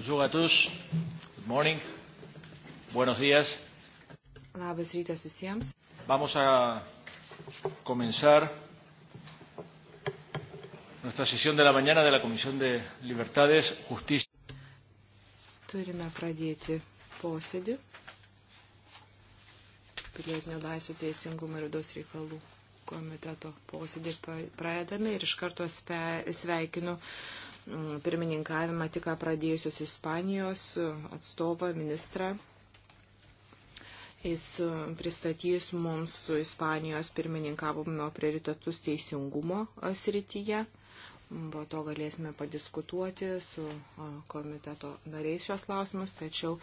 Bonjour à tous. Good morning. Buenos días. Labas rytas visiems. Vamos a comenzar nuestra sesión de la mañana de la Comisión de Libertades, Justicia. Turime pradėti posėdį pilietinio laisvų teisingumo ir vidaus reikalų komiteto posėdį pradedame ir iš karto sveikinu uh, pirmininkavimą tik pradėjusios Ispanijos atstovą, ministrą. Jis pristatys mums su Ispanijos pirmininkavimo prioritetus teisingumo srityje. Po to galėsime padiskutuoti su komiteto nariais šios klausimus, tačiau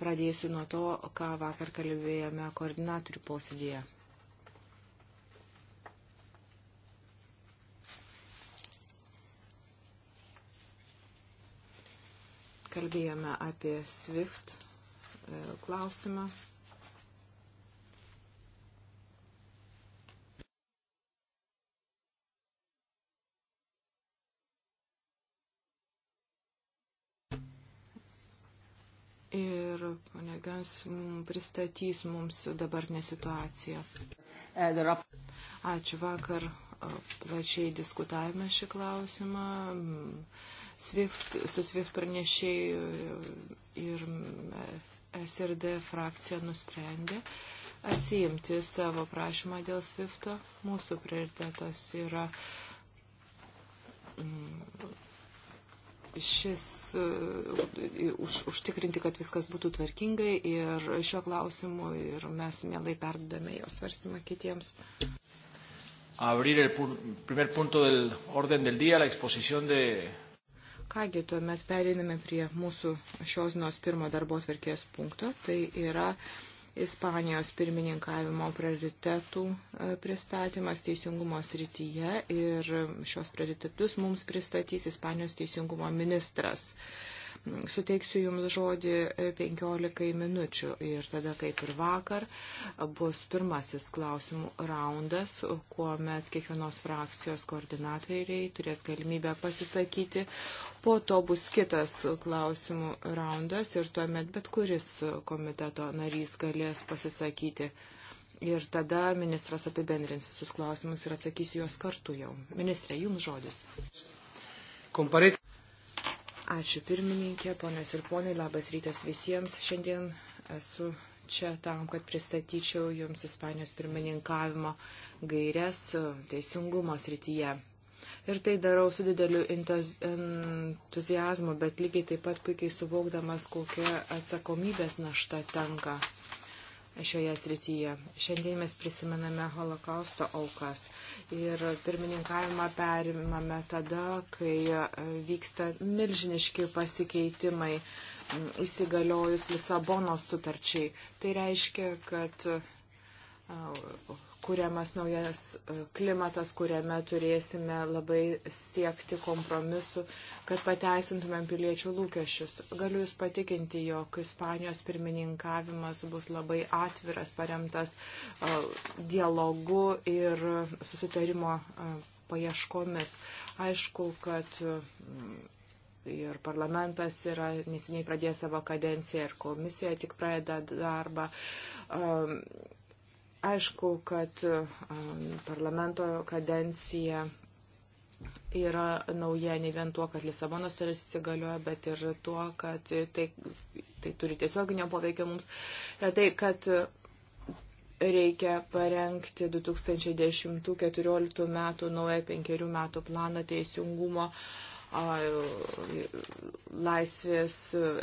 pradėsiu nuo to, ką vakar kalbėjome koordinatorių posėdėje. Kalbėjome apie SWIFT e, klausimą. Ir ponia Gans pristatys mums dabartinę situaciją. Ačiū vakar e, plačiai diskutavome šį klausimą. SWIFT, su SWIFT pranešėjų ir SRD frakcija nusprendė atsijimti savo prašymą dėl SWIFT'o. Mūsų prioritetas yra mm, šis, e, už, užtikrinti, kad viskas būtų tvarkingai ir šiuo klausimu ir mes mielai perdodame jos svarstymą kitiems. Abrir el primer punto del orden del día, la exposición de Kągi, tuomet periname prie mūsų šios dienos pirmo darbo atverkės punkto. Tai yra Ispanijos pirmininkavimo prioritetų e, pristatymas teisingumo srityje ir šios prioritetus mums pristatys Ispanijos teisingumo ministras. Uh, Suteiksiu Jums žodį 15 e, minučių ir tada, kaip ir vakar, bus pirmasis klausimų raundas, kuomet kiekvienos frakcijos koordinatoriai turės galimybę pasisakyti. Po to bus kitas klausimų raundas ir tuomet bet kuris komiteto narys galės pasisakyti. Ir tada ministras apibendrins visus klausimus ir atsakys juos kartu jau. Ministrė, jums žodis. Komparės. Ačiū pirmininkė, ponas ir ponai, labas rytas visiems. Šiandien esu čia tam, kad pristatyčiau jums Ispanijos pirmininkavimo gairias teisingumo srityje. Ir tai darau su dideliu entuzijazmu, bet lygiai taip pat puikiai suvokdamas, kokia atsakomybės našta tenka šioje srityje. Šiandien mes prisimename holokausto aukas ir pirmininkavimą perimame tada, kai vyksta milžiniški pasikeitimai įsigaliojus Lisabonos sutarčiai. Tai reiškia, kad kuriamas naujas e, klimatas, kuriame turėsime labai siekti kompromisu, kad pateisintumėm piliečių lūkesčius. Galiu Jūs patikinti, jog Ispanijos pirmininkavimas bus labai atviras, paremtas e, dialogu ir susitarimo e, paieškomis. Aišku, kad ir parlamentas yra nesiniai pradėjęs savo kadenciją ir komisija tik pradeda darbą. Aišku, kad um, parlamento kadencija yra nauja ne vien tuo, kad Lisabono sutartis įsigalioja, bet ir tuo, kad tai, tai turi tiesioginio poveikio mums. Yra tai, kad reikia parengti 2010-2014 metų naują penkerių metų planą teisingumo uh, laisvės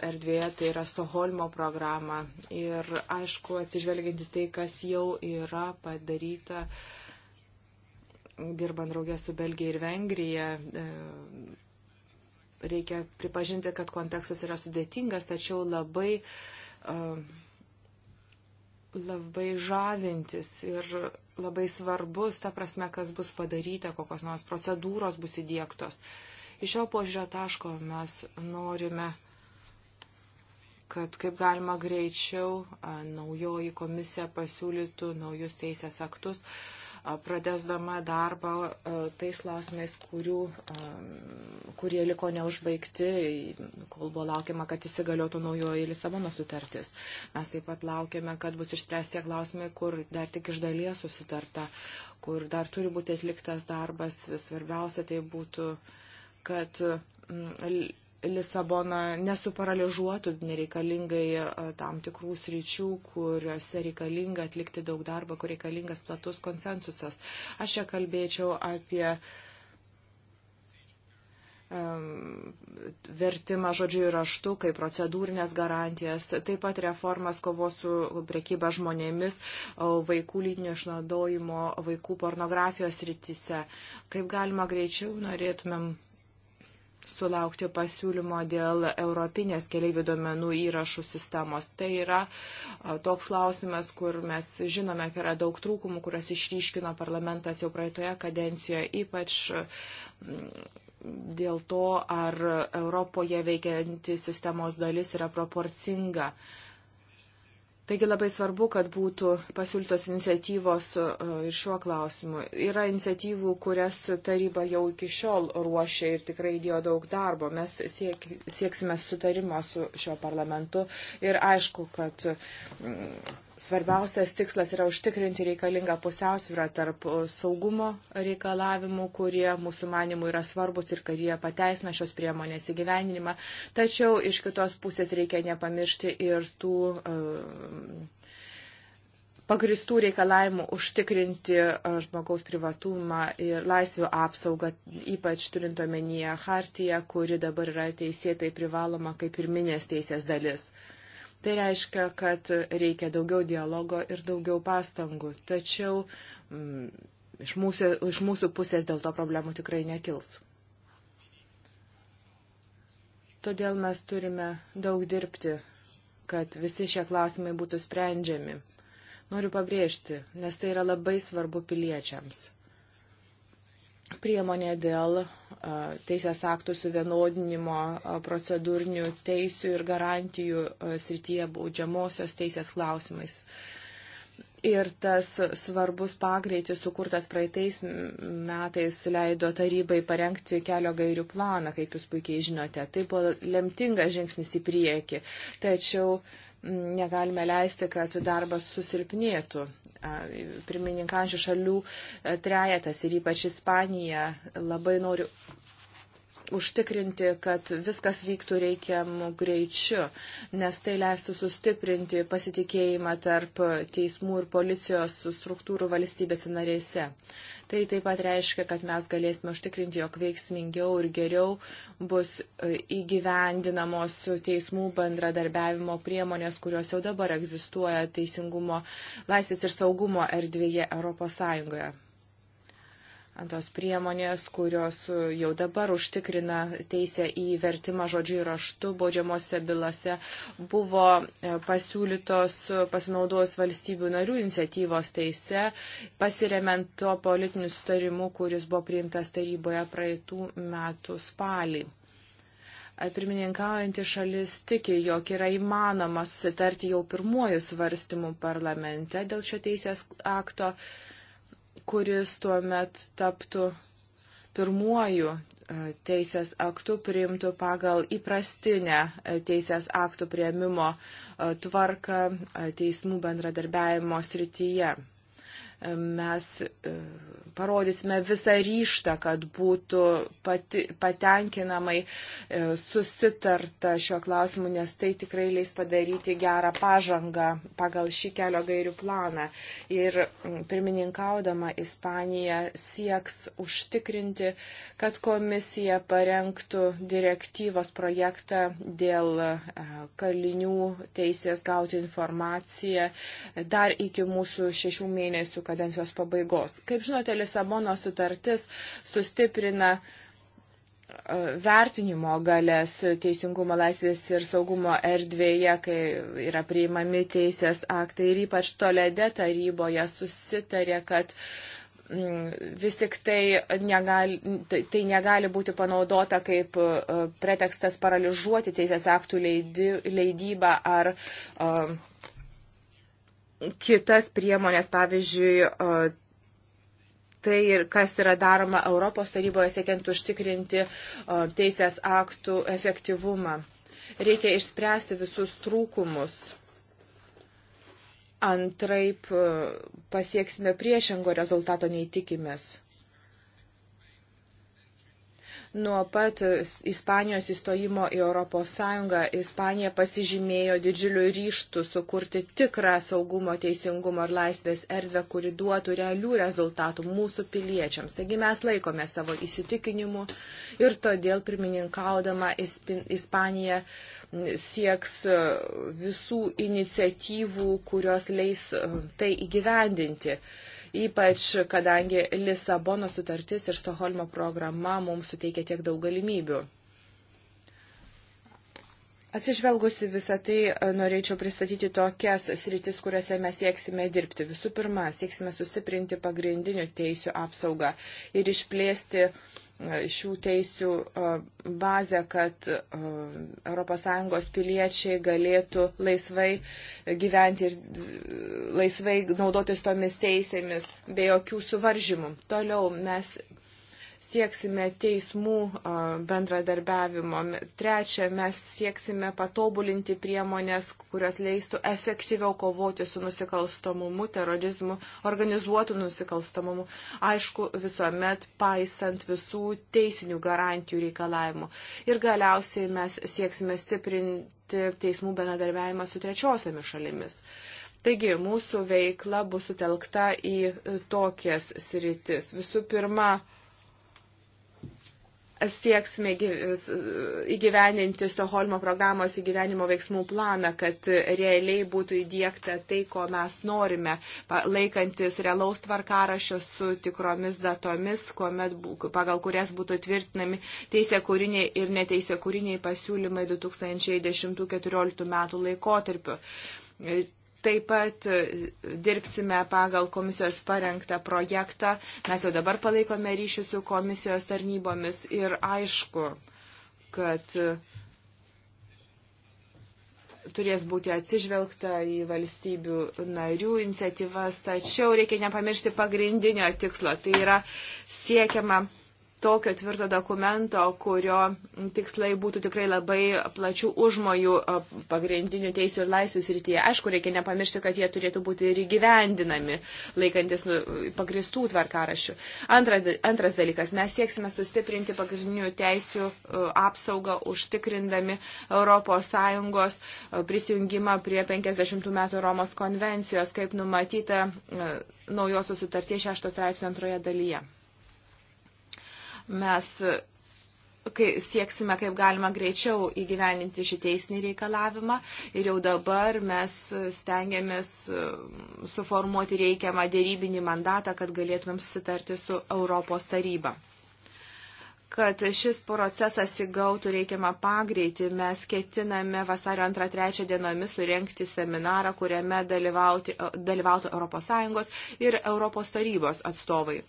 erdvėje, tai yra Stoholmo programa. Ir aišku, atsižvelgiant į tai, kas jau yra padaryta, dirbant draugė su Belgija ir Vengrija, e, reikia pripažinti, kad kontekstas yra sudėtingas, tačiau labai, e, labai žavintis ir labai svarbus, ta prasme, kas bus padaryta, kokios nors procedūros bus įdėktos. Uh, Iš šio požiūrio taško mes norime, kad kaip galima greičiau naujoji komisija pasiūlytų naujus teisės aktus, pradėsdama darbą tais klausimais, kurių, kurie liko neužbaigti, kol buvo laukiama, kad įsigaliotų naujoji Lisabono sutartis. Mes taip pat laukiame, kad bus išspręsti tie klausimai, kur dar tik iš dalies susitarta, kur dar turi būti atliktas darbas. Svarbiausia tai būtų uh, kad mm, Lisabona nesuparaližuotų nereikalingai e, tam tikrų sričių, kuriuose reikalinga atlikti daug darbo, kur reikalingas platus konsensusas. Aš čia kalbėčiau apie vertimą žodžiu ir raštu, kaip procedūrinės garantijas, taip pat reformas kovos su priekyba žmonėmis, vaikų lytinio išnaudojimo, vaikų pornografijos rytise. Kaip galima greičiau norėtumėm sulaukti pasiūlymo dėl Europinės keliaivių duomenų įrašų sistemos. Tai yra toks klausimas, kur mes žinome, kad yra daug trūkumų, kurias išryškino parlamentas jau praeitoje kadencijoje, ypač mm, dėl to, ar Europoje veikianti sistemos dalis yra proporcinga. Uh, Taigi labai svarbu, kad būtų pasiūlytos iniciatyvos e, ir šiuo klausimu. Yra iniciatyvų, kurias taryba jau iki šiol ruošia ir tikrai įdėjo daug darbo. Mes siek, sieksime sutarimo su šio parlamentu ir aišku, kad Svarbiausias tikslas yra užtikrinti reikalingą pusiausvyrą tarp e, saugumo reikalavimų, kurie mūsų manimų yra svarbus ir kad jie pateisina šios priemonės įgyveninimą. Tačiau iš kitos pusės reikia nepamiršti ir tų. Uh, pagristų reikalavimų užtikrinti e, žmogaus privatumą ir laisvių apsaugą, ypač turint omenyje hartiją, kuri dabar yra teisėtai privaloma kaip pirminės teisės dalis. Tai reiškia, kad reikia daugiau dialogo ir daugiau pastangų. Tačiau mm, iš, mūsų, iš mūsų pusės dėl to problemų tikrai nekils. Todėl mes turime daug dirbti, kad visi šie klausimai būtų sprendžiami. Noriu pabrėžti, nes tai yra labai svarbu piliečiams priemonė dėl teisės aktų suvienodinimo procedūrinių teisių ir garantijų srityje baudžiamosios teisės klausimais. Ir tas svarbus pagreitis sukurtas praeitais metais leido tarybai parengti kelio gairių planą, kaip jūs puikiai žinote. Tai buvo lemtingas žingsnis į priekį. Tačiau uh, negalime leisti, kad darbas susilpnėtų. Pirmininkančių šalių e, trejetas ir ypač Ispanija labai noriu užtikrinti, kad viskas vyktų reikiamų greičiu, nes tai leistų sustiprinti pasitikėjimą tarp teismų ir policijos struktūrų valstybėse narėse. Uh, Tai taip pat reiškia, kad mes galėsime užtikrinti, jog veiksmingiau ir geriau bus e, įgyvendinamos teismų bendradarbiavimo priemonės, kurios jau dabar egzistuoja teisingumo, laisvės ir saugumo erdvėje Europos Sąjungoje tos priemonės, kurios jau dabar užtikrina teisę į vertimą žodžių ir raštų baudžiamosiose bylose, buvo e, pasiūlytos pasinaudojus valstybių narių iniciatyvos teise, pasiremiant tuo politiniu sutarimu, kuris buvo priimtas taryboje praeitų metų spalį pirmininkaujantį šalis tiki, jog yra įmanoma susitarti jau pirmuoju svarstymu parlamente dėl šio teisės akto kuris tuo met taptų pirmuoju e, teisės aktų priimtų pagal įprastinę e, teisės aktų prieimimo e, tvarką teismų bendradarbiavimo srityje mes e, parodysime visą ryštą, kad būtų pati, patenkinamai e, susitarta šiuo klausimu, nes tai tikrai leis padaryti gerą pažangą pagal šį kelio gairių planą. Ir pirmininkaudama Ispanija sieks užtikrinti, kad komisija parengtų direktyvos projektą dėl e, kalinių teisės gauti informaciją dar iki mūsų šešių mėnesių, kad kadencijos pabaigos. Kaip žinote, Lisabono sutartis sustiprina e, vertinimo galės teisingumo laisvės ir saugumo erdvėje, kai yra priimami teisės aktai ir ypač tolede taryboje susitarė, kad mm, vis tik tai negali, tai, tai negali būti panaudota kaip e, pretekstas paralyžuoti teisės aktų leidybą ar e, kitas priemonės, pavyzdžiui, tai ir kas yra daroma Europos taryboje siekiant užtikrinti teisės aktų efektyvumą. Reikia išspręsti visus trūkumus. Antraip pasieksime priešingo rezultato nei tikimės. Nuo pat Ispanijos įstojimo į ES Ispanija pasižymėjo didžiuliu ryštu sukurti tikrą saugumo, teisingumo ir laisvės erdvę, kuri duotų realių rezultatų mūsų piliečiams. Taigi mes laikome savo įsitikinimu ir todėl pirmininkaudama Ispanija sieks e, visų iniciatyvų, kurios leis e, tai įgyvendinti ypač kadangi Lisabono sutartis ir Stoholmo programa mums suteikia tiek daug galimybių. Atsižvelgusi visą tai, norėčiau pristatyti tokias sritis, kuriuose mes sieksime dirbti. Visų pirma, sieksime sustiprinti pagrindinių teisių apsaugą ir išplėsti uh, šių teisių bazę, kad ES piliečiai galėtų laisvai gyventi ir laisvai naudotis tomis teisėmis be jokių suvaržymų. Toliau mes sieksime teismų bendradarbiavimo. Trečia, mes sieksime patobulinti priemonės, kurios leistų efektyviau kovoti su nusikalstamumu, terorizmu, organizuotų nusikalstamumu. Aišku, visuomet paisant visų teisinių garantijų reikalavimų. Ir galiausiai mes sieksime stiprinti teismų bendradarbiavimą su trečiosiomis šalimis. Taigi, mūsų veikla bus sutelkta į tokias sritis. Visų pirma, sieksime įgyveninti Stoholmo programos įgyvenimo veiksmų planą, kad realiai būtų įdėkta tai, ko mes norime, laikantis realaus tvarkarašio su tikromis datomis, kuomet, pagal kurias būtų tvirtinami teisė kūriniai ir neteisė kūriniai pasiūlymai 2010-2014 metų laikotarpiu Taip pat e, dirbsime pagal komisijos parengtą projektą. Mes jau dabar palaikome ryšių su komisijos tarnybomis ir aišku, kad e, turės būti atsižvelgta į valstybių narių iniciatyvas, tačiau reikia nepamiršti pagrindinio tikslo. Tai yra siekiama tokio tvirto dokumento, kurio tikslai būtų tikrai labai plačių užmojų pagrindinių teisų ir laisvės rytyje. Aišku, reikia nepamiršti, kad jie turėtų būti ir įgyvendinami, laikantis nu, pagristų tvarkarašių. Antra, antras dalykas, mes sieksime sustiprinti pagrindinių teisų apsaugą, užtikrindami ES prisijungimą prie 50 metų Romos konvencijos, kaip numatyta naujosios sutarties 6 straipsnio antroje dalyje. Mes kai sieksime kaip galima greičiau įgyveninti šį teisinį reikalavimą ir jau dabar mes stengiamės um, suformuoti reikiamą dėrybinį mandatą, kad galėtumėm susitarti su Europos taryba. Kad šis procesas įgautų reikiamą pagreitį, mes ketiname vasario 2-3 dienomis surenkti seminarą, kuriame dalyvauti, dalyvautų ES ir ES tarybos atstovai.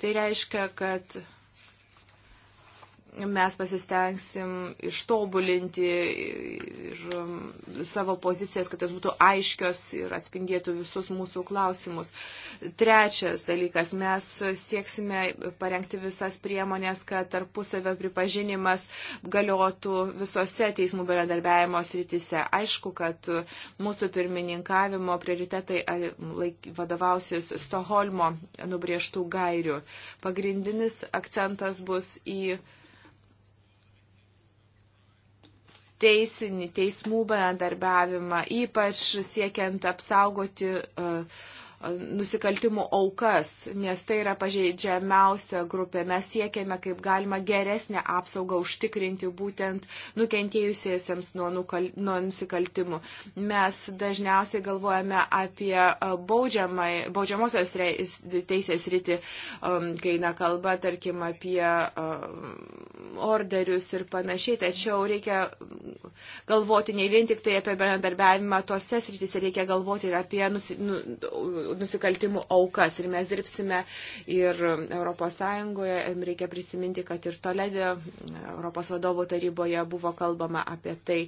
Tai reiškia, kad mes pasistengsim ištobulinti ir um, savo pozicijas, kad jos būtų aiškios ir atspindėtų visus mūsų klausimus. Trečias dalykas, mes sieksime parengti visas priemonės, kad tarpusavio pripažinimas galiotų visose teismų bendradarbiavimo srityse. Aišku, kad mūsų pirmininkavimo prioritetai vadovausis Stoholmo nubrieštų gairių. Pagrindinis akcentas bus į teisinį, teismų bendarbiavimą, ypač siekiant apsaugoti uh, nusikaltimų aukas, nes tai yra pažeidžiamiausia grupė. Mes siekiame, kaip galima geresnę apsaugą užtikrinti būtent nukentėjusiesiems nuo, nukal, nuo nusikaltimų. Mes dažniausiai galvojame apie baudžiamai, baudžiamosios reis, teisės rytį, um, kai eina kalba, tarkim, apie orderius ir panašiai, tačiau reikia galvoti ne vien tik tai apie bendradarbiavimą tose srityse, reikia galvoti ir apie nusi, nu, nusikaltimų aukas. Ir mes dirbsime ir ES, reikia prisiminti, kad ir toledė Europos vadovų taryboje buvo kalbama apie tai.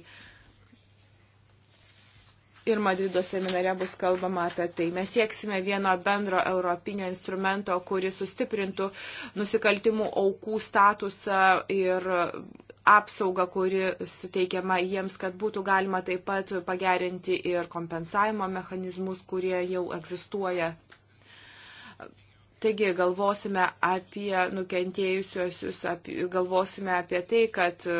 Ir Madrido seminare bus kalbama apie tai. Mes sieksime vieno bendro europinio instrumento, kuris sustiprintų nusikaltimų aukų statusą ir apsaugą, kuri suteikiama jiems, kad būtų galima taip pat pagerinti ir kompensavimo mechanizmus, kurie jau egzistuoja. Taigi galvosime apie nukentėjusiosius, apie, galvosime apie tai, kad e,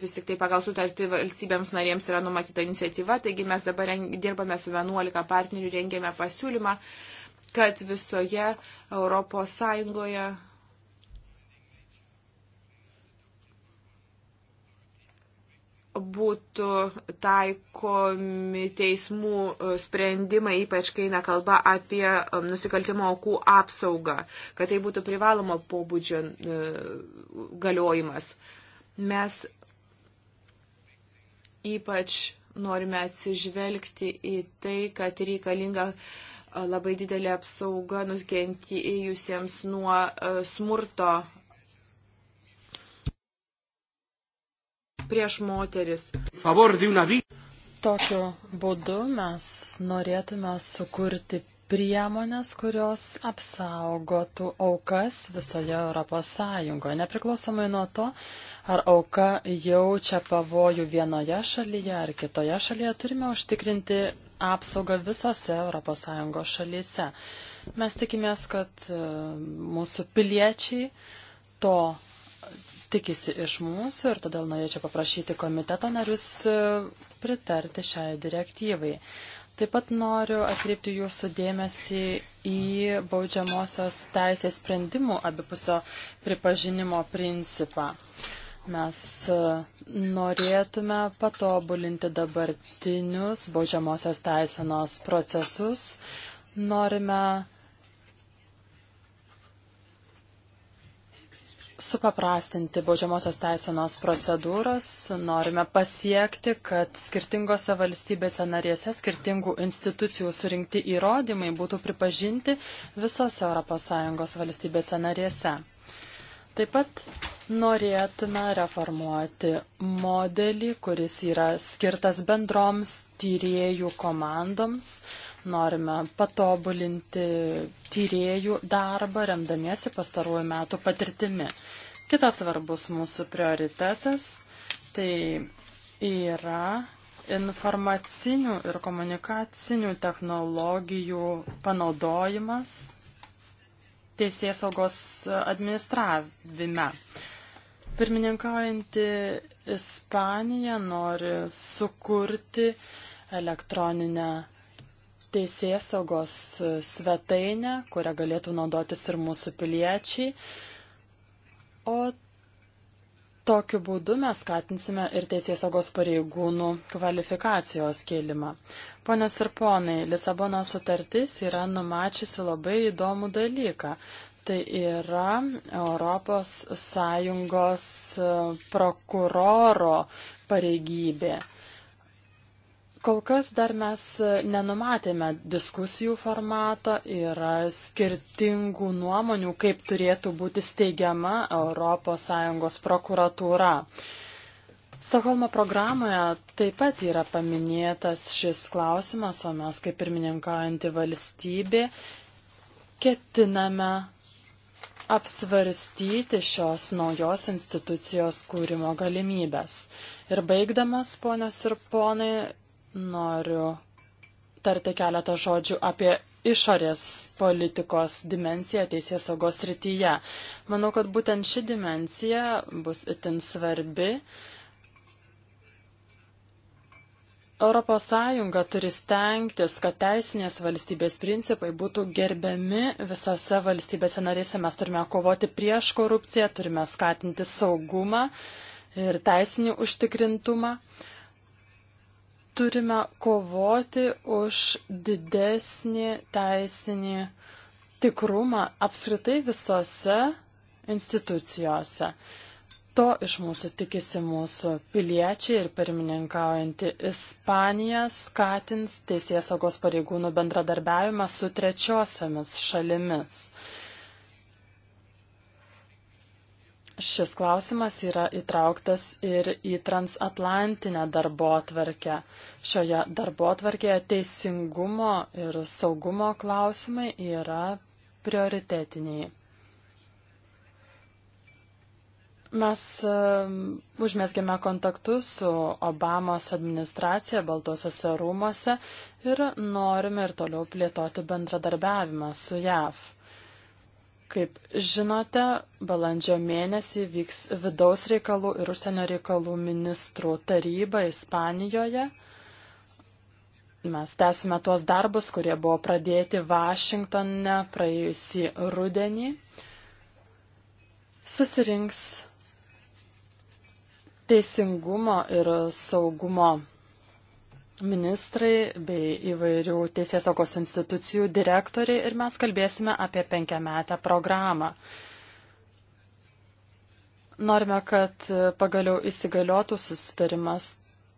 vis tik tai pagal sutartį valstybėms narėms yra numatyta iniciatyva, taigi mes dabar dirbame su 11 partnerių, rengėme pasiūlymą, kad visoje Europos Sąjungoje būtų taikomi teismų e, sprendimai, ypač kai eina kalba apie e, nusikaltimo aukų apsaugą, kad tai būtų privalomo pobūdžio e, galiojimas. Mes ypač norime atsižvelgti į tai, kad reikalinga labai didelė apsauga nukentėjusiems nuo smurto prieš moteris. Tokiu būdu mes norėtume sukurti priemonės, kurios apsaugotų aukas visoje Europos Sąjungoje, nepriklausomai nuo to, ar auka jaučia pavojų vienoje šalyje ar kitoje šalyje, turime užtikrinti apsaugą visose Europos Sąjungos šalyse. Mes tikimės, kad e, mūsų piliečiai to tikisi iš mūsų ir todėl norėčiau paprašyti komiteto narius e, pritarti šiai direktyvai. Taip pat noriu atkreipti jūsų dėmesį į baudžiamosios teisės sprendimų abipusio pripažinimo principą. Mes e, norėtume patobulinti dabartinius baudžiamosios teisenos procesus, norime supaprastinti baudžiamosios teisenos procedūras, norime pasiekti, kad skirtingose valstybėse narėse skirtingų institucijų surinkti įrodymai būtų pripažinti visose ES valstybėse narėse. Taip pat norėtume reformuoti modelį, kuris yra skirtas bendroms tyriejų komandoms, norime patobulinti tyriejų darbą, remdamiesi pastaruoju metu patirtimi. Kitas svarbus mūsų prioritetas tai yra informacinių ir komunikacinių technologijų panaudojimas teisės saugos administravime. Pirmininkaujanti Ispanija nori sukurti elektroninę teisės saugos svetainę, kurią galėtų naudotis ir mūsų piliečiai. O tokiu būdu mes skatinsime ir teisės saugos pareigūnų kvalifikacijos kėlimą. Ponios ir ponai, Lisabono sutartis yra numačiusi labai įdomų dalyką. Tai yra Europos Sąjungos e, prokuroro pareigybė. Kol kas dar mes e, nenumatėme diskusijų formato, yra skirtingų nuomonių, kaip turėtų būti steigiama ES prokuratūra. Stokholmo programoje taip pat yra paminėtas šis klausimas, o mes kaip pirmininkaujanti valstybė ketiname apsvarstyti šios naujos institucijos kūrimo galimybės. Ir baigdamas, ponios ir ponai, Noriu tarti keletą žodžių apie išorės politikos dimensiją teisės saugos rytyje. Manau, kad būtent ši dimensija bus itin svarbi. Europos Sąjunga turi stengtis, kad teisinės valstybės principai būtų gerbiami visose valstybėse narėse. Mes turime kovoti prieš korupciją, turime skatinti saugumą ir teisinį užtikrintumą. Uh, turime kovoti už didesnį teisinį tikrumą apskritai visose institucijose. To iš mūsų tikisi mūsų piliečiai ir pirmininkaujanti Ispanija skatins teisėsaugos pareigūnų bendradarbiavimą su trečiosiomis šalimis. Šis klausimas yra įtrauktas ir į transatlantinę darbo atvarkę. Šioje darbo atvarkėje teisingumo ir saugumo klausimai yra prioritetiniai. Mes užmėsgėme kontaktus su Obamos administracija Baltuosiuose rūmose ir norime ir toliau plėtoti bendradarbiavimą su JAV. Kaip žinote, balandžio mėnesį vyks vidaus reikalų ir užsienio reikalų ministrų taryba Ispanijoje. Mes tęsime tuos darbus, kurie buvo pradėti Vašingtone praėjusį rudenį. Susirinks teisingumo ir saugumo ministrai bei įvairių teisėsaugos institucijų direktoriai ir mes kalbėsime apie penkiametę programą. Norime, kad pagaliau įsigaliotų susitarimas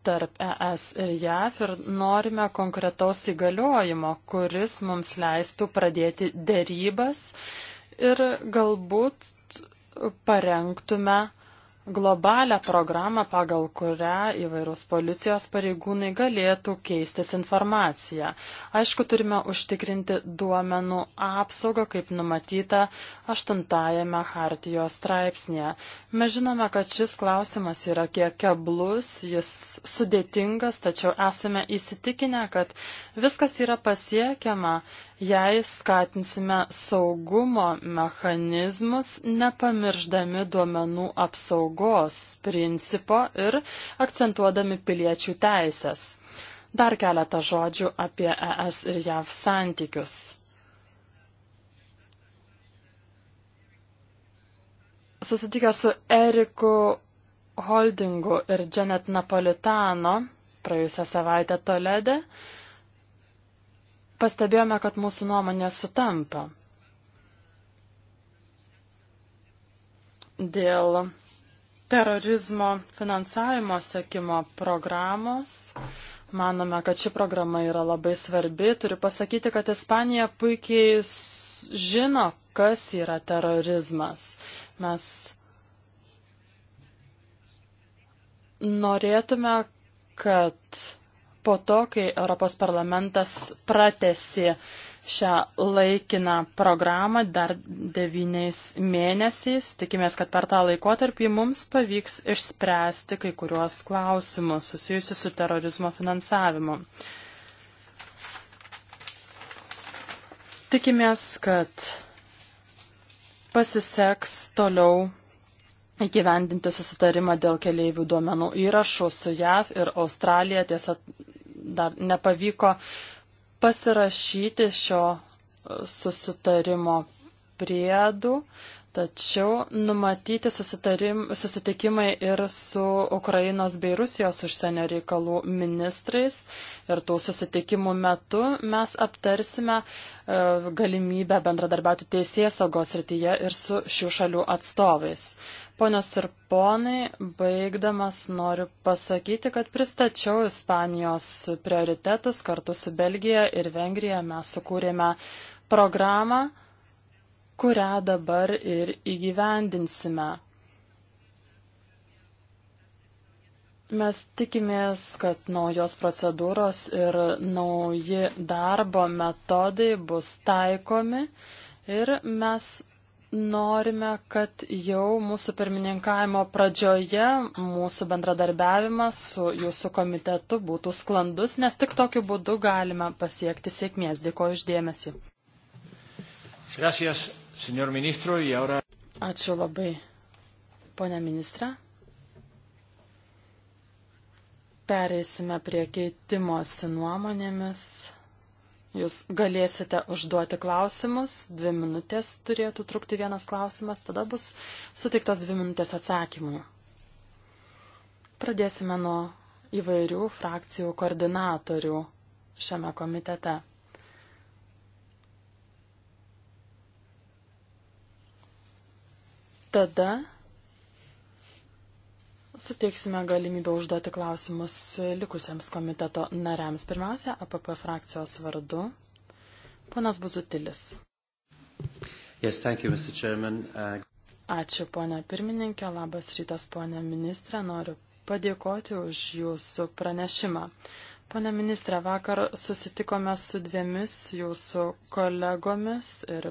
tarp ES ir JAF ir norime konkretaus įgaliojimo, kuris mums leistų pradėti dėrybas ir galbūt parengtume globalią programą, pagal kurią įvairūs policijos pareigūnai galėtų keistis informaciją. Aišku, turime užtikrinti duomenų apsaugą, kaip numatyta 8-ame Hartijos straipsnėje. Mes žinome, kad šis klausimas yra kiek keblus, jis sudėtingas, tačiau esame įsitikinę, kad viskas yra pasiekiama jei skatinsime saugumo mechanizmus, nepamirždami duomenų apsaugos principo ir akcentuodami piliečių teisės. Dar keletą žodžių apie ES ir JAV santykius. Susitikę su Eriku Holdingu ir Janet Napolitano praėjusią savaitę Toledė, pastebėjome, kad mūsų nuomonė sutampa dėl terorizmo finansavimo sekimo programos. Manome, kad ši programa yra labai svarbi. Turiu pasakyti, kad Ispanija puikiai žino, kas yra terorizmas. Mes norėtume, kad po to, kai Europos parlamentas pratesi šią laikiną programą dar devyniais mėnesiais. Tikimės, kad per tą laikotarpį mums pavyks išspręsti kai kuriuos klausimus susijusius su terorizmo finansavimu. Tikimės, kad pasiseks toliau įgyvendinti susitarimą dėl keleivių duomenų įrašų su JAV ir Australija. Tiesa, dar nepavyko pasirašyti šio e, susitarimo priedų, tačiau numatyti susitikimai ir su Ukrainos bei Rusijos užsienio reikalų ministrais. Ir tų susitikimų metu mes aptarsime e, galimybę bendradarbiauti teisės saugos rytyje ir su šių šalių atstovais. Ponios ir ponai, baigdamas noriu pasakyti, kad pristačiau Ispanijos prioritetus kartu su Belgija ir Vengrija. Mes sukūrėme programą, kurią dabar ir įgyvendinsime. Mes tikimės, kad naujos procedūros ir nauji darbo metodai bus taikomi ir mes norime, kad jau mūsų pirmininkavimo pradžioje mūsų bendradarbiavimas su jūsų komitetu būtų sklandus, nes tik tokiu būdu galime pasiekti sėkmės. Dėkuoju išdėmesi. Gracias, señor ministro, y ahora... Ačiū labai, ponia ministra. Pereisime prie keitimosi nuomonėmis. Jūs galėsite užduoti klausimus, dvi minutės turėtų trukti vienas klausimas, tada bus suteiktos dvi minutės atsakymų. Pradėsime nuo įvairių frakcijų koordinatorių šiame komitete. Tada Suteiksime galimybę užduoti klausimus likusiems komiteto nariams. Pirmiausia, APP frakcijos vardu. Ponas Buzutilis. Yes, thank you, Mr. Chairman. Uh... Ačiū, ponia pirmininkė. Labas rytas, ponia ministrė. Noriu padėkoti už jūsų pranešimą. Pane ministrė, vakar susitikome su dviemis jūsų kolegomis ir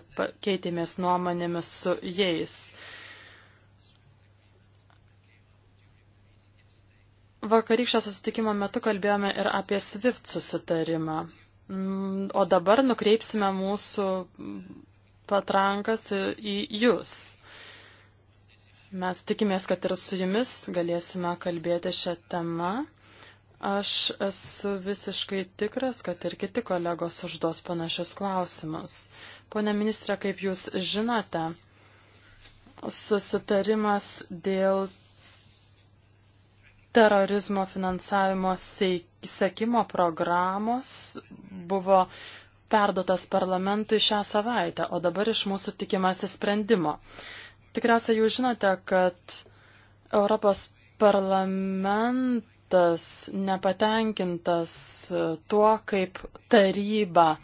keitėmės nuomonėmis su jais. Uh, Vakarykščio susitikimo metu kalbėjome ir apie SWIFT susitarimą. Mm, o dabar nukreipsime mūsų patrankas į jūs. Mes tikimės, kad ir su jumis galėsime kalbėti šią temą. Aš esu visiškai tikras, kad ir kiti kolegos užduos panašius klausimus. Pone ministrė, kaip jūs žinote, susitarimas dėl terorizmo finansavimo sekimo programos buvo perdotas parlamentui šią savaitę, o dabar iš mūsų tikimasi sprendimo. Tikriausiai jūs žinote, kad Europos parlamentas nepatenkintas tuo, kaip taryba uh,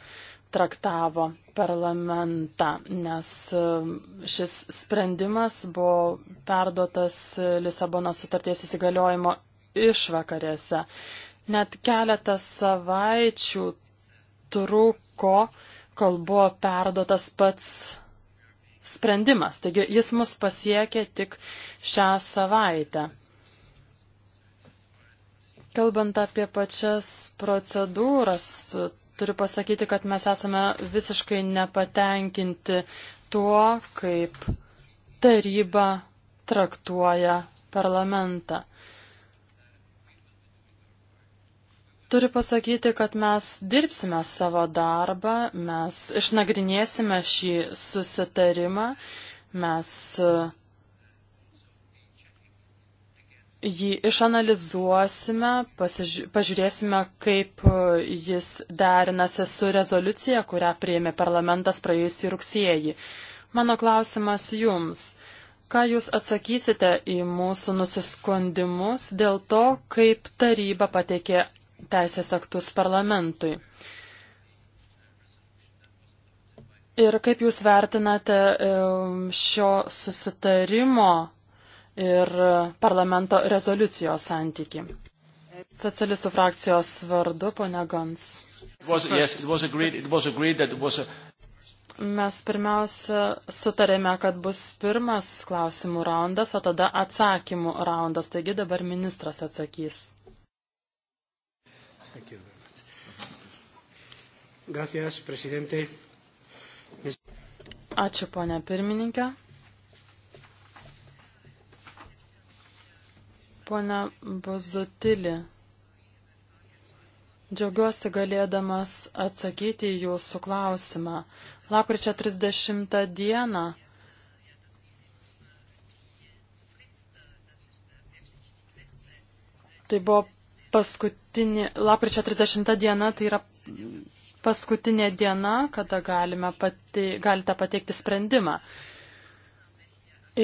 traktavo parlamentą, nes um, šis sprendimas buvo perduotas Lisabono sutarties įsigaliojimo išvakarėse. Net keletą savaičių truko, kol buvo perduotas pats sprendimas. Taigi jis mus pasiekė tik šią savaitę. Kalbant apie pačias procedūras, turiu pasakyti, kad mes esame visiškai nepatenkinti tuo, kaip taryba traktuoja parlamentą. Turiu pasakyti, kad mes dirbsime savo darbą, mes išnagrinėsime šį susitarimą, mes uh, jį išanalizuosime, pasiži... pažiūrėsime, kaip e, jis derinasi su rezoliucija, kurią prieimė parlamentas praėjusį rugsėjį. Mano klausimas jums. Ką jūs atsakysite į mūsų nusiskundimus dėl to, kaip taryba pateikė teisės aktus parlamentui? Ir kaip jūs vertinate e, šio susitarimo ir parlamento rezoliucijos santyki. Socialistų frakcijos vardu, ponia Gans. Mes pirmiausia sutarėme, kad bus pirmas klausimų raundas, o tada atsakymų raundas. Taigi dabar ministras atsakys. Gracias, presidente. Ačiū, ponia pirmininkė. Pone Bozutilį, džiaugiuosi galėdamas atsakyti į jūsų klausimą. Lapkričio 30 dieną Tai buvo paskutinė, lapkričio 30 diena, tai yra paskutinė diena, kada galime pati, galite pateikti sprendimą.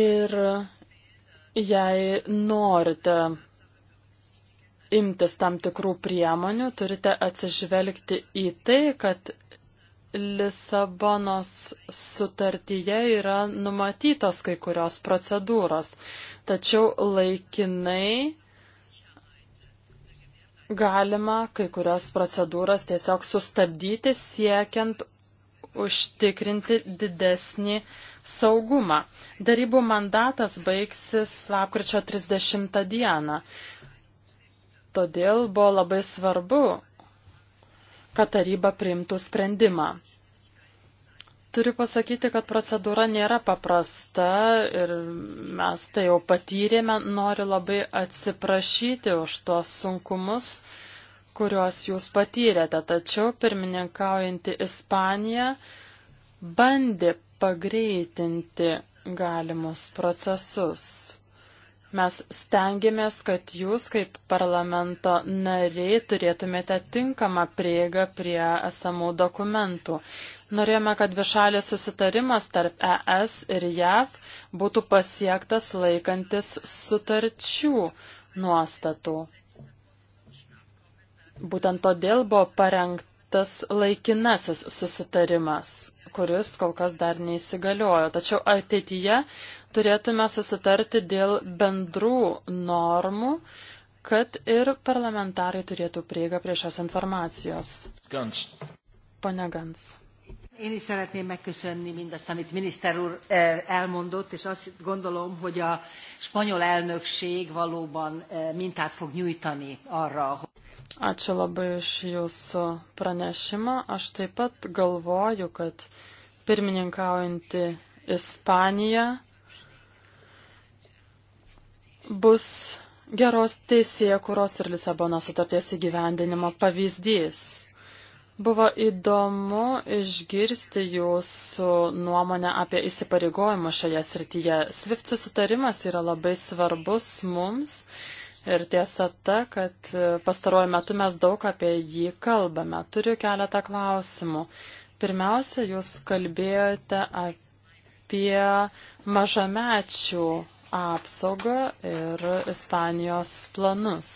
Ir Jei norite imtis tam tikrų priemonių, turite atsižvelgti į tai, kad Lisabonos sutartyje yra numatytos kai kurios procedūros, tačiau laikinai galima kai kurias procedūras tiesiog sustabdyti siekiant užtikrinti didesnį saugumą. Darybų mandatas baigsis lapkričio 30 dieną. Todėl buvo labai svarbu, kad taryba priimtų sprendimą. Turiu pasakyti, kad procedūra nėra paprasta ir mes tai jau patyrėme. Noriu labai atsiprašyti už tuos sunkumus, kuriuos jūs patyrėte. Tačiau pirmininkaujanti Ispanija bandė pagreitinti galimus procesus. Mes stengiamės, kad jūs kaip parlamento nariai turėtumėte tinkamą prieigą prie esamų dokumentų. Norėjome, kad višalės susitarimas tarp ES ir JAV būtų pasiektas laikantis sutarčių nuostatų. Būtent todėl buvo parengta tas laikinasis susitarimas, kuris kol kas dar neįsigaliojo. Tačiau ateityje turėtume susitarti dėl bendrų normų, kad ir parlamentarai turėtų prieigą prie šios informacijos. Gans. Pane Gans. Én is szeretném megköszönni mindazt, amit miniszter úr eh, elmondott, és azt gondolom, hogy a spanyol elnökség valóban eh, mintát fog nyújtani arra, hogy... Ačiū labai iš jūsų pranešimą. Aš taip pat galvoju, kad pirmininkaujanti Ispanija bus geros teisėje, kuros ir Lisabono sutarties įgyvendinimo pavyzdys. Buvo įdomu išgirsti jūsų nuomonę apie įsipareigojimą šioje srityje. SWIFT susitarimas yra labai svarbus mums Ir tiesa ta, kad e, pastaruoju metu mes daug apie jį kalbame. Turiu keletą klausimų. Pirmiausia, jūs kalbėjote apie mažamečių apsaugą ir Ispanijos planus.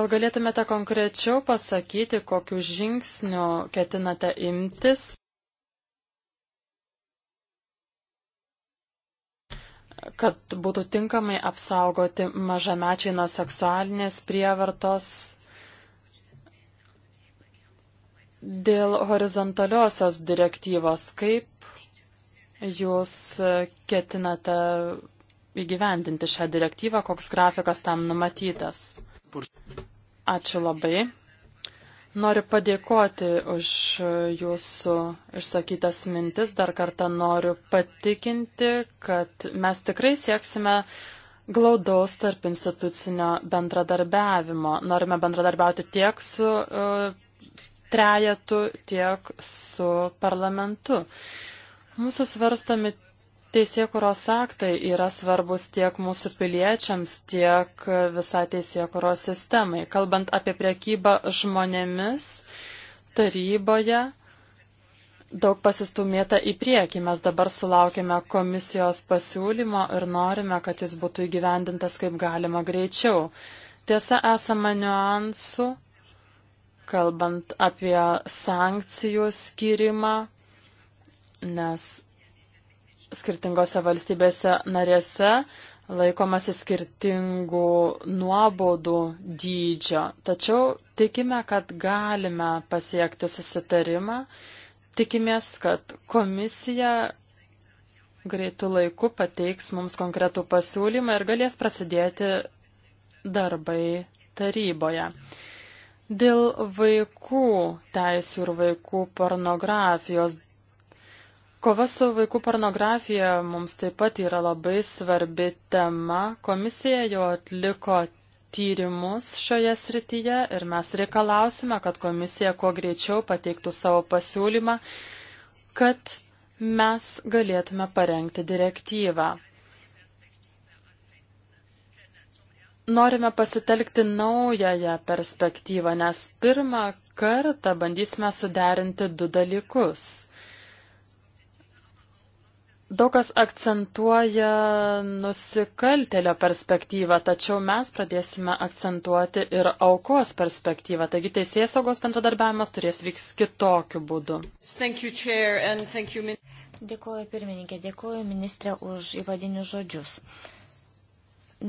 Gal galėtumėte konkrečiau pasakyti, kokiu žingsniu ketinate imtis, kad būtų tinkamai apsaugoti mažamečiai nuo seksualinės prievartos dėl horizontaliosios direktyvos. Kaip jūs ketinate įgyvendinti šią direktyvą, koks grafikas tam numatytas? Ačiū labai. Noriu padėkoti už jūsų išsakytas mintis. Dar kartą noriu patikinti, kad mes tikrai sieksime glaudaus tarp institucinio bendradarbiavimo. Norime bendradarbiauti tiek su uh, trejetu, tiek su parlamentu. Mūsų svarstami Teisėkuros aktai yra svarbus tiek mūsų piliečiams, tiek visai teisėkuros sistemai. Kalbant apie priekybą žmonėmis, taryboje daug pasistumėta į priekį. Mes dabar sulaukime komisijos pasiūlymo ir norime, kad jis būtų įgyvendintas kaip galima greičiau. Tiesa, esama niuansų, kalbant apie sankcijų skirimą, nes skirtingose valstybėse narėse laikomasi skirtingų nuobaudų dydžio. Tačiau tikime, kad galime pasiekti susitarimą. Tikimės, kad komisija greitų laikų pateiks mums konkretų pasiūlymą ir galės prasidėti darbai taryboje. Dėl vaikų teisų ir vaikų pornografijos Kova su vaikų pornografija mums taip pat yra labai svarbi tema. Komisija jau atliko tyrimus šioje srityje ir mes reikalausime, kad komisija kuo greičiau pateiktų savo pasiūlymą, kad mes galėtume parengti direktyvą. Norime pasitelkti naująją perspektyvą, nes pirmą kartą bandysime suderinti du dalykus Daug kas akcentuoja nusikaltėlio perspektyvą, tačiau mes pradėsime akcentuoti ir aukos perspektyvą. Taigi teisės saugos bendradarbiavimas turės vyks kitokiu būdu. You, chair, you, dėkuoju pirmininkė, dėkuoju ministrė už įvadinius žodžius.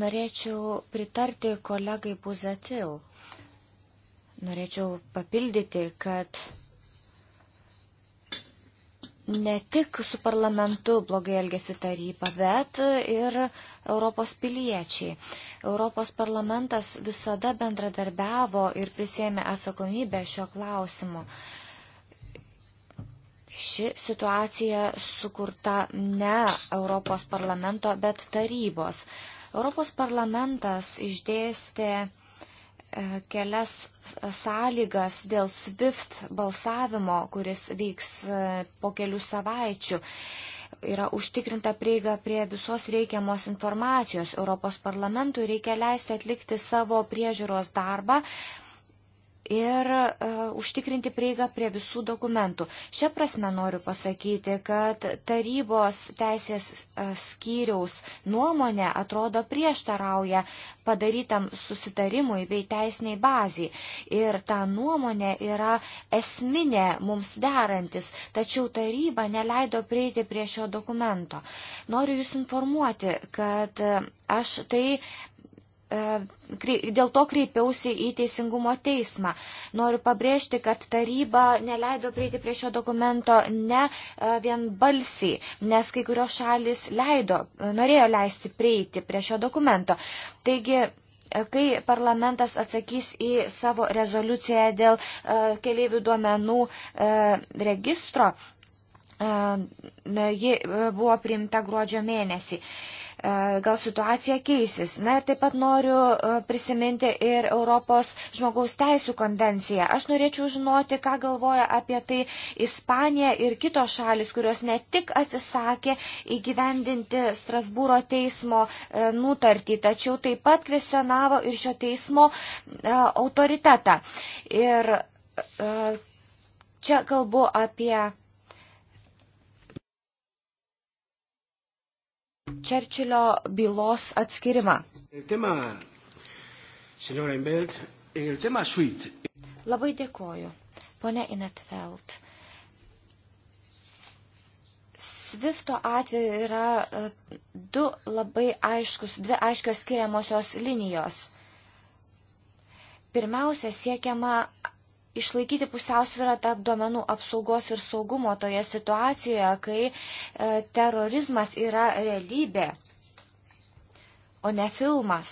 Norėčiau pritarti kolegai Buzatil. Norėčiau papildyti, kad ne tik su parlamentu blogai elgesi taryba, bet ir Europos piliečiai. Europos parlamentas visada bendradarbiavo ir prisėmė atsakomybę šio klausimu. Ši situacija sukurta ne Europos parlamento, bet tarybos. Europos parlamentas išdėstė kelias sąlygas dėl SWIFT balsavimo, kuris vyks e, po kelių savaičių yra užtikrinta prieiga prie visos reikiamos informacijos. Europos parlamentui reikia leisti atlikti savo priežiūros darbą, ir uh, užtikrinti prieigą prie visų dokumentų. Šią prasme noriu pasakyti, kad tarybos teisės uh, skyriaus nuomonė atrodo prieštarauja padarytam susitarimui bei teisiniai bazai. Ir ta nuomonė yra esminė mums derantis, tačiau taryba neleido prieiti prie šio dokumento. Noriu Jūs informuoti, kad uh, aš tai E, dėl to kreipiausi į Teisingumo teismą. Noriu pabrėžti, kad taryba neleido prieiti prie šio dokumento ne e, vienbalsiai, nes kai kurios šalis leido, e, norėjo leisti prieiti prie šio dokumento. Taigi, kai parlamentas atsakys į savo rezoliuciją dėl keliaivių duomenų registro, ji buvo priimta gruodžio mėnesį. E, gal situacija keisis. Na ir taip pat noriu e, prisiminti ir Europos žmogaus teisų konvenciją. Aš norėčiau žinoti, ką galvoja apie tai Ispanija ir kitos šalis, kurios ne tik atsisakė įgyvendinti Strasbūro teismo e, nutartį, tačiau taip pat kvestionavo ir šio teismo autoritetą. Ir čia kalbu apie Čerčilio bylos atskirimą. Tema, Imbert, tema Labai dėkoju, ponė Inetveld. Svifto atveju yra e, du labai aiškus, dvi aiškios skiriamosios linijos. Pirmiausia, siekiama išlaikyti pusiausvyrą tarp duomenų apsaugos ir saugumo toje situacijoje, kai e, terorizmas yra realybė, o ne filmas.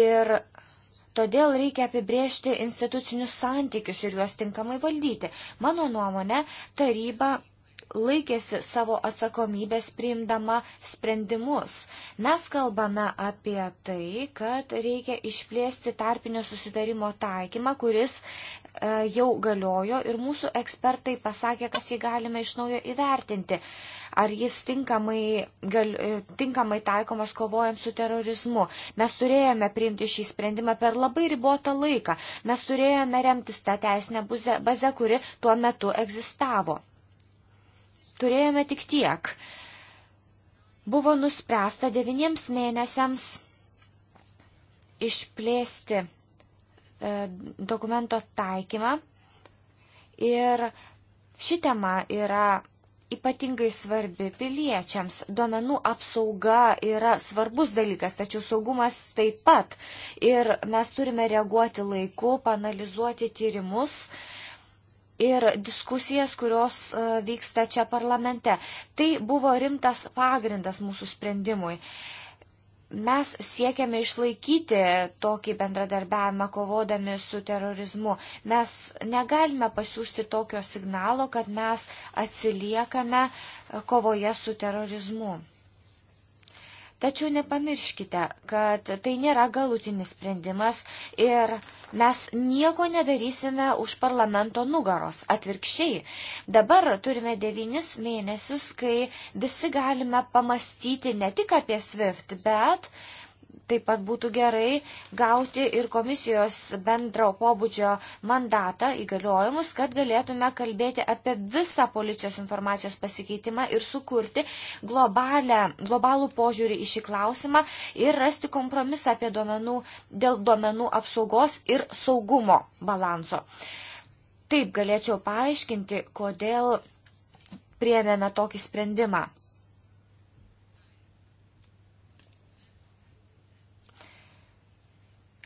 Ir todėl reikia apibriežti institucinius santykius ir juos tinkamai valdyti. Mano nuomonė, taryba laikėsi savo atsakomybės priimdama sprendimus. Mes kalbame apie tai, kad reikia išplėsti tarpinio susitarimo taikymą, kuris E, jau galiojo ir mūsų ekspertai pasakė, kas jį galime iš naujo įvertinti. Ar jis tinkamai, gal, e, tinkamai taikomas kovojant su terorizmu. Mes turėjome priimti šį sprendimą per labai ribotą laiką. Mes turėjome remtis tą teisinę bazę, kuri tuo metu egzistavo. Turėjome tik tiek. Buvo nuspręsta devyniems mėnesiams išplėsti E, dokumento taikymą. Ir ši tema yra ypatingai svarbi piliečiams. Duomenų apsauga yra svarbus dalykas, tačiau saugumas taip pat. Ir mes turime reaguoti laiku, panalizuoti tyrimus. Ir diskusijas, kurios e, vyksta čia parlamente. Tai buvo rimtas pagrindas mūsų sprendimui. Uh, Mes siekiame išlaikyti tokį bendradarbiavimą kovodami su terorizmu. Mes negalime pasiūsti tokio signalo, kad mes atsiliekame kovoje su terorizmu. Tačiau nepamirškite, kad tai nėra galutinis sprendimas ir mes nieko nedarysime už parlamento nugaros. Atvirkščiai, dabar turime devynis mėnesius, kai visi galime pamastyti ne tik apie SWIFT, bet uh, taip pat būtų gerai gauti ir komisijos bendro pobūdžio mandatą įgaliojimus, kad galėtume kalbėti apie visą policijos informacijos pasikeitimą ir sukurti globalę, globalų požiūrį į šį klausimą ir rasti kompromisą apie duomenų, dėl duomenų apsaugos ir saugumo balanso. Taip galėčiau paaiškinti, kodėl priemėme tokį sprendimą.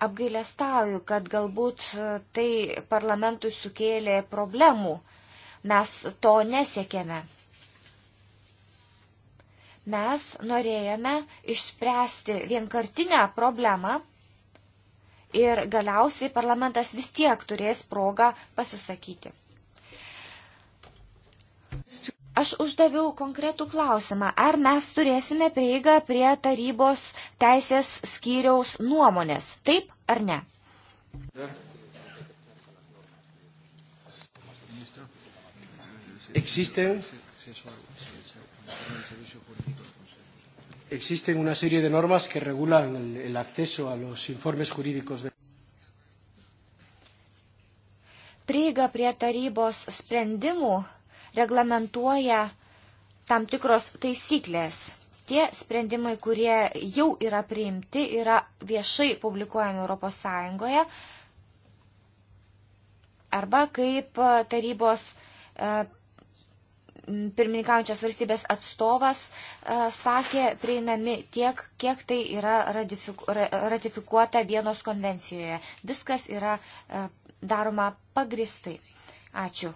apgailestauju, kad galbūt e, tai parlamentui sukėlė problemų. Mes to nesiekėme. Mes norėjome išspręsti vienkartinę problemą ir galiausiai parlamentas vis tiek turės progą pasisakyti. Aš uždaviau konkretų klausimą, ar mes turėsime prieigą prie tarybos teisės skyriaus nuomonės, taip ar ne? Existen, existen una serie de normas que regulan el, el acceso a los informes jurídicos de. Prieiga prie tarybos sprendimų reglamentuoja tam tikros taisyklės. Tie sprendimai, kurie jau yra priimti, yra viešai publikuojami ES arba kaip e, tarybos e, pirmininkaujančios valstybės atstovas e, sakė, prieinami tiek, kiek tai yra ratifikuota vienos konvencijoje. Viskas yra daroma pagristai. Ačiū.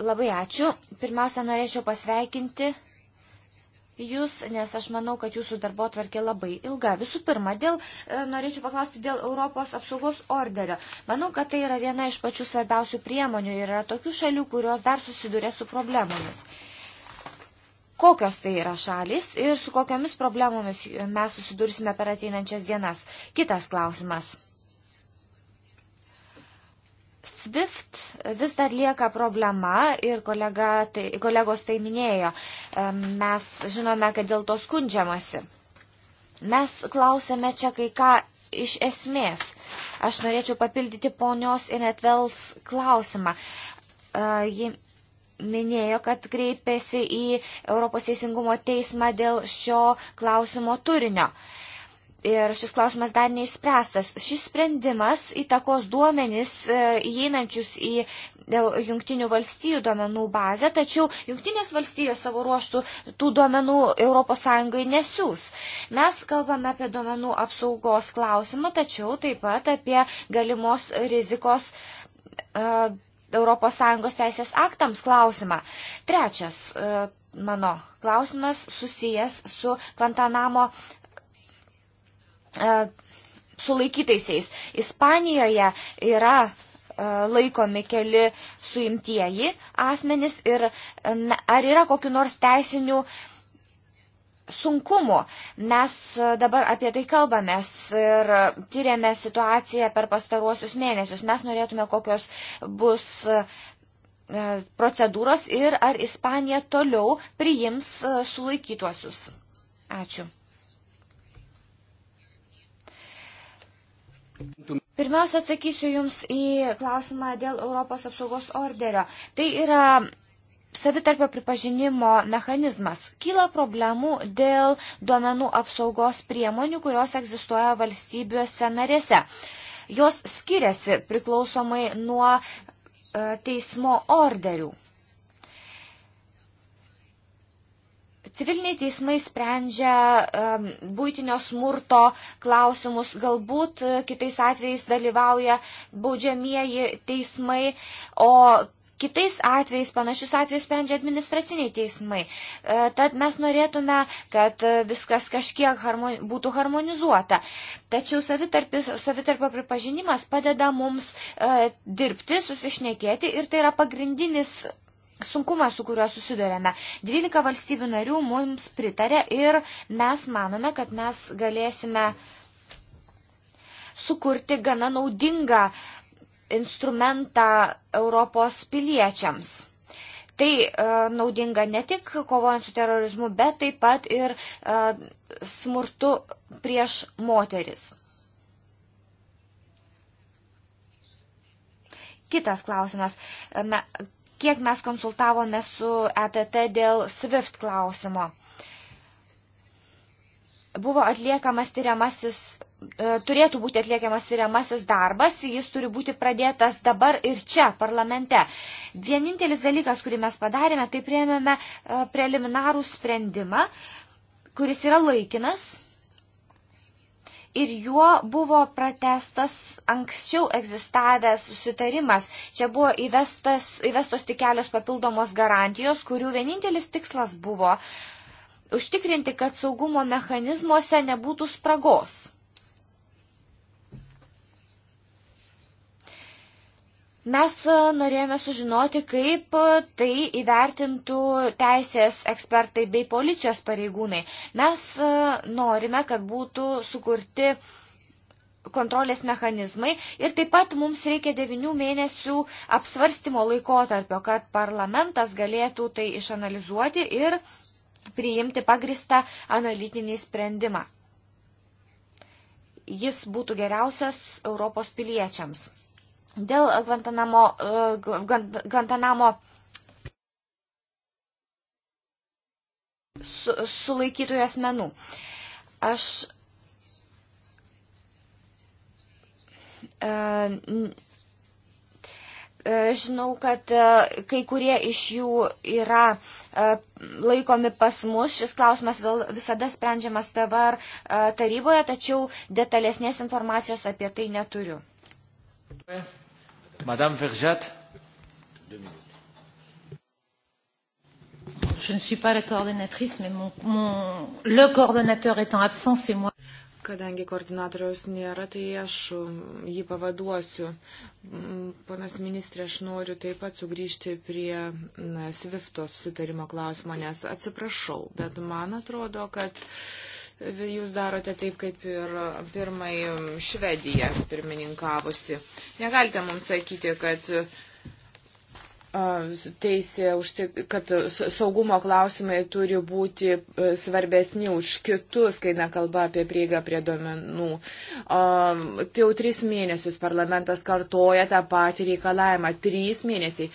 Labai ačiū. Pirmiausia, norėčiau pasveikinti Jūs, nes aš manau, kad jūsų darbo tvarkė labai ilga. Visų pirma, dėl, e, norėčiau paklausti dėl Europos apsaugos orderio. Manau, kad tai yra viena iš pačių svarbiausių priemonių ir yra tokių šalių, kurios dar susiduria su problemomis. Kokios tai yra šalis ir su kokiamis problemomis mes susidursime per ateinančias dienas? Kitas klausimas. SWIFT vis dar lieka problema ir kolega, tai, kolegos tai minėjo. Mes žinome, kad dėl to skundžiamasi. Mes klausėme čia kai ką iš esmės. Aš norėčiau papildyti ponios Inetvels klausimą. E, ji minėjo, kad kreipėsi į Europos Teisingumo teismą dėl šio klausimo turinio. Uh, Ir šis klausimas dar neišspręstas. Šis sprendimas įtakos duomenis e, įeinančius į e, jungtinių valstybių duomenų bazę, tačiau jungtinės valstijos savo ruoštų tų duomenų ES nesiūs. Mes kalbame apie duomenų apsaugos klausimą, tačiau taip pat apie galimos rizikos. Uh, e, ES teisės aktams klausimą. Trečias uh, mano klausimas susijęs su Pantanamo E, sulaikytaisiais. Ispanijoje yra e, laikomi keli suimtieji asmenys ir ar yra kokiu nors teisinių sunkumų. Mes e, dabar apie tai kalbamės ir tyrėme situaciją per pastaruosius mėnesius. Mes norėtume, kokios bus procedūros ir ar Ispanija toliau priims sulaikytuosius. Ačiū. Pirmiausia, atsakysiu Jums į klausimą dėl Europos apsaugos orderio. Tai yra savitarpio pripažinimo mechanizmas. Kyla problemų dėl duomenų apsaugos priemonių, kurios egzistuoja valstybiuose narėse. Jos skiriasi priklausomai nuo e, teismo orderių. Civiliniai teismai sprendžia um, būtinio smurto klausimus, galbūt e, kitais atvejais dalyvauja baudžiamieji teismai, o kitais atvejais, panašius atvejus sprendžia administraciniai teismai. E, tad mes norėtume, kad e, viskas kažkiek harmoni, būtų harmonizuota. Tačiau savitarpio pripažinimas padeda mums e, dirbti, susišnekėti ir tai yra pagrindinis sunkumą, su kuriuo susidurėme. 12 valstybių narių mums pritarė ir mes manome, kad mes galėsime sukurti gana naudingą instrumentą Europos piliečiams. Tai e, naudinga ne tik kovojant su terorizmu, bet taip pat ir e, smurtu prieš moteris. Kitas klausimas. E, me, kiek mes konsultavome su ETT dėl SWIFT klausimo. Buvo atliekamas tyriamasis, e, turėtų būti atliekamas tyriamasis darbas, jis turi būti pradėtas dabar ir čia, parlamente. Vienintelis dalykas, kurį mes padarėme, tai prieėmėme e, preliminarų sprendimą, kuris yra laikinas ir juo buvo pratestas anksčiau egzistavęs susitarimas. Čia buvo įvestas, įvestos tik kelios papildomos garantijos, kurių vienintelis tikslas buvo užtikrinti, kad saugumo mechanizmuose nebūtų spragos. Mes e, norėjome sužinoti, kaip e, tai įvertintų teisės ekspertai bei policijos pareigūnai. Mes e, norime, kad būtų sukurti kontrolės mechanizmai ir taip pat mums reikia devinių mėnesių apsvarstymo laikotarpio, kad parlamentas galėtų tai išanalizuoti ir priimti pagristą analitinį sprendimą. Jis būtų geriausias Europos piliečiams. Dėl Guantanamo, e, Guantanamo su, sulaikytųjų asmenų. Aš e, e, žinau, kad kai kurie iš jų yra laikomi pas mus. Šis klausimas visada sprendžiamas dabar taryboje, tačiau detalesnės informacijos apie tai neturiu. Okay. Madame Verjat. Je ne suis pas la coordonnatrice, mais mon, mon, le coordonnateur étant absent, c'est moi. Kadangi koordinatoriaus nėra, tai aš um, jį pavaduosiu. Mm, Panas ministrė, aš noriu taip pat sugrįžti prie Sviftos sutarimo klausimo, nes atsiprašau, bet man atrodo, kad uh, jūs darote taip, kaip ir pirmai um, Švedija pirmininkavusi. Negalite mums sakyti, kad uh, teisė, kad saugumo klausimai turi būti uh, svarbesni už kitus, kai nekalba apie prieigą prie duomenų. Um, tai jau tris mėnesius parlamentas kartoja tą patį reikalavimą. Trys mėnesiai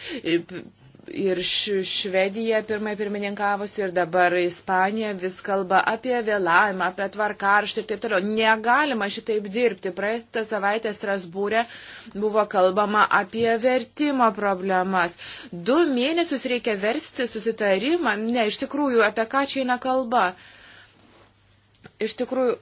ir Švedija pirmai pirmininkavusi ir dabar Ispanija vis kalba apie vėlavimą, apie tvarkarštį ir taip toliau. Negalima šitaip dirbti. Praeitą savaitę Strasbūrė buvo kalbama apie vertimo problemas. Du mėnesius reikia versti susitarimą. Ne, iš tikrųjų, apie ką čia eina kalba? Iš tikrųjų,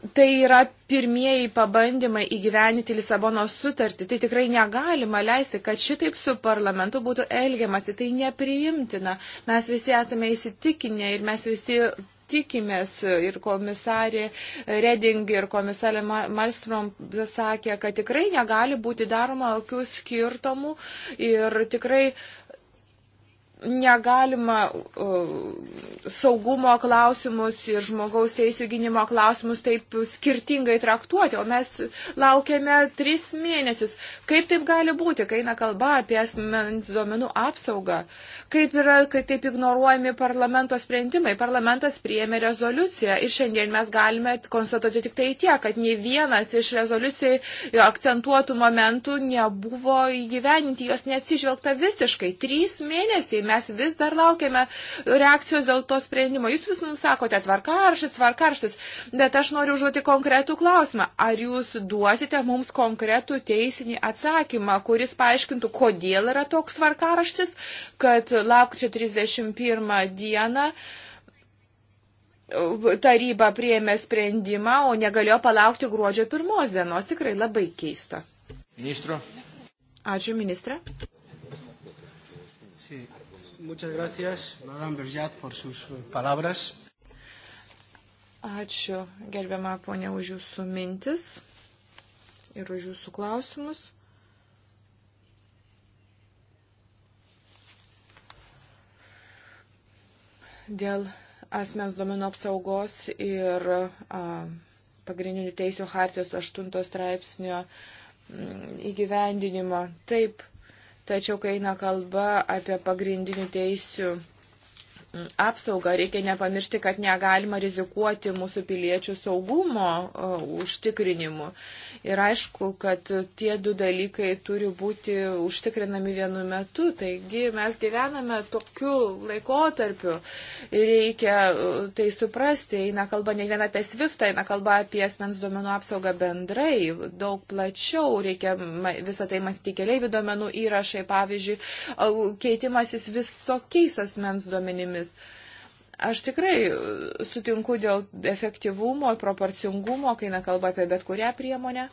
Tai yra pirmieji pabandymai įgyvenyti Lisabonos sutartį. Tai tikrai negalima leisti, kad šitaip su parlamentu būtų elgiamasi. Tai nepriimtina. Mes visi esame įsitikinę ir mes visi tikimės ir komisarė Reding ir komisarė Malstrom sakė, kad tikrai negali būti daroma jokių skirtumų ir tikrai uh, negalima uh, saugumo klausimus ir žmogaus teisų gynimo klausimus taip skirtingai traktuoti, o mes laukiame tris mėnesius. Kaip taip gali būti, kai eina kalba apie asmens duomenų apsaugą? Kaip yra, kai taip ignoruojami parlamento sprendimai? Parlamentas priėmė rezoliuciją ir šiandien mes galime konstatuoti tik tai tiek, kad nei vienas iš rezoliucijai akcentuotų momentų nebuvo įgyveninti, jos neatsižvelgta visiškai. Trys mėnesiai mes vis dar laukiame reakcijos dėl to sprendimo. Jūs vis mums sakote tvarkarštis, tvarkarštis, bet aš noriu užduoti konkretų klausimą. Ar jūs duosite mums konkretų teisinį atsakymą, kuris paaiškintų, kodėl yra toks tvarkarštis, kad lapkričio 31 dieną taryba priėmė sprendimą, o negalėjo palaukti gruodžio pirmos dienos. Tikrai labai keista. Ministro. Ačiū, ministrė. Muchas gracias, Madame Berjat, por sus eh, palabras. Ačiū, gerbiama ponia, už jūsų mintis ir už jūsų klausimus. Dėl asmens domino apsaugos ir a, pagrindinių teisų hartijos 8 straipsnio mm, įgyvendinimo. Taip, Tačiau, kai eina kalba apie pagrindinių teisių apsaugą. Reikia nepamiršti, kad negalima rizikuoti mūsų piliečių saugumo užtikrinimu. Ir aišku, kad tie du dalykai turi būti užtikrinami vienu metu. Taigi mes gyvename tokiu laikotarpiu ir reikia tai suprasti. Eina kalba ne vien apie SWIFT, eina kalba apie asmens duomenų apsaugą bendrai, daug plačiau. Reikia visą tai matyti keliaivių duomenų įrašai, pavyzdžiui, keitimasis visokiais asmens duomenimis teisėmis. Aš tikrai sutinku dėl efektyvumo ir proporcingumo, kai eina kalba apie bet kurią priemonę,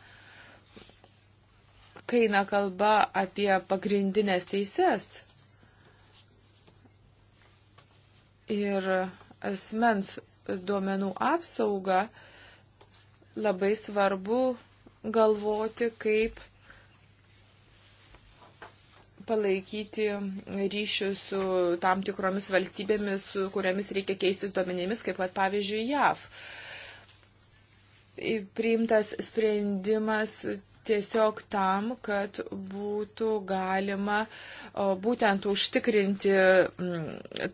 kai eina kalba apie pagrindinės teises. Ir asmens duomenų apsaugą labai svarbu galvoti, kaip palaikyti ryšius su tam tikromis valstybėmis, su kuriamis reikia keistis duomenimis, kaip kad pavyzdžiui JAV. Priimtas sprendimas tiesiog tam, kad būtų galima būtent užtikrinti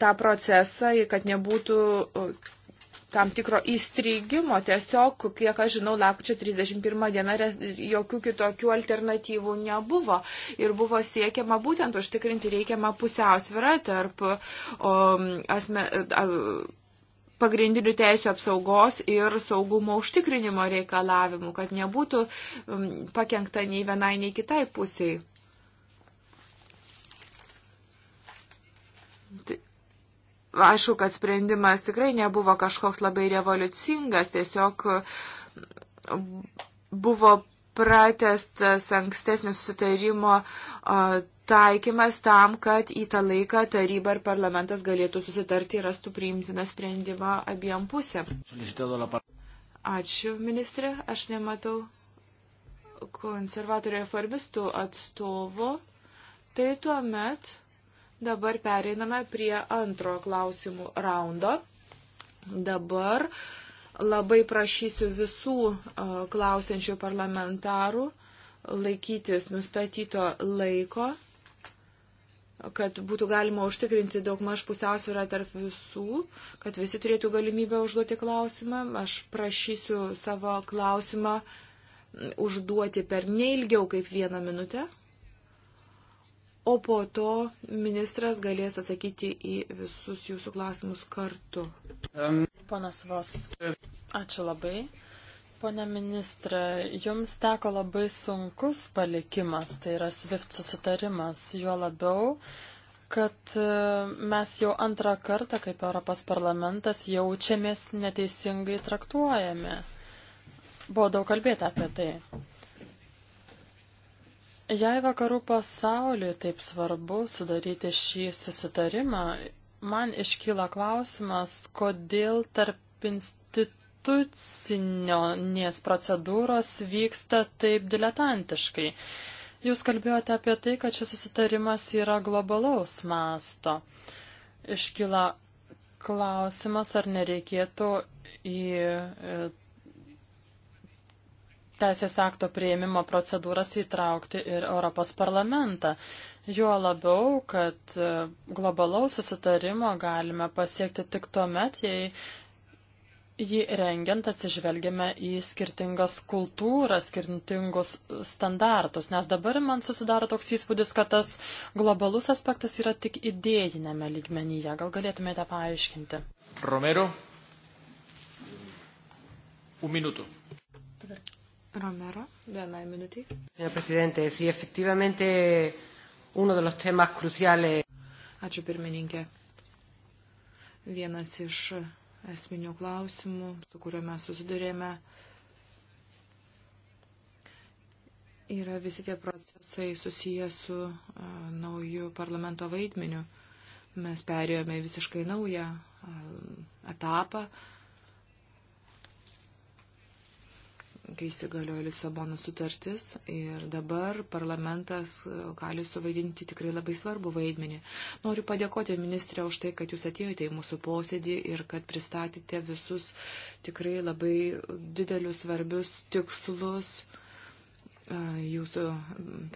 tą procesą, kad nebūtų tam tikro įstrigimo, tiesiog, kiek aš žinau, lapkričio 31 diena jokių kitokių alternatyvų nebuvo. Ir buvo siekiama būtent užtikrinti reikiamą pusiausvyrą tarp o, asme, a, pagrindinių teisų apsaugos ir saugumo užtikrinimo reikalavimų, kad nebūtų m, pakengta nei vienai, nei kitai pusiai. Tai Aišku, kad sprendimas tikrai nebuvo kažkoks labai revoliucingas, tiesiog buvo pratestas ankstesnio susitarimo taikymas tam, kad į tą laiką taryba ir parlamentas galėtų susitarti ir rastų priimtiną sprendimą abiem pusėm. Ačiū, ministrė. Aš nematau konservatorių reformistų atstovo. Tai tuomet Dabar pereiname prie antro klausimų raundo. Dabar labai prašysiu visų klausiančių parlamentarų laikytis nustatyto laiko, kad būtų galima užtikrinti daug maž pusiausvyrą tarp visų, kad visi turėtų galimybę užduoti klausimą. Aš prašysiu savo klausimą užduoti per neilgiau kaip vieną minutę o po to ministras galės atsakyti į visus jūsų klausimus kartu. Um, Ponas Vos, ačiū labai. Pone ministrė, jums teko labai sunkus palikimas, tai yra SWIFT susitarimas, juo labiau, kad e, mes jau antrą kartą kaip Europos parlamentas jaučiamės neteisingai traktuojami. Buvo daug kalbėta apie tai. Jei vakarų pasauliui taip svarbu sudaryti šį susitarimą, man iškyla klausimas, kodėl tarp institucinės procedūros vyksta taip diletantiškai. Jūs kalbėjote apie tai, kad šis susitarimas yra globalaus masto. Iškyla klausimas, ar nereikėtų į e, teisės akto prieimimo procedūras įtraukti ir Europos parlamentą. Juo labiau, kad e, globalaus susitarimo galime pasiekti tik tuo met, jei jį rengiant atsižvelgiame į skirtingas kultūras, skirtingus standartus, nes dabar man susidaro toks įspūdis, kad tas globalus aspektas yra tik idėjinėme lygmenyje. Gal galėtumėte paaiškinti? Romero. Un minuto. Romero, vienai minutiai. Señor presidente, sí, efectivamente, uno de los temas cruciales. Ačiū pirmininkė. Vienas iš esminių klausimų, su kuriuo mes susidurėme, yra visi tie procesai susiję su uh, nauju parlamento vaidmeniu. Mes perėjome visiškai naują uh, etapą. Uh, kai įsigaliojo Lisabono sutartis ir dabar parlamentas e, gali suvaidinti tikrai labai svarbu vaidmenį. Noriu padėkoti ministrė už tai, kad jūs atėjote į mūsų posėdį ir kad pristatėte visus tikrai labai didelius svarbius tikslus e, jūsų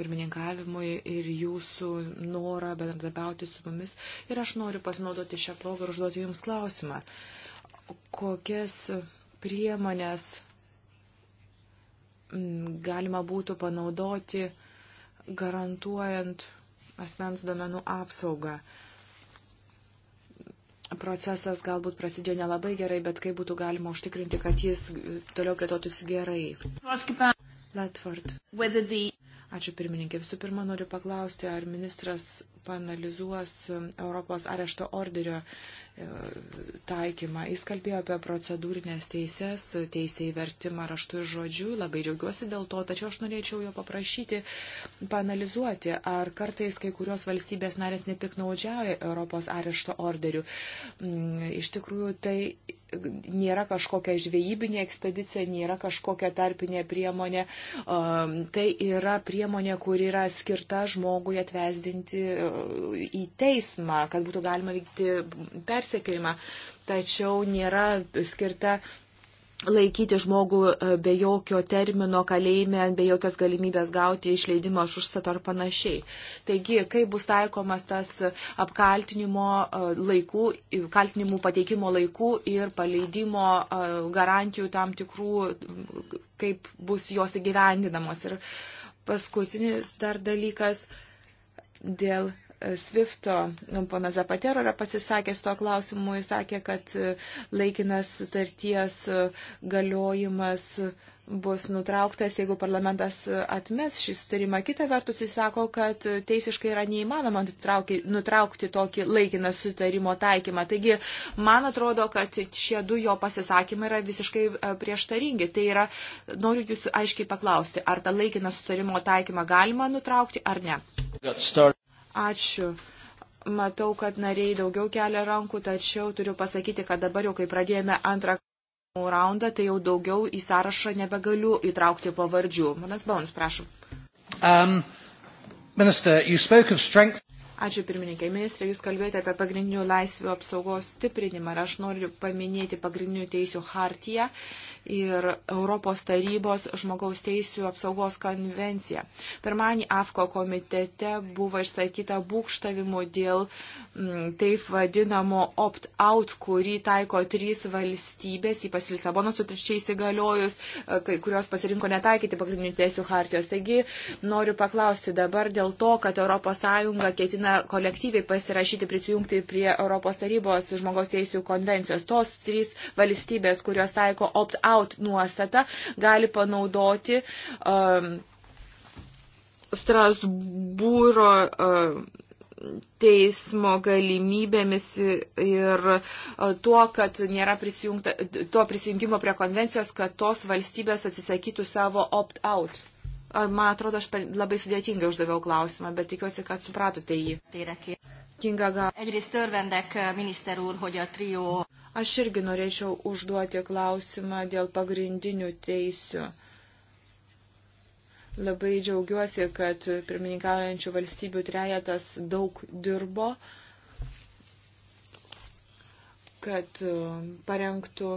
pirmininkavimui ir jūsų norą bendradarbiauti su mumis. Ir aš noriu pasinaudoti šią progą ir užduoti Jums klausimą. Kokias priemonės galima būtų panaudoti garantuojant asmens duomenų apsaugą. Procesas galbūt prasidėjo nelabai gerai, bet kaip būtų galima užtikrinti, kad jis toliau plėtotųsi gerai. Latvart. Ačiū pirmininkė. Visų pirma, noriu paklausti, ar ministras panalizuos Europos arešto orderio taikymą. Jis kalbėjo apie procedūrinės teisės, teisę į vertimą raštų ir žodžių. Labai džiaugiuosi dėl to, tačiau aš norėčiau jo paprašyti, panalizuoti, ar kartais kai kurios valstybės narės nepiknaudžiauja Europos arešto orderių. Mm, iš tikrųjų, tai nėra kažkokia žvejybinė ekspedicija, nėra kažkokia tarpinė priemonė. Um, tai yra priemonė, kur yra skirta žmogui atvesdinti uh, į teismą, kad būtų galima vykti persekiojimą, tačiau nėra skirta laikyti žmogų e, be jokio termino kalėjime, be jokios galimybės gauti išleidimą už užstatą ar panašiai. Taigi, kaip bus taikomas tas apkaltinimo e, laikų, kaltinimų pateikimo laikų ir paleidimo e, garantijų tam tikrų, kaip bus jos įgyvendinamos. Ir paskutinis dar dalykas dėl Svifto pana Zapatero yra pasisakęs tuo klausimu, jis sakė, kad laikinas sutarties galiojimas bus nutrauktas, jeigu parlamentas atmes šį sutarimą. Kita vertus, jis sako, kad teisiškai yra neįmanoma nutraukti, nutraukti tokį laikiną sutarimo taikymą. Taigi, man atrodo, kad šie du jo pasisakymai yra visiškai e, prieštaringi. Tai yra, noriu jūs aiškiai paklausti, ar tą laikiną sutarimo taikymą galima nutraukti ar ne. Ačiū. Matau, kad nariai daugiau kelia rankų, tačiau turiu pasakyti, kad dabar jau, kai pradėjome antrą raundą, tai jau daugiau į sąrašą nebegaliu įtraukti pavardžių. Manas Baunas, prašom. Um, minister, Ačiū pirmininkai. Ministrė, jūs kalbėjote apie pagrindinių laisvių apsaugos stiprinimą ir aš noriu paminėti pagrindinių teisių hartiją ir Europos tarybos žmogaus teisų apsaugos konvencija. Pirmąjį AFKO komitete buvo išsakyta būkštavimų dėl m, mm, taip vadinamo opt-out, kurį taiko trys valstybės, ypač Lisabono sutričiai įsigaliojus, e, kai kurios pasirinko netaikyti pagrindinių teisų hartijos. Taigi noriu paklausti dabar dėl to, kad ES ketina kolektyviai pasirašyti prisijungti prie Europos tarybos žmogaus teisų konvencijos. Tos trys valstybės, kurios taiko opt-out, out nuostatą gali panaudoti um, Strasbūro um, teismo galimybėmis ir uh, tuo, kad nėra prisijungta, tuo prisijungimo prie konvencijos, kad tos valstybės atsisakytų savo opt-out. Man atrodo, aš labai sudėtingai uždaviau klausimą, bet tikiuosi, kad supratote jį. Kinga gal. Egyrészt örvendek, eh, miniszter úr, hogy a trió Aš irgi norėčiau užduoti klausimą dėl pagrindinių teisių. Labai džiaugiuosi, kad pirmininkaujančių valstybių trejetas daug dirbo, kad e, parengtų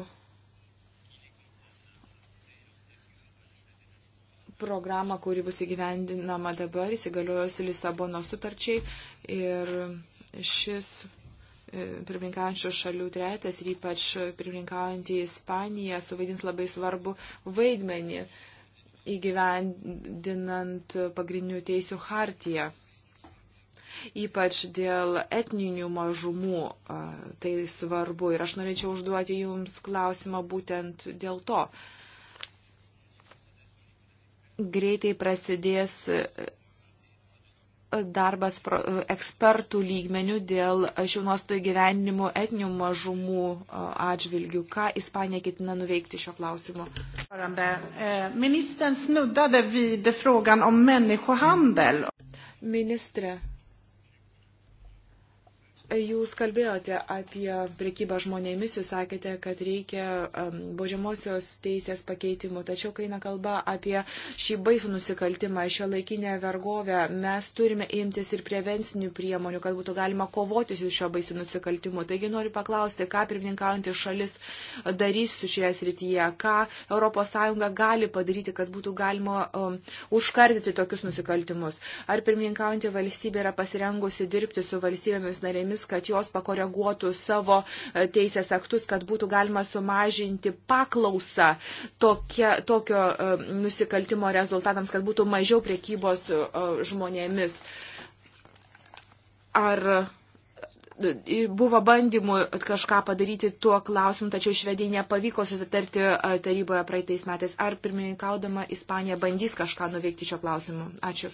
programą, kuri bus įgyvendinama dabar, įsigaliojus Lisabono sutarčiai. Ir šis pirmininkaujančių šalių trejetas ir ypač pirmininkaujantį Ispaniją suvaidins labai svarbu vaidmenį įgyvendinant pagrindinių teisių hartiją. Ypač dėl etninių mažumų tai svarbu ir aš norėčiau užduoti Jums klausimą būtent dėl to. Greitai prasidės darbas ekspertų lygmenių dėl šių nuostų įgyvendinimų etnių mažumų atžvilgių. Ką Ispanija ketina nuveikti šio klausimu? Eh, ministern snuddade vid frågan om människohandel. Ministre, Jūs kalbėjote apie prekybą žmonėmis, jūs sakėte, kad reikia um, baudžiamosios teisės pakeitimų, tačiau kai eina kalba apie šį baisų nusikaltimą, šio laikinę vergovę, mes turime imtis ir prevencinių priemonių, kad būtų galima kovoti su šio baisų nusikaltimu. Taigi noriu paklausti, ką pirmininkaujantis šalis darys su šioje srityje, ką ES gali padaryti, kad būtų galima um, užkardyti tokius nusikaltimus. Ar pirmininkaujantį valstybę yra pasirengusi dirbti su valstybėmis narėmis? šalis, kad jos pakoreguotų savo e, teisės aktus, kad būtų galima sumažinti paklausą tokia, tokio e, nusikaltimo rezultatams, kad būtų mažiau priekybos e, žmonėmis. Ar buvo bandymų kažką padaryti tuo klausimu, tačiau švediai nepavyko susitarti taryboje praeitais metais. Ar pirmininkaudama Ispanija bandys kažką nuveikti šio klausimu? Ačiū.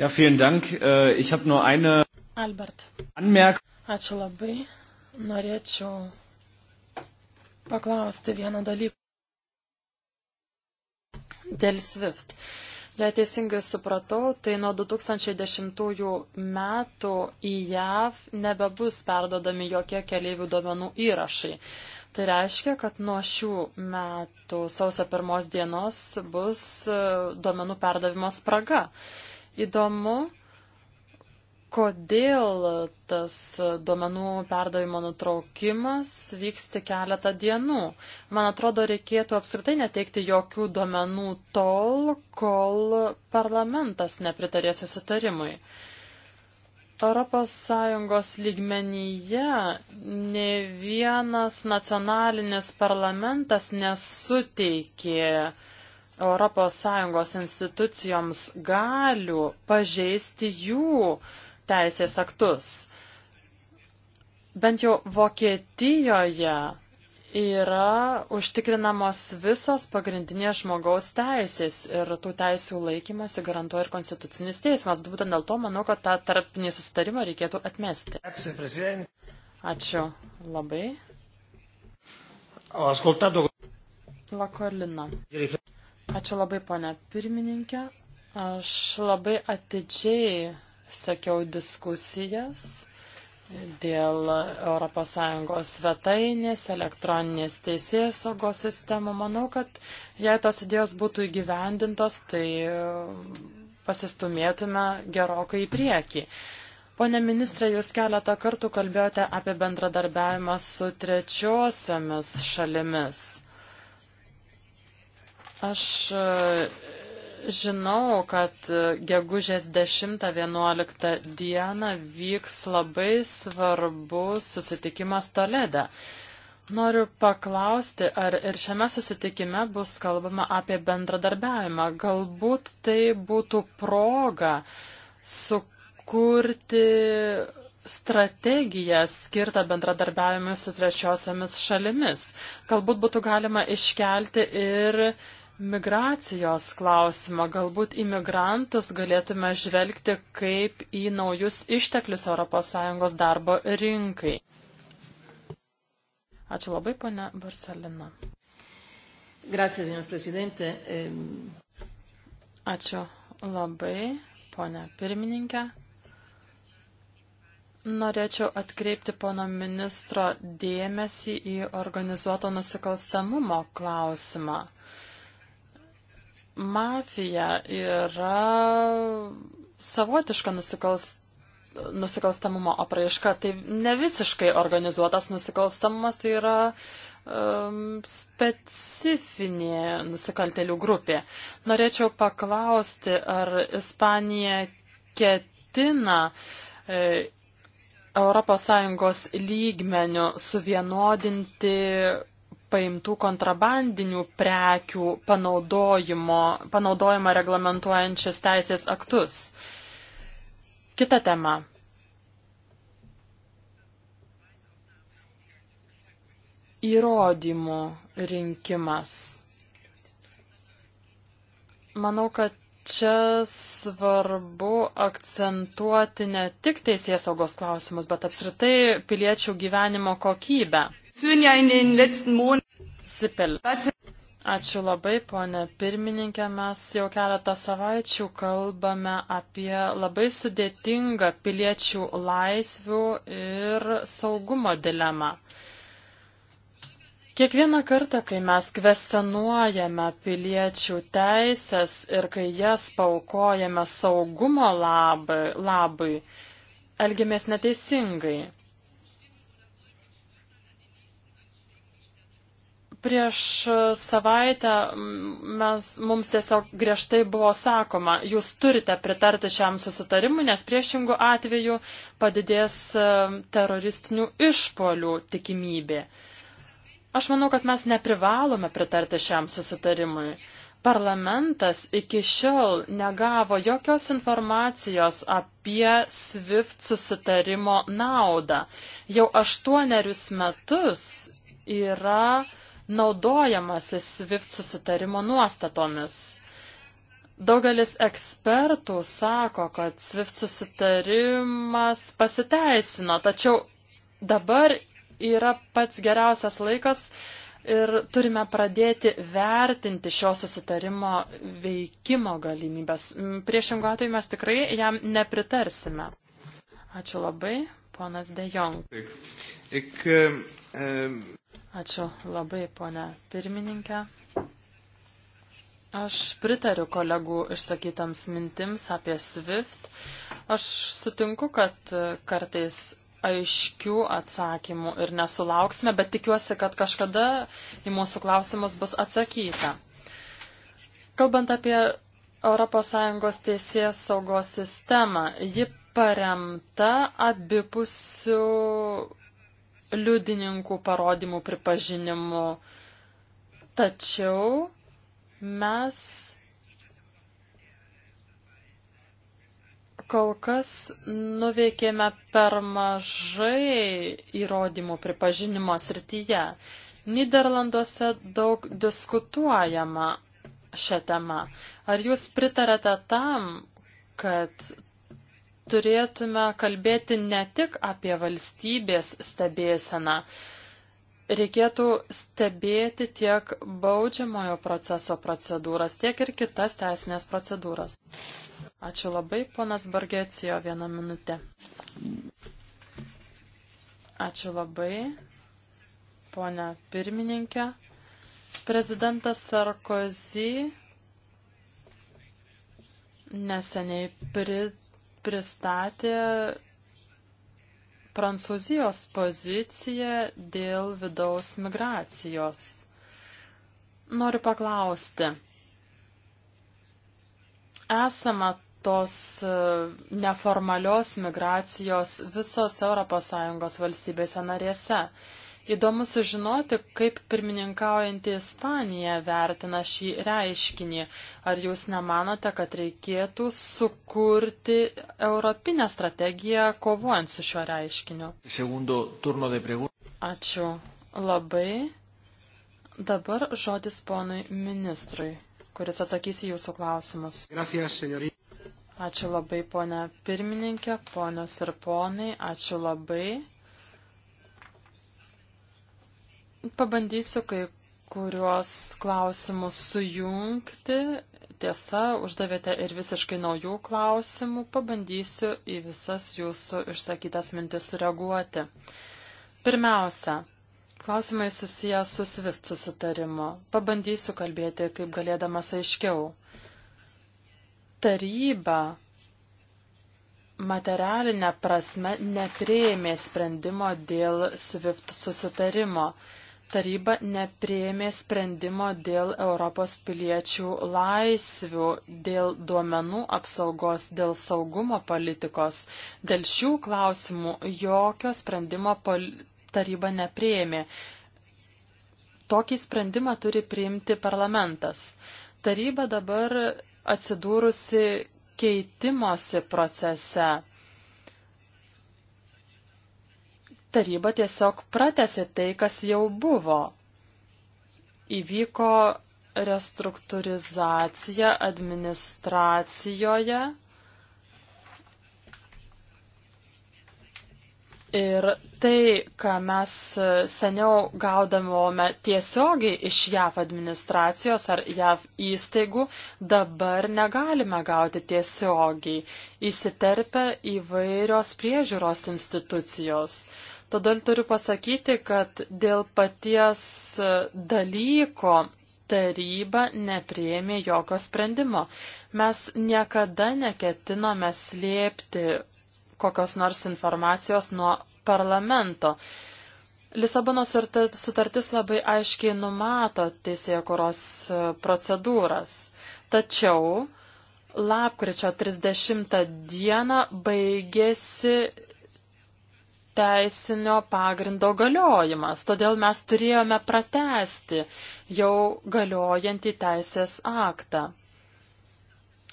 Ja, vielen Dank. Äh, ich habe nur eine Albert. Anmerkung. Ačiū labai. Norėčiau paklausti vieną dalyką. Dėl SWIFT. Jei teisingai supratau, tai nuo 2010 metų į JAV nebebus perdodami jokie keliaivių duomenų įrašai. Tai reiškia, kad nuo šių metų sausio pirmos dienos bus e, duomenų perdavimo spraga. Uh, Įdomu, kodėl tas duomenų perdavimo nutraukimas vyks tik keletą dienų. Man atrodo, reikėtų apskritai neteikti jokių duomenų tol, kol parlamentas nepritarė susitarimui. ES lygmenyje ne vienas nacionalinis parlamentas nesuteikė ES institucijoms galių pažeisti jų teisės aktus. Bent jau Vokietijoje yra užtikrinamos visos pagrindinės žmogaus teisės ir tų teisų laikymasi garantuoja ir konstitucinis teismas. Būtent dėl to manau, kad tą tarpinį susitarimą reikėtų atmesti. Ačiū labai. Lakolina. Ačiū labai, ponė pirmininkė. Aš labai atidžiai sekiau diskusijas dėl ES svetainės, elektroninės teisės saugos sistemų. Manau, kad jei tos idėjos būtų įgyvendintos, tai pasistumėtume gerokai į priekį. Pone ministrė, jūs keletą kartų kalbėjote apie bendradarbiavimą su trečiosiomis šalimis. Aš e, žinau, kad e, gegužės 10-11 dieną vyks labai svarbus susitikimas Tolede. Noriu paklausti, ar ir šiame susitikime bus kalbama apie bendradarbiavimą. Galbūt tai būtų proga sukurti strategiją skirtą bendradarbiavimui su trečiosiamis šalimis. Galbūt būtų galima iškelti ir migracijos klausimą. Galbūt imigrantus galėtume žvelgti kaip į naujus išteklius ES darbo rinkai. Ačiū labai, ponia Barcelina. Grazie, signor Presidente. Ačiū labai, ponia pirmininkė. Norėčiau atkreipti pono ministro dėmesį į organizuoto nusikalstamumo klausimą mafija yra savotiška nusikalst nusikalstamumo apraiška. Tai ne visiškai organizuotas nusikalstamumas, tai yra um, specifinė nusikaltelių grupė. Norėčiau paklausti, ar Ispanija ketina e, ES lygmenių suvienodinti paimtų kontrabandinių prekių panaudojimą reglamentuojančius teisės aktus. Kita tema. Įrodymų rinkimas. Manau, kad čia svarbu akcentuoti ne tik teisės saugos klausimus, bet apskritai piliečių gyvenimo kokybę. Sipel. Ačiū labai, ponė pirmininkė. Mes jau keletą savaičių kalbame apie labai sudėtingą piliečių laisvių ir saugumo dilemą. Kiekvieną kartą, kai mes kvestionuojame piliečių teisės ir kai jas paukojame saugumo labai, labai elgiamės neteisingai. Prieš savaitę mes, mums tiesiog griežtai buvo sakoma, jūs turite pritarti šiam susitarimui, nes priešingų atveju padidės e, teroristinių išpolių tikimybė. Aš manau, kad mes neprivalome pritarti šiam susitarimui. Parlamentas iki šiol negavo jokios informacijos apie SWIFT susitarimo naudą. Jau aštuonerius metus yra naudojamas SWIFT susitarimo nuostatomis. Daugelis ekspertų sako, kad SWIFT susitarimas pasiteisino, tačiau dabar yra pats geriausias laikas ir turime pradėti vertinti šio susitarimo veikimo galimybės. Priešingų atveju mes tikrai jam nepritarsime. Ačiū labai, ponas De Jong. Ik, ik, um, Ačiū labai, ponia pirmininkė. Aš pritariu kolegų išsakytams mintims apie SWIFT. Aš sutinku, kad e, kartais aiškių atsakymų ir nesulauksime, bet tikiuosi, kad kažkada į mūsų klausimus bus atsakyta. Kalbant apie ES teisės saugos sistemą, ji paremta abipusių liudininkų parodymų pripažinimu. Tačiau mes kol kas nuveikėme per mažai įrodymų pripažinimo srityje. Niderlanduose daug diskutuojama šią temą. Ar jūs pritarėte tam, kad turėtume kalbėti ne tik apie valstybės stebėseną. Reikėtų stebėti tiek baudžiamojo proceso procedūras, tiek ir kitas teisinės procedūras. Ačiū labai, ponas Bargecijo, vieną minutę. Ačiū labai, ponia pirmininkė. Prezidentas Sarkozy neseniai prit pristatė Prancūzijos poziciją dėl vidaus migracijos. Noriu paklausti, esama tos e, neformalios migracijos visose ES valstybėse narėse. Įdomu sužinoti, kaip pirmininkaujantį Ispaniją vertina šį reiškinį. Ar jūs nemanote, kad reikėtų sukurti europinę strategiją kovojant su šiuo reiškiniu? Ačiū labai. Dabar žodis ponui ministrui, kuris atsakys į jūsų klausimus. Gracias, Ačiū labai, ponė pirmininkė, ponios ir ponai, ačiū labai Pabandysiu kai kuriuos klausimus sujungti. Tiesa, uždavėte ir visiškai naujų klausimų. Pabandysiu į visas jūsų išsakytas mintis sureaguoti. Pirmiausia, klausimai susiję su SWIFT susitarimu. Pabandysiu kalbėti kaip galėdamas aiškiau. Taryba materialinę prasme neprieėmė sprendimo dėl SWIFT susitarimo taryba neprieėmė sprendimo dėl Europos piliečių laisvių, dėl duomenų apsaugos, dėl saugumo politikos. Dėl šių klausimų jokio sprendimo taryba neprieėmė. Tokį sprendimą turi priimti parlamentas. Taryba dabar atsidūrusi keitimosi procese. taryba tiesiog pratėsi tai, kas jau buvo. Įvyko restruktūrizacija administracijoje ir tai, ką mes seniau gaudavome tiesiogiai iš JAV administracijos ar JAV įstaigų, dabar negalime gauti tiesiogiai. Įsiterpia įvairios priežiūros institucijos. Todėl turiu pasakyti, kad dėl paties dalyko taryba nepriėmė jokio sprendimo. Mes niekada neketinome slėpti kokios nors informacijos nuo parlamento. Lisabono sutartis labai aiškiai numato teisėjo koros e, procedūras. Tačiau lapkričio 30 dieną baigėsi teisinio pagrindo galiojimas, todėl mes turėjome pratesti jau galiojantį teisės aktą.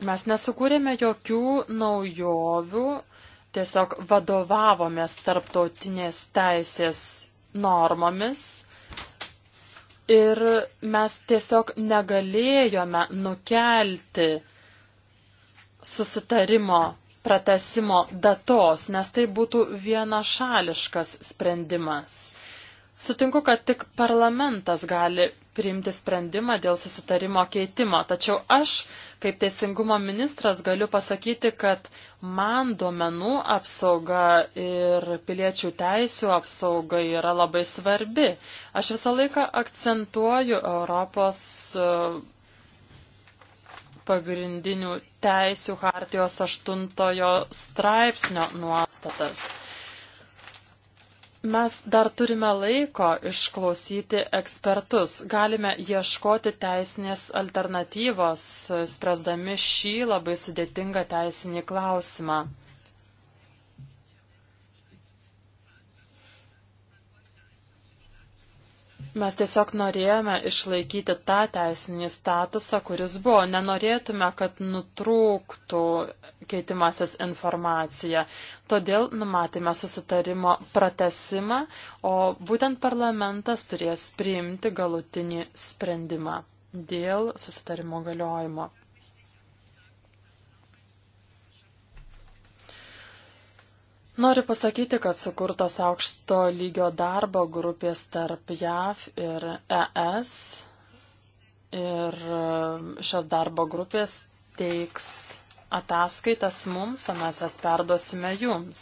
Mes nesukūrėme jokių naujovių, tiesiog vadovavomės tarptautinės teisės normomis ir mes tiesiog negalėjome nukelti susitarimo pratesimo datos, nes tai būtų vienašališkas sprendimas. Sutinku, kad tik parlamentas gali priimti sprendimą dėl susitarimo keitimo, tačiau aš, kaip teisingumo ministras, galiu pasakyti, kad man duomenų apsauga ir piliečių teisų apsauga yra labai svarbi. Aš visą laiką akcentuoju Europos pagrindinių teisių hartijos aštuntojo straipsnio nuostatas. Mes dar turime laiko išklausyti ekspertus. Galime ieškoti teisinės alternatyvos, spręsdami šį labai sudėtingą teisinį klausimą. Mes tiesiog norėjome išlaikyti tą teisinį statusą, kuris buvo. Nenorėtume, kad nutrūktų keitimasis informacija. Todėl numatėme susitarimo pratesimą, o būtent parlamentas turės priimti galutinį sprendimą dėl susitarimo galiojimo. Noriu pasakyti, kad sukurtos aukšto lygio darbo grupės tarp JAV ir ES ir e, šios darbo grupės teiks ataskaitas mums, o mes jas perduosime jums.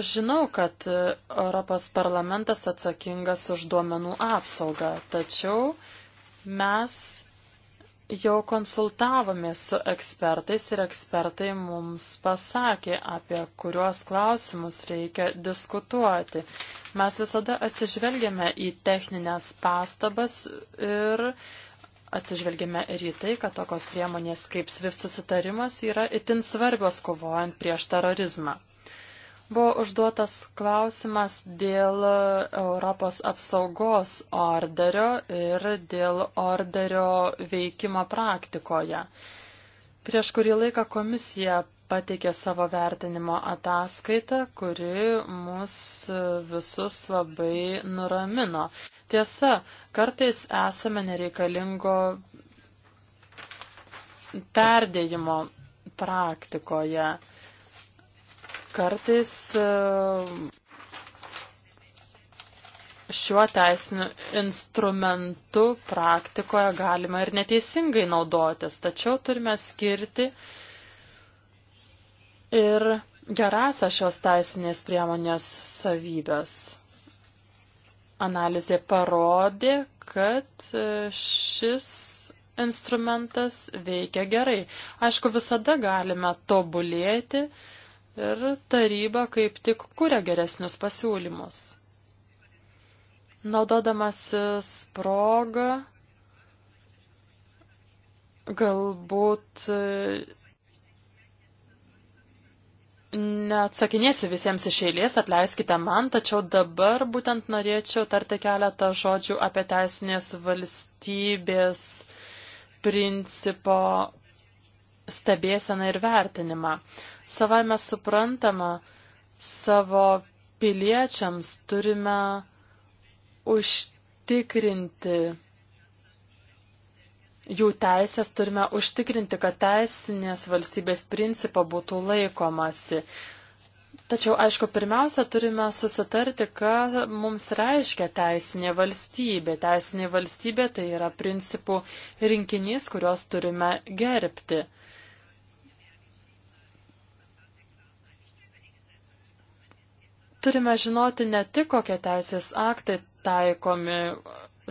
Aš žinau, kad e, Europos parlamentas atsakingas už duomenų apsaugą, tačiau mes jau konsultavomės su ekspertais ir ekspertai mums pasakė, apie kuriuos klausimus reikia diskutuoti. Mes visada atsižvelgiame į techninės pastabas ir atsižvelgiame ir į tai, kad tokios priemonės kaip SWIFT susitarimas yra itin svarbios kovojant prieš terorizmą. Buvo užduotas klausimas dėl e, Europos apsaugos orderio ir dėl orderio veikimo praktikoje. Prieš kurį laiką komisija pateikė savo vertinimo ataskaitą, kuri mus e, visus labai nuramino. Tiesa, kartais esame nereikalingo perdėjimo praktikoje. Kartais e, šiuo teisiniu instrumentu praktikoje galima ir neteisingai naudotis, tačiau turime skirti ir gerąsią šios teisinės priemonės savybės. Analizė parodė, kad e, šis instrumentas veikia gerai. Aišku, visada galime tobulėti, ir taryba kaip tik kuria geresnius pasiūlymus. Naudodamasis progą, galbūt neatsakinėsiu visiems iš eilės, atleiskite man, tačiau dabar būtent norėčiau tarti keletą žodžių apie teisinės valstybės principo stebėseną ir vertinimą savai mes suprantama savo piliečiams turime užtikrinti jų teisės, turime užtikrinti, kad teisinės valstybės principo būtų laikomasi. Tačiau, aišku, pirmiausia, turime susitarti, ką mums reiškia teisinė valstybė. Teisinė valstybė tai yra principų rinkinys, kuriuos turime gerbti. Turime žinoti ne tik, kokie teisės aktai taikomi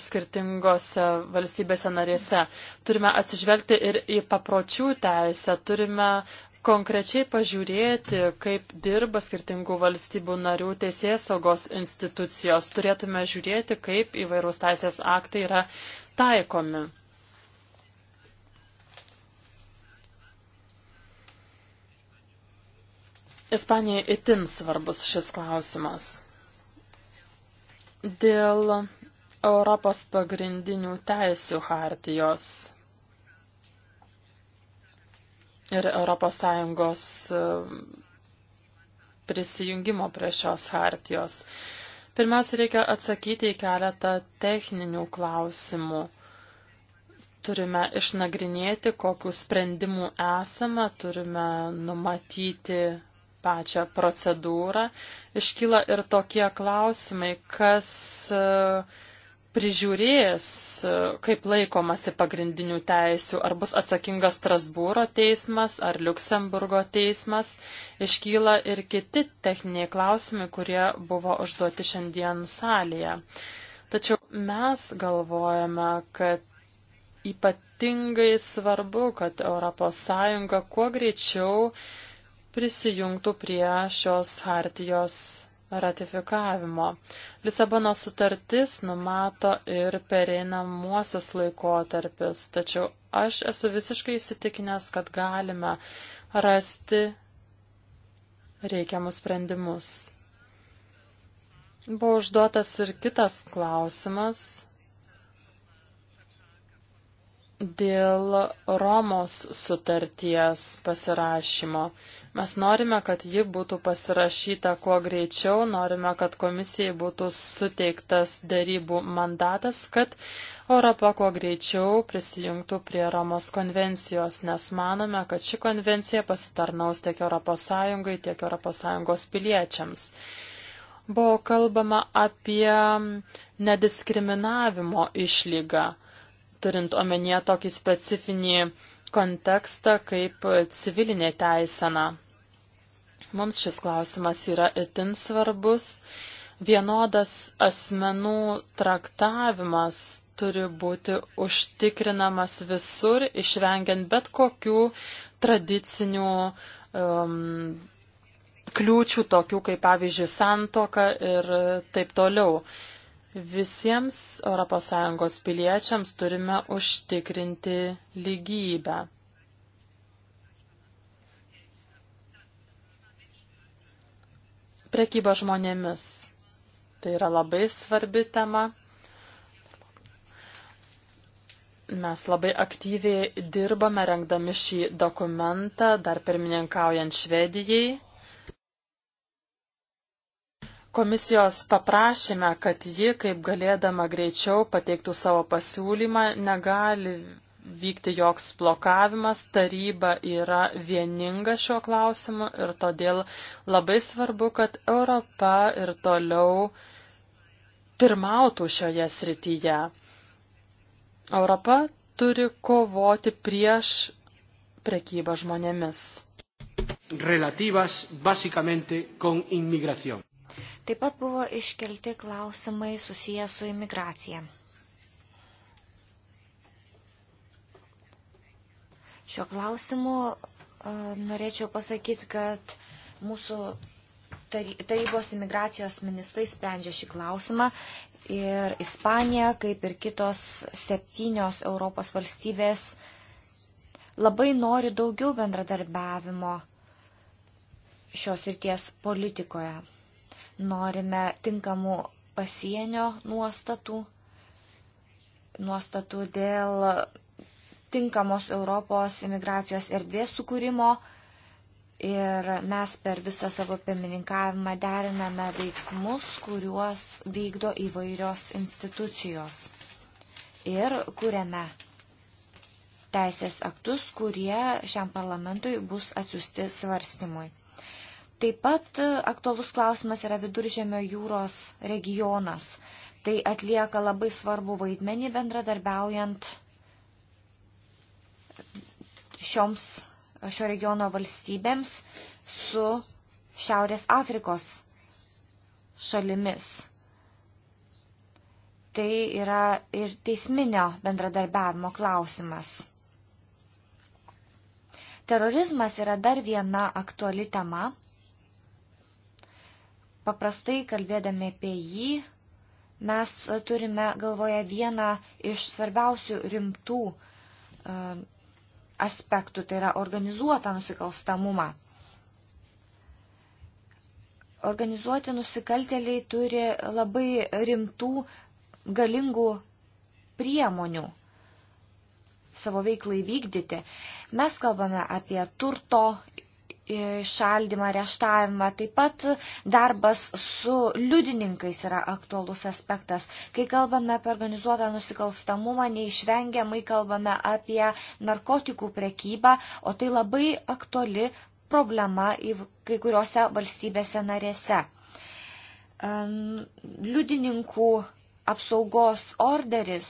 skirtingose valstybėse narėse. Turime atsižvelgti ir į papročių teisę, turime konkrečiai pažiūrėti, kaip dirba skirtingų valstybių narių teisės saugos institucijos. Turėtume žiūrėti, kaip įvairūs teisės aktai yra taikomi. Ispanijai itin svarbus šis klausimas. Dėl Europos pagrindinių teisių hartijos ir Europos Sąjungos e, prisijungimo prie šios hartijos. Pirmiausia, reikia atsakyti į keletą techninių klausimų. Turime išnagrinėti, kokiu sprendimu esame, turime numatyti pačią procedūrą, iškyla ir tokie klausimai, kas e, prižiūrės, e, kaip laikomasi pagrindinių teisių, ar bus atsakingas Strasbūro teismas, ar Luksemburgo teismas. Iškyla ir kiti techniniai klausimai, kurie buvo užduoti šiandien salėje. Tačiau mes galvojame, kad ypatingai svarbu, kad ES kuo greičiau prisijungtų prie šios hartijos ratifikavimo. Lisabono sutartis numato ir pereinamuosius laikotarpis, tačiau aš esu visiškai įsitikinęs, kad galime rasti reikiamus sprendimus. Buvo užduotas ir kitas klausimas Dėl Romos sutarties pasirašymo. Mes norime, kad ji būtų pasirašyta kuo greičiau, norime, kad komisijai būtų suteiktas darybų mandatas, kad Europa kuo greičiau prisijungtų prie Romos konvencijos, nes manome, kad ši konvencija pasitarnaus tiek ES, tiek ES piliečiams. Buvo kalbama apie nediskriminavimo išlygą turint omenyje tokį specifinį kontekstą kaip civilinė teisena. Mums šis klausimas yra itin svarbus. Vienodas asmenų traktavimas turi būti užtikrinamas visur, išvengiant bet kokių tradicinių um, kliūčių, tokių kaip pavyzdžiui santoka ir taip toliau. Uh, Visiems ES piliečiams turime užtikrinti lygybę. Prekyba žmonėmis. Tai yra labai svarbi tema. Mes labai aktyviai dirbame rengdami šį dokumentą, dar pirmininkaujant Švedijai. Komisijos paprašėme, kad ji, kaip galėdama greičiau, pateiktų savo pasiūlymą, negali vykti joks blokavimas, taryba yra vieninga šiuo klausimu ir todėl labai svarbu, kad Europa ir toliau pirmautų šioje srityje. Europa turi kovoti prieš prekybą žmonėmis. Relativas básicamente con inmigración. Taip pat buvo iškelti klausimai susiję su imigracija. Šiuo klausimu e, norėčiau pasakyti, kad mūsų tarybos imigracijos ministrai sprendžia šį klausimą ir Ispanija, kaip ir kitos septynios Europos valstybės, labai nori daugiau bendradarbiavimo šios ir ties politikoje norime tinkamų pasienio nuostatų, nuostatų dėl tinkamos Europos imigracijos erdvės sukūrimo ir mes per visą savo pirmininkavimą deriname veiksmus, kuriuos vykdo įvairios institucijos ir kuriame teisės aktus, kurie šiam parlamentui bus atsiusti svarstymui. Taip pat aktualus klausimas yra viduržėmio jūros regionas. Tai atlieka labai svarbu vaidmenį bendradarbiaujant šioms šio regiono valstybėms su Šiaurės Afrikos šalimis. Tai yra ir teisminio bendradarbiavimo klausimas. Terorizmas yra dar viena aktuali tema paprastai kalbėdami apie jį, mes turime galvoje vieną iš svarbiausių rimtų e, aspektų, tai yra organizuotą nusikalstamumą. Organizuoti nusikaltėliai turi labai rimtų, galingų priemonių savo veiklai vykdyti. Mes kalbame apie turto šaldymą, reštavimą. Taip pat darbas su liudininkais yra aktualus aspektas. Kai kalbame apie organizuotą nusikalstamumą, neišvengiamai kalbame apie narkotikų prekybą, o tai labai aktuali problema į kai kuriuose valstybėse narėse. Liudininkų apsaugos orderis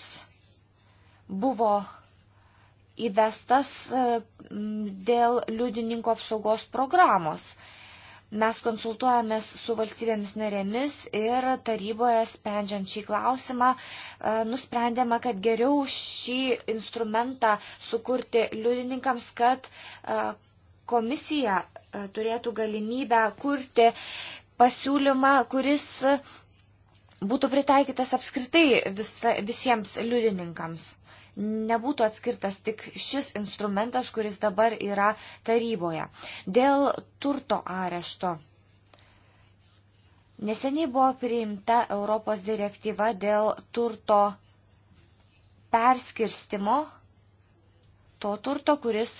buvo įvestas e, dėl liudininko apsaugos programos. Mes konsultuojamės su valstybėmis narėmis ir taryboje sprendžiant šį klausimą e, nusprendėme, kad geriau šį instrumentą sukurti liudininkams, kad e, komisija turėtų galimybę kurti pasiūlymą, kuris būtų pritaikytas apskritai visa, visiems liudininkams nebūtų atskirtas tik šis instrumentas, kuris dabar yra taryboje. Dėl turto arešto. Neseniai buvo priimta Europos direktyva dėl turto perskirstimo, to turto, kuris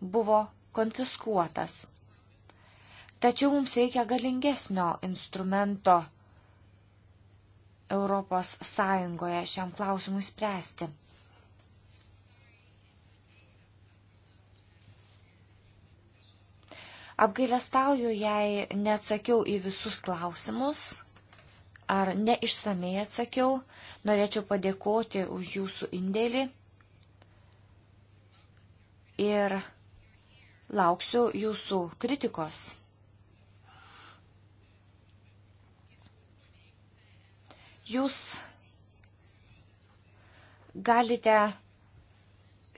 buvo konfiskuotas. Tačiau mums reikia galingesnio instrumento Europos Sąjungoje šiam klausimui spręsti. Apgailestauju, jei neatsakiau į visus klausimus ar neišsamei atsakiau. Norėčiau padėkoti už jūsų indėlį ir lauksiu jūsų kritikos. Jūs galite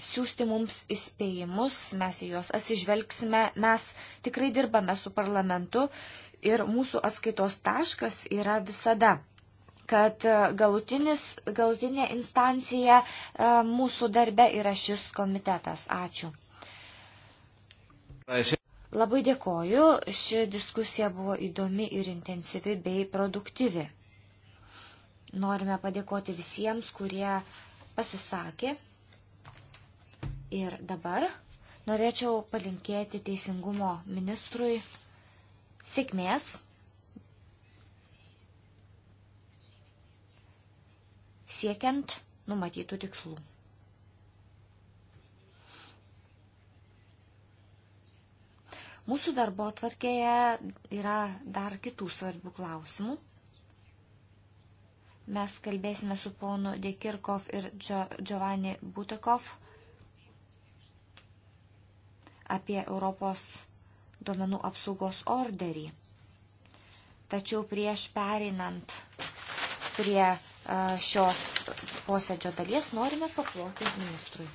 siūsti mums įspėjimus, mes į juos atsižvelgsime, mes tikrai dirbame su parlamentu ir mūsų atskaitos taškas yra visada kad e, galutinis, galutinė instancija e, mūsų darbe yra šis komitetas. Ačiū. Labai dėkoju, ši diskusija buvo įdomi ir intensyvi bei produktyvi. Norime padėkoti visiems, kurie pasisakė. Ir dabar norėčiau palinkėti teisingumo ministrui sėkmės siekiant numatytų tikslų. Mūsų darbo atvarkėje yra dar kitų svarbių klausimų. Mes kalbėsime su ponu Dekirkov ir Giovanni Butekov apie Europos duomenų apsaugos orderį. Tačiau prieš pereinant prie šios posėdžio dalies norime paploti ministrui.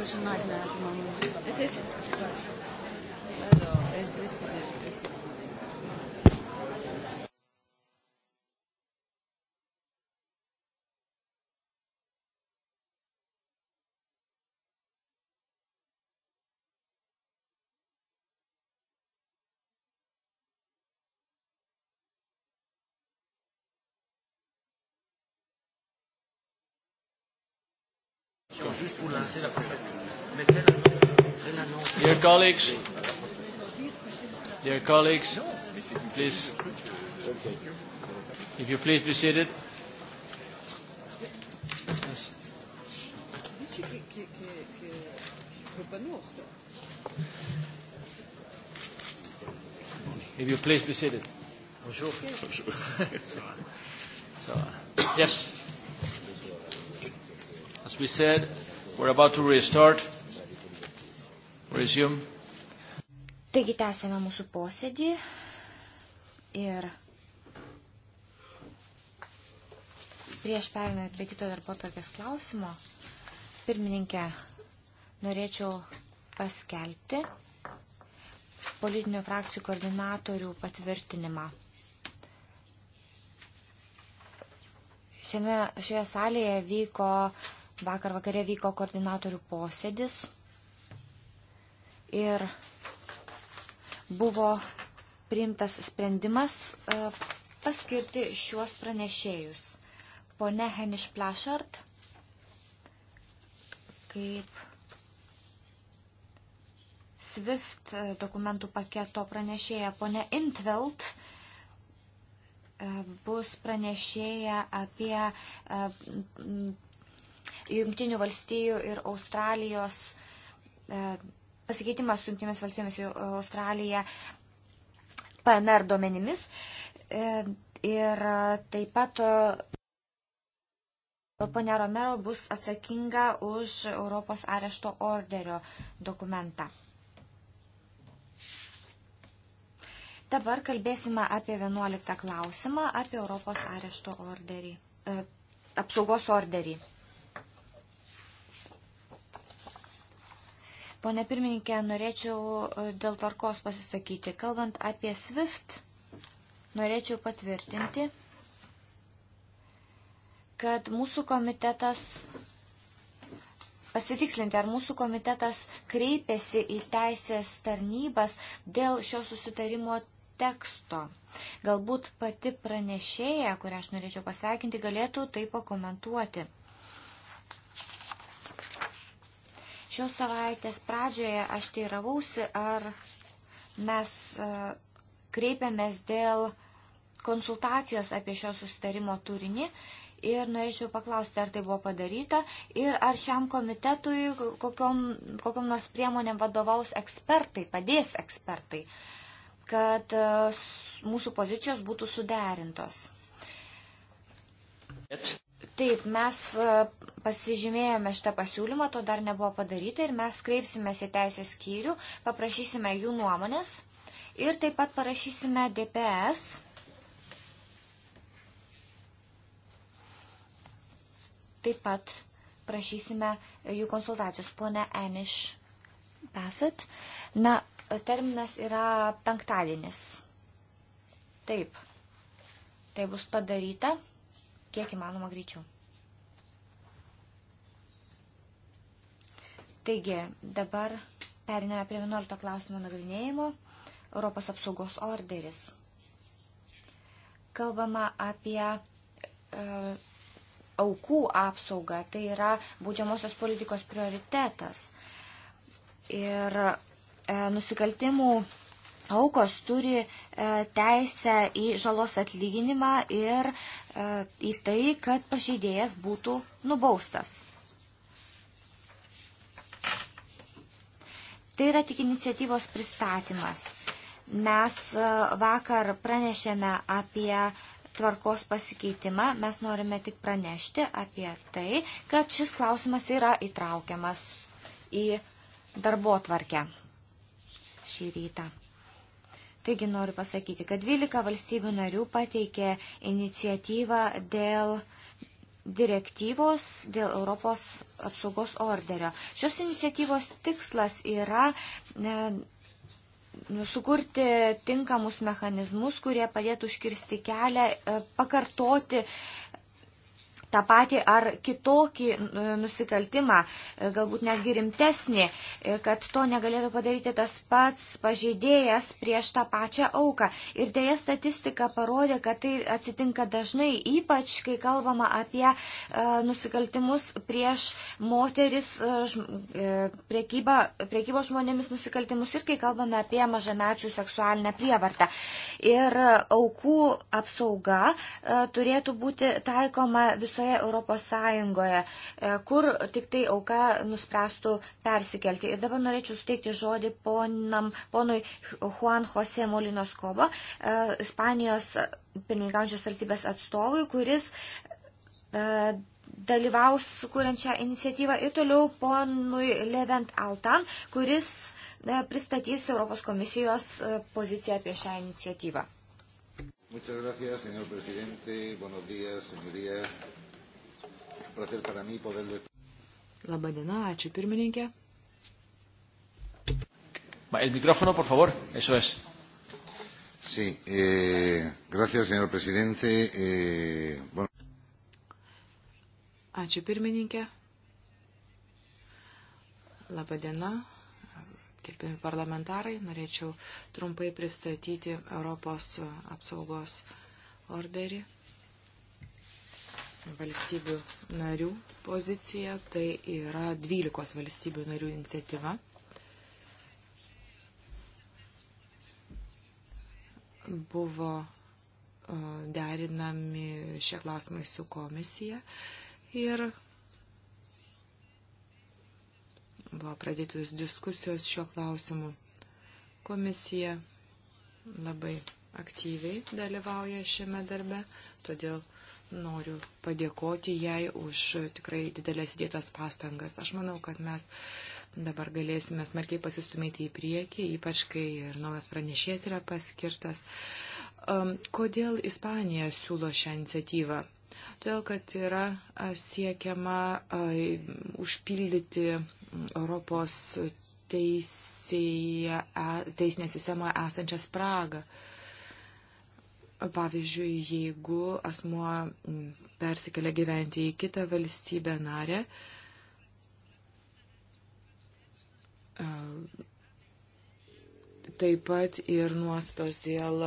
That was a nice Attends, juste pour lancer la présentation. Dear colleagues, dear colleagues, please, if you please be seated. If you please be seated. Bonjour. Bonjour. Ça va. Ça va. Yes. As we said, we're about to restart. Resume. Taigi tęsėme mūsų posėdį ir prieš perinant prie kito darbo tokias klausimo, pirmininkė, norėčiau paskelbti politinių frakcijų koordinatorių patvirtinimą. Šiame, šioje salėje vyko uh, Vakar vakare vyko koordinatorių posėdis ir buvo priimtas sprendimas e, paskirti šiuos pranešėjus. Pone Heniš Plašart, kaip SWIFT e, dokumentų paketo pranešėja, pone Intveld e, bus pranešėja apie Junktinių valstijų ir Australijos e, pasikeitimas su Junktinėmis valstijomis ir Australija PNR duomenimis. E, ir taip pat e, ponia Romero bus atsakinga už Europos arešto orderio dokumentą. Dabar kalbėsime apie 11 klausimą, apie Europos arešto orderį, e, apsaugos orderį. Pone pirmininkė, norėčiau e, dėl tvarkos pasisakyti. Kalbant apie SWIFT, norėčiau patvirtinti, kad mūsų komitetas pasitikslinti, ar mūsų komitetas kreipėsi į teisės tarnybas dėl šio susitarimo teksto. Galbūt pati pranešėja, kurią aš norėčiau pasveikinti, galėtų tai pakomentuoti. Šios savaitės pradžioje aš teiravausi, ar mes e, kreipiamės dėl konsultacijos apie šio susitarimo turinį ir norėčiau paklausti, ar tai buvo padaryta ir ar šiam komitetui kokiom, kokiom nors priemonėm vadovaus ekspertai, padės ekspertai, kad e, mūsų pozicijos būtų suderintos. Taip, mes e, pasižymėjome šitą pasiūlymą, to dar nebuvo padaryta ir mes kreipsime į teisės skyrių, paprašysime jų nuomonės ir taip pat parašysime DPS. Taip pat prašysime jų konsultacijos. Pone Eniš Pesat. Na, terminas yra penktadienis. Taip. Tai bus padaryta kiek įmanoma greičiau. Taigi, dabar periname prie 11 klausimo nagrinėjimo. Europos apsaugos orderis. Kalbama apie e, aukų apsaugą, tai yra būdžiamosios politikos prioritetas. Ir e, nusikaltimų aukos turi e, teisę į žalos atlyginimą ir e, į tai, kad pažeidėjas būtų nubaustas. Tai yra tik iniciatyvos pristatymas. Mes e, vakar pranešėme apie tvarkos pasikeitimą. Mes norime tik pranešti apie tai, kad šis klausimas yra įtraukiamas į darbo tvarkę šį rytą. Taigi noriu pasakyti, kad 12 valstybių narių pateikė iniciatyvą dėl direktyvos dėl Europos apsaugos orderio. Šios iniciatyvos tikslas yra ne, nu, sukurti tinkamus mechanizmus, kurie padėtų užkirsti kelią, e, pakartoti tą patį ar kitokį nusikaltimą, e, galbūt netgi rimtesnį, e, kad to negalėtų padaryti tas pats pažeidėjas prieš tą pačią auką. Ir dėja statistika parodė, kad tai atsitinka dažnai, ypač kai kalbama apie e, nusikaltimus prieš moteris, priekybą, priekybos žmonėmis nusikaltimus ir kai kalbame apie mažamečių seksualinę prievartą. Ir aukų apsauga turėtų būti taikoma visoje visoje Europos Sąjungoje, e, kur tik tai auka nuspręstų persikelti. Ir dabar norėčiau suteikti žodį ponam, ponui Juan Jose Molinos Kobo, e, Ispanijos pirmininkaujančios valstybės atstovui, kuris e, dalyvaus kūrenčią iniciatyvą ir toliau ponui Levent Altan, kuris pristatys Europos komisijos poziciją apie šią iniciatyvą. Muchas gracias, señor presidente. Buenos días, señorías placer para mí poderlo. Labadiena, ačiū pirmininkė. El micrófono, por favor, eso es. Sí, eh, gracias, señor presidente. Eh, bueno. Ačiū pirmininkė. Labadiena, gerbimi parlamentarai. Norėčiau trumpai pristatyti Europos apsaugos orderį valstybių narių pozicija, tai yra 12 valstybių narių iniciatyva. Buvo e, derinami šie klausimai su komisija ir buvo pradėtos diskusijos šiuo klausimu. Komisija labai aktyviai dalyvauja šiame darbe, todėl Noriu padėkoti jai už tikrai didelės įdėtas pastangas. Aš manau, kad mes dabar galėsime smarkiai pasistumėti į priekį, ypač kai ir naujas pranešėjas yra paskirtas. Kodėl Ispanija siūlo šią iniciatyvą? Todėl, kad yra siekiama užpildyti Europos teisėje, e, teisinę sistemą esančią spragą. Uh, Pavyzdžiui, jeigu asmuo mm, persikelia gyventi į kitą valstybę narę, taip pat ir nuostos dėl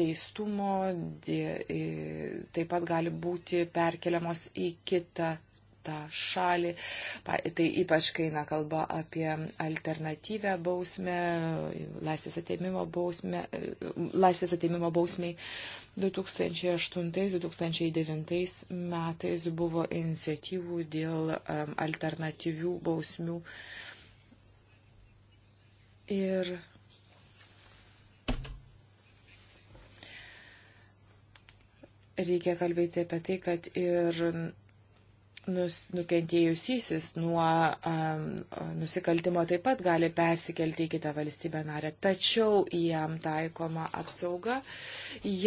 teistumo, dėl, taip pat gali būti perkeliamos į kitą tą šalį. Tai ypač, kai eina kalba apie alternatyvę bausmę, laisvės atėmimo, bausmę, laisvės atėmimo bausmiai. 2008-2009 metais buvo iniciatyvų dėl um, alternatyvių bausmių. Ir reikia kalbėti apie tai, kad ir nus, nukentėjusysis nuo um, nusikaltimo taip pat gali persikelti į kitą valstybę narę, tačiau jam taikoma apsauga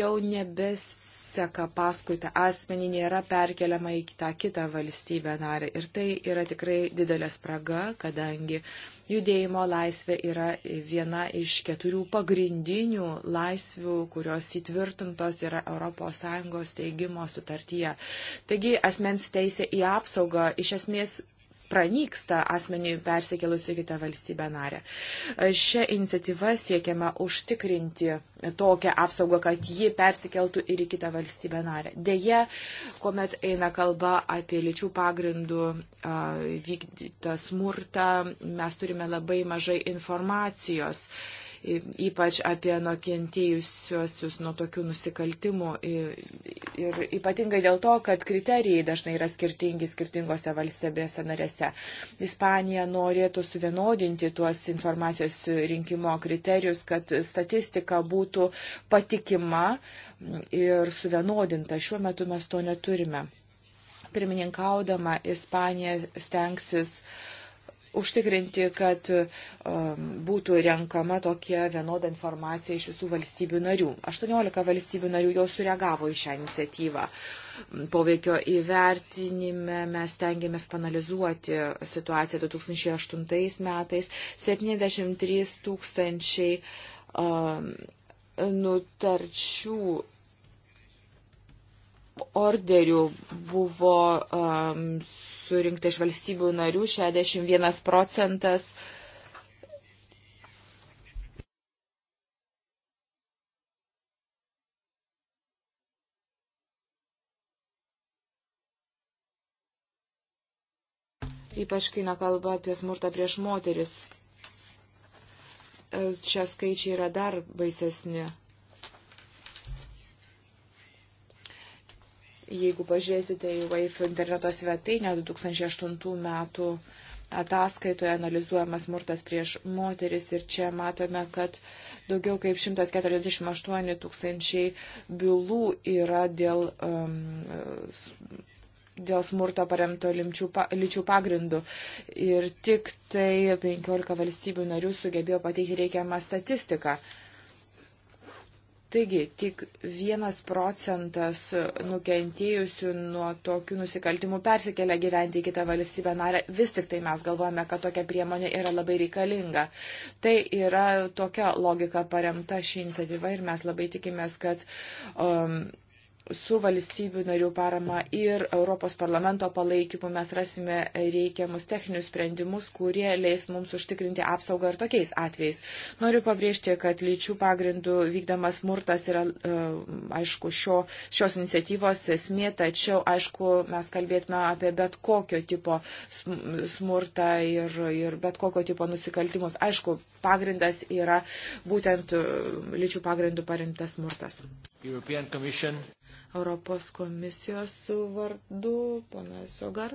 jau nebes seka paskui tą asmenį nėra perkeliama į tą kitą valstybę narę. Ir tai yra tikrai didelė spraga, kadangi judėjimo laisvė yra viena iš keturių pagrindinių laisvių, kurios įtvirtintos yra ES teigimo sutartyje. Taigi asmens teisė į apsaugą iš esmės pranyksta asmeniui persikėlus į kitą valstybę narę. Šią iniciatyvą siekiama užtikrinti tokią apsaugą, kad ji persikeltų ir į kitą valstybę narę. Deja, kuomet eina kalba apie lyčių pagrindų vykdytą smurtą, mes turime labai mažai informacijos. Uh, ypač apie nukentėjusiuosius nuo tokių nusikaltimų. Ir ypatingai dėl to, kad kriterijai dažnai yra skirtingi skirtingose valstybėse narėse. Ispanija norėtų suvienodinti tuos informacijos rinkimo kriterijus, kad statistika būtų patikima ir suvienodinta. Šiuo metu mes to neturime. Pirmininkaudama Ispanija stengsis uh, užtikrinti, kad um, būtų renkama tokia vienoda informacija iš visų valstybių narių. 18 valstybių narių jau sureagavo į šią iniciatyvą. Poveikio įvertinime mes tengiamės panalizuoti situaciją 2008 metais. 73 tūkstančiai um, nutarčių orderių buvo um, surinkta iš valstybių narių, 61 procentas. Ypač kai nekalba apie smurtą prieš moteris. Čia e, skaičiai yra dar baisesni. Jeigu pažiūrėsite į WAIF interneto svetainę 2008 metų ataskaitoje analizuojamas smurtas prieš moteris ir čia matome, kad daugiau kaip 148 tūkstančiai bylų yra dėl, um, dėl smurto paremto limčių, lyčių pagrindų. Ir tik tai 15 valstybių narių sugebėjo pateikti reikiamą statistiką. Uh, Taigi, tik vienas procentas nukentėjusių nuo tokių nusikaltimų persikelia gyventi į kitą valstybę narę. Vis tik tai mes galvojame, kad tokia priemonė yra labai reikalinga. Tai yra tokia logika paremta ši iniciatyva ir mes labai tikimės, kad um, su valstybių narių parama ir Europos parlamento palaikymu mes rasime reikiamus techninius sprendimus, kurie leis mums užtikrinti apsaugą ir tokiais atvejais. Noriu pabrėžti, kad lyčių pagrindų vykdomas smurtas yra, e, aišku, šio, šios iniciatyvos esmė, tačiau, aišku, mes kalbėtume apie bet kokio tipo smurtą ir, ir bet kokio tipo nusikaltimus. Aišku, pagrindas yra būtent e, lyčių pagrindų parimtas smurtas. European Commission Europos komisijos vardu, ponas Ogar.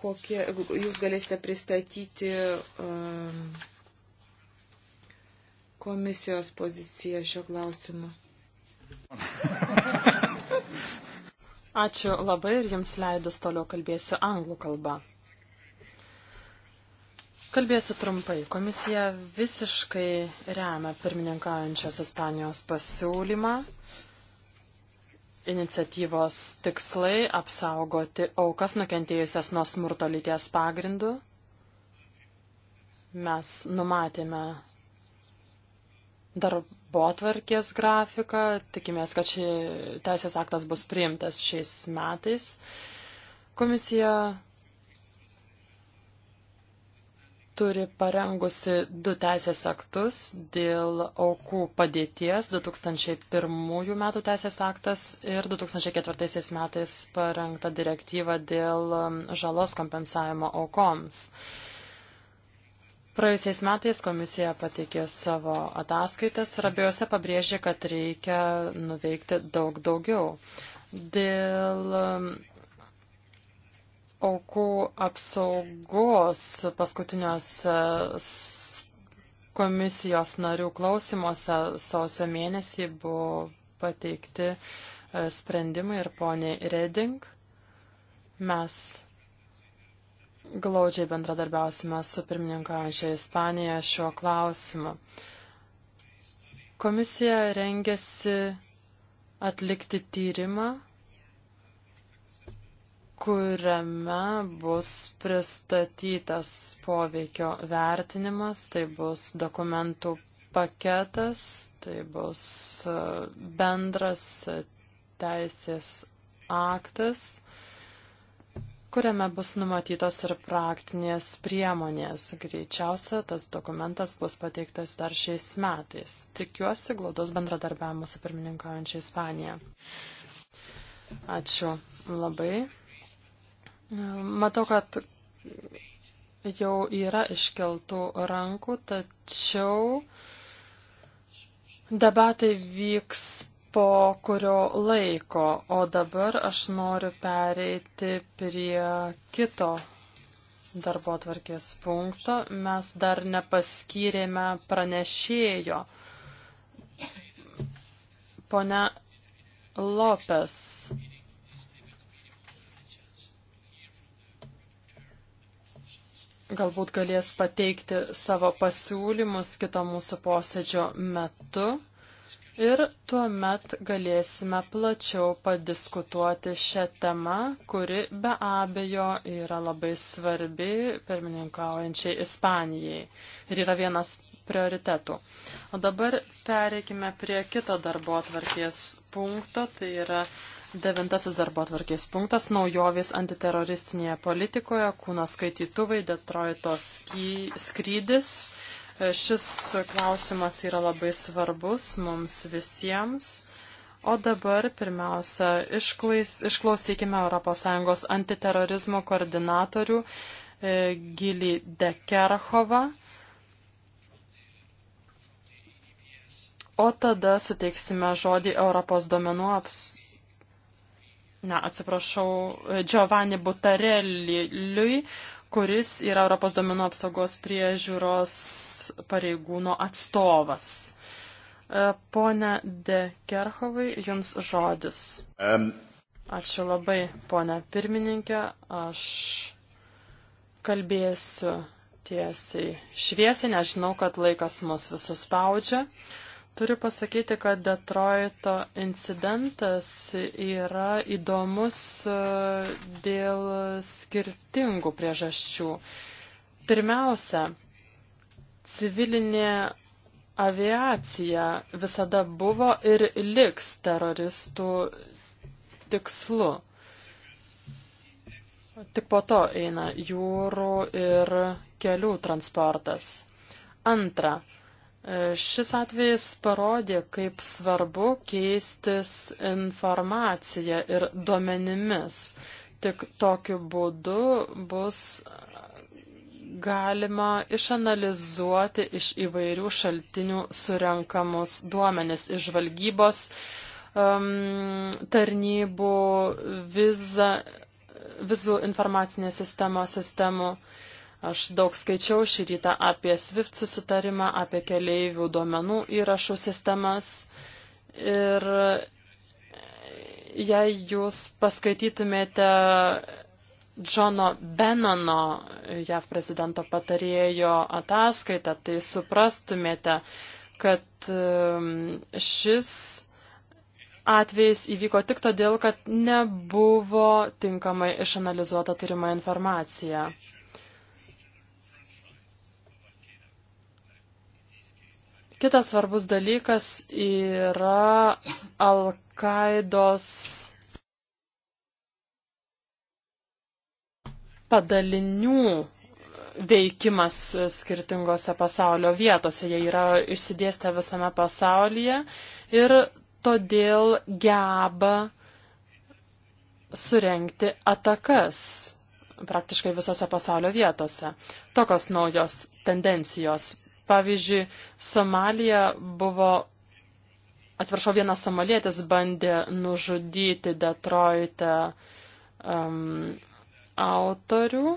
Kokie, jūs galėsite pristatyti um, komisijos poziciją šio klausimu. Ačiū labai ir jums leidus toliau kalbėsiu anglų kalbą. Kalbėsiu trumpai. Komisija visiškai remia pirmininkaujančios Ispanijos pasiūlymą iniciatyvos tikslai apsaugoti aukas nukentėjusias nuo smurto lyties pagrindų. Mes numatėme darbo atvarkės grafiką, tikimės, kad ši teisės aktas bus priimtas šiais metais. Komisija turi parengusi du teisės aktus dėl aukų padėties 2001 metų teisės aktas ir 2004 metais parengta direktyva dėl um, žalos kompensavimo aukoms. Praėjusiais metais komisija pateikė savo ataskaitas ir abiejose pabrėžė, kad reikia nuveikti daug daugiau. Dėl um, aukų apsaugos paskutiniuose komisijos narių klausimuose sausio mėnesį buvo pateikti e, sprendimai ir ponė Reding. Mes glaudžiai bendradarbiausime su pirmininkaujančia Ispanija šiuo klausimu. Komisija rengiasi atlikti tyrimą kuriame bus pristatytas poveikio vertinimas, tai bus dokumentų paketas, tai bus e, bendras teisės aktas, kuriame bus numatytos ir praktinės priemonės. Greičiausia, tas dokumentas bus pateiktas dar šiais metais. Tikiuosi glaudos bendradarbiavimu su pirmininkaujančia Ispanija. Ačiū labai. Matau, kad jau yra iškeltų rankų, tačiau debatai vyks po kurio laiko, o dabar aš noriu pereiti prie kito darbo atvarkės punkto. Mes dar nepaskyrėme pranešėjo. Pone Lopes galbūt galės pateikti savo pasiūlymus kito mūsų posėdžio metu ir tuomet galėsime plačiau padiskutuoti šią temą, kuri be abejo yra labai svarbi pirmininkaujančiai Ispanijai ir yra vienas prioritetų. O dabar pereikime prie kito darbo atvarkės punkto, tai yra Devintasis darbo atvarkės punktas - naujovės antiteroristinėje politikoje, kūno skaitytuvai, Detroito sky, skrydis. E, šis klausimas yra labai svarbus mums visiems. O dabar pirmiausia, išklais, išklausykime ES antiterorizmo koordinatorių e, Gilį Dekerhovą. O tada suteiksime žodį Europos domenų apsaugos na, atsiprašau, Giovanni Butarelliui, kuris yra Europos domino apsaugos priežiūros pareigūno atstovas. E, pone De Kerchovai, jums žodis. Um. Ačiū labai, ponė pirmininkė. Aš kalbėsiu tiesiai šviesiai, nes žinau, kad laikas mus visus spaudžia. Uh, Turiu pasakyti, kad Detroito incidentas yra įdomus e, dėl skirtingų priežasčių. Pirmiausia, civilinė aviacija visada buvo ir liks teroristų tikslu. Tik po to eina jūrų ir kelių transportas. Antra, Šis atvejis parodė, kaip svarbu keistis informacija ir duomenimis. Tik tokiu būdu bus galima išanalizuoti iš įvairių šaltinių surenkamus duomenis iš žvalgybos um, tarnybų, viza, vizų informacinės sistemos sistemų. sistemų Aš daug skaičiau šį rytą apie SWIFT susitarimą, apie keleivių duomenų įrašų sistemas. Ir jei jūs paskaitytumėte Džono Benono, JAV prezidento patarėjo ataskaitą, tai suprastumėte, kad um, šis atvejis įvyko tik todėl, kad nebuvo tinkamai išanalizuota turima informacija. Kitas svarbus dalykas yra Al-Qaidos padalinių veikimas skirtingose pasaulio vietose. Jie yra išsidėstę visame pasaulyje ir todėl geba surenkti atakas praktiškai visose pasaulio vietose. Tokios naujos tendencijos. Pavyzdžiui, Somalija buvo, atvaršau, vienas somalietis bandė nužudyti Detroitą um, autorių,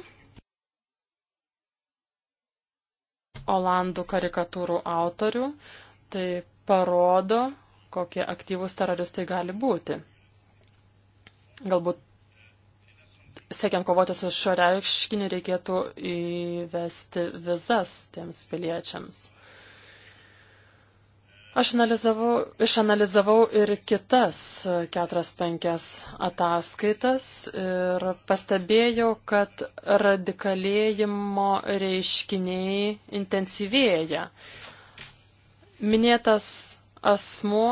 Olandų karikatūrų autorių. Tai parodo, kokie aktyvūs teroristai gali būti. Galbūt siekiant kovoti su šio reiškiniu, reikėtų įvesti vizas tiems piliečiams. Aš analizavau, išanalizavau ir kitas 4-5 ataskaitas ir pastebėjau, kad radikalėjimo reiškiniai intensyvėja. Minėtas asmuo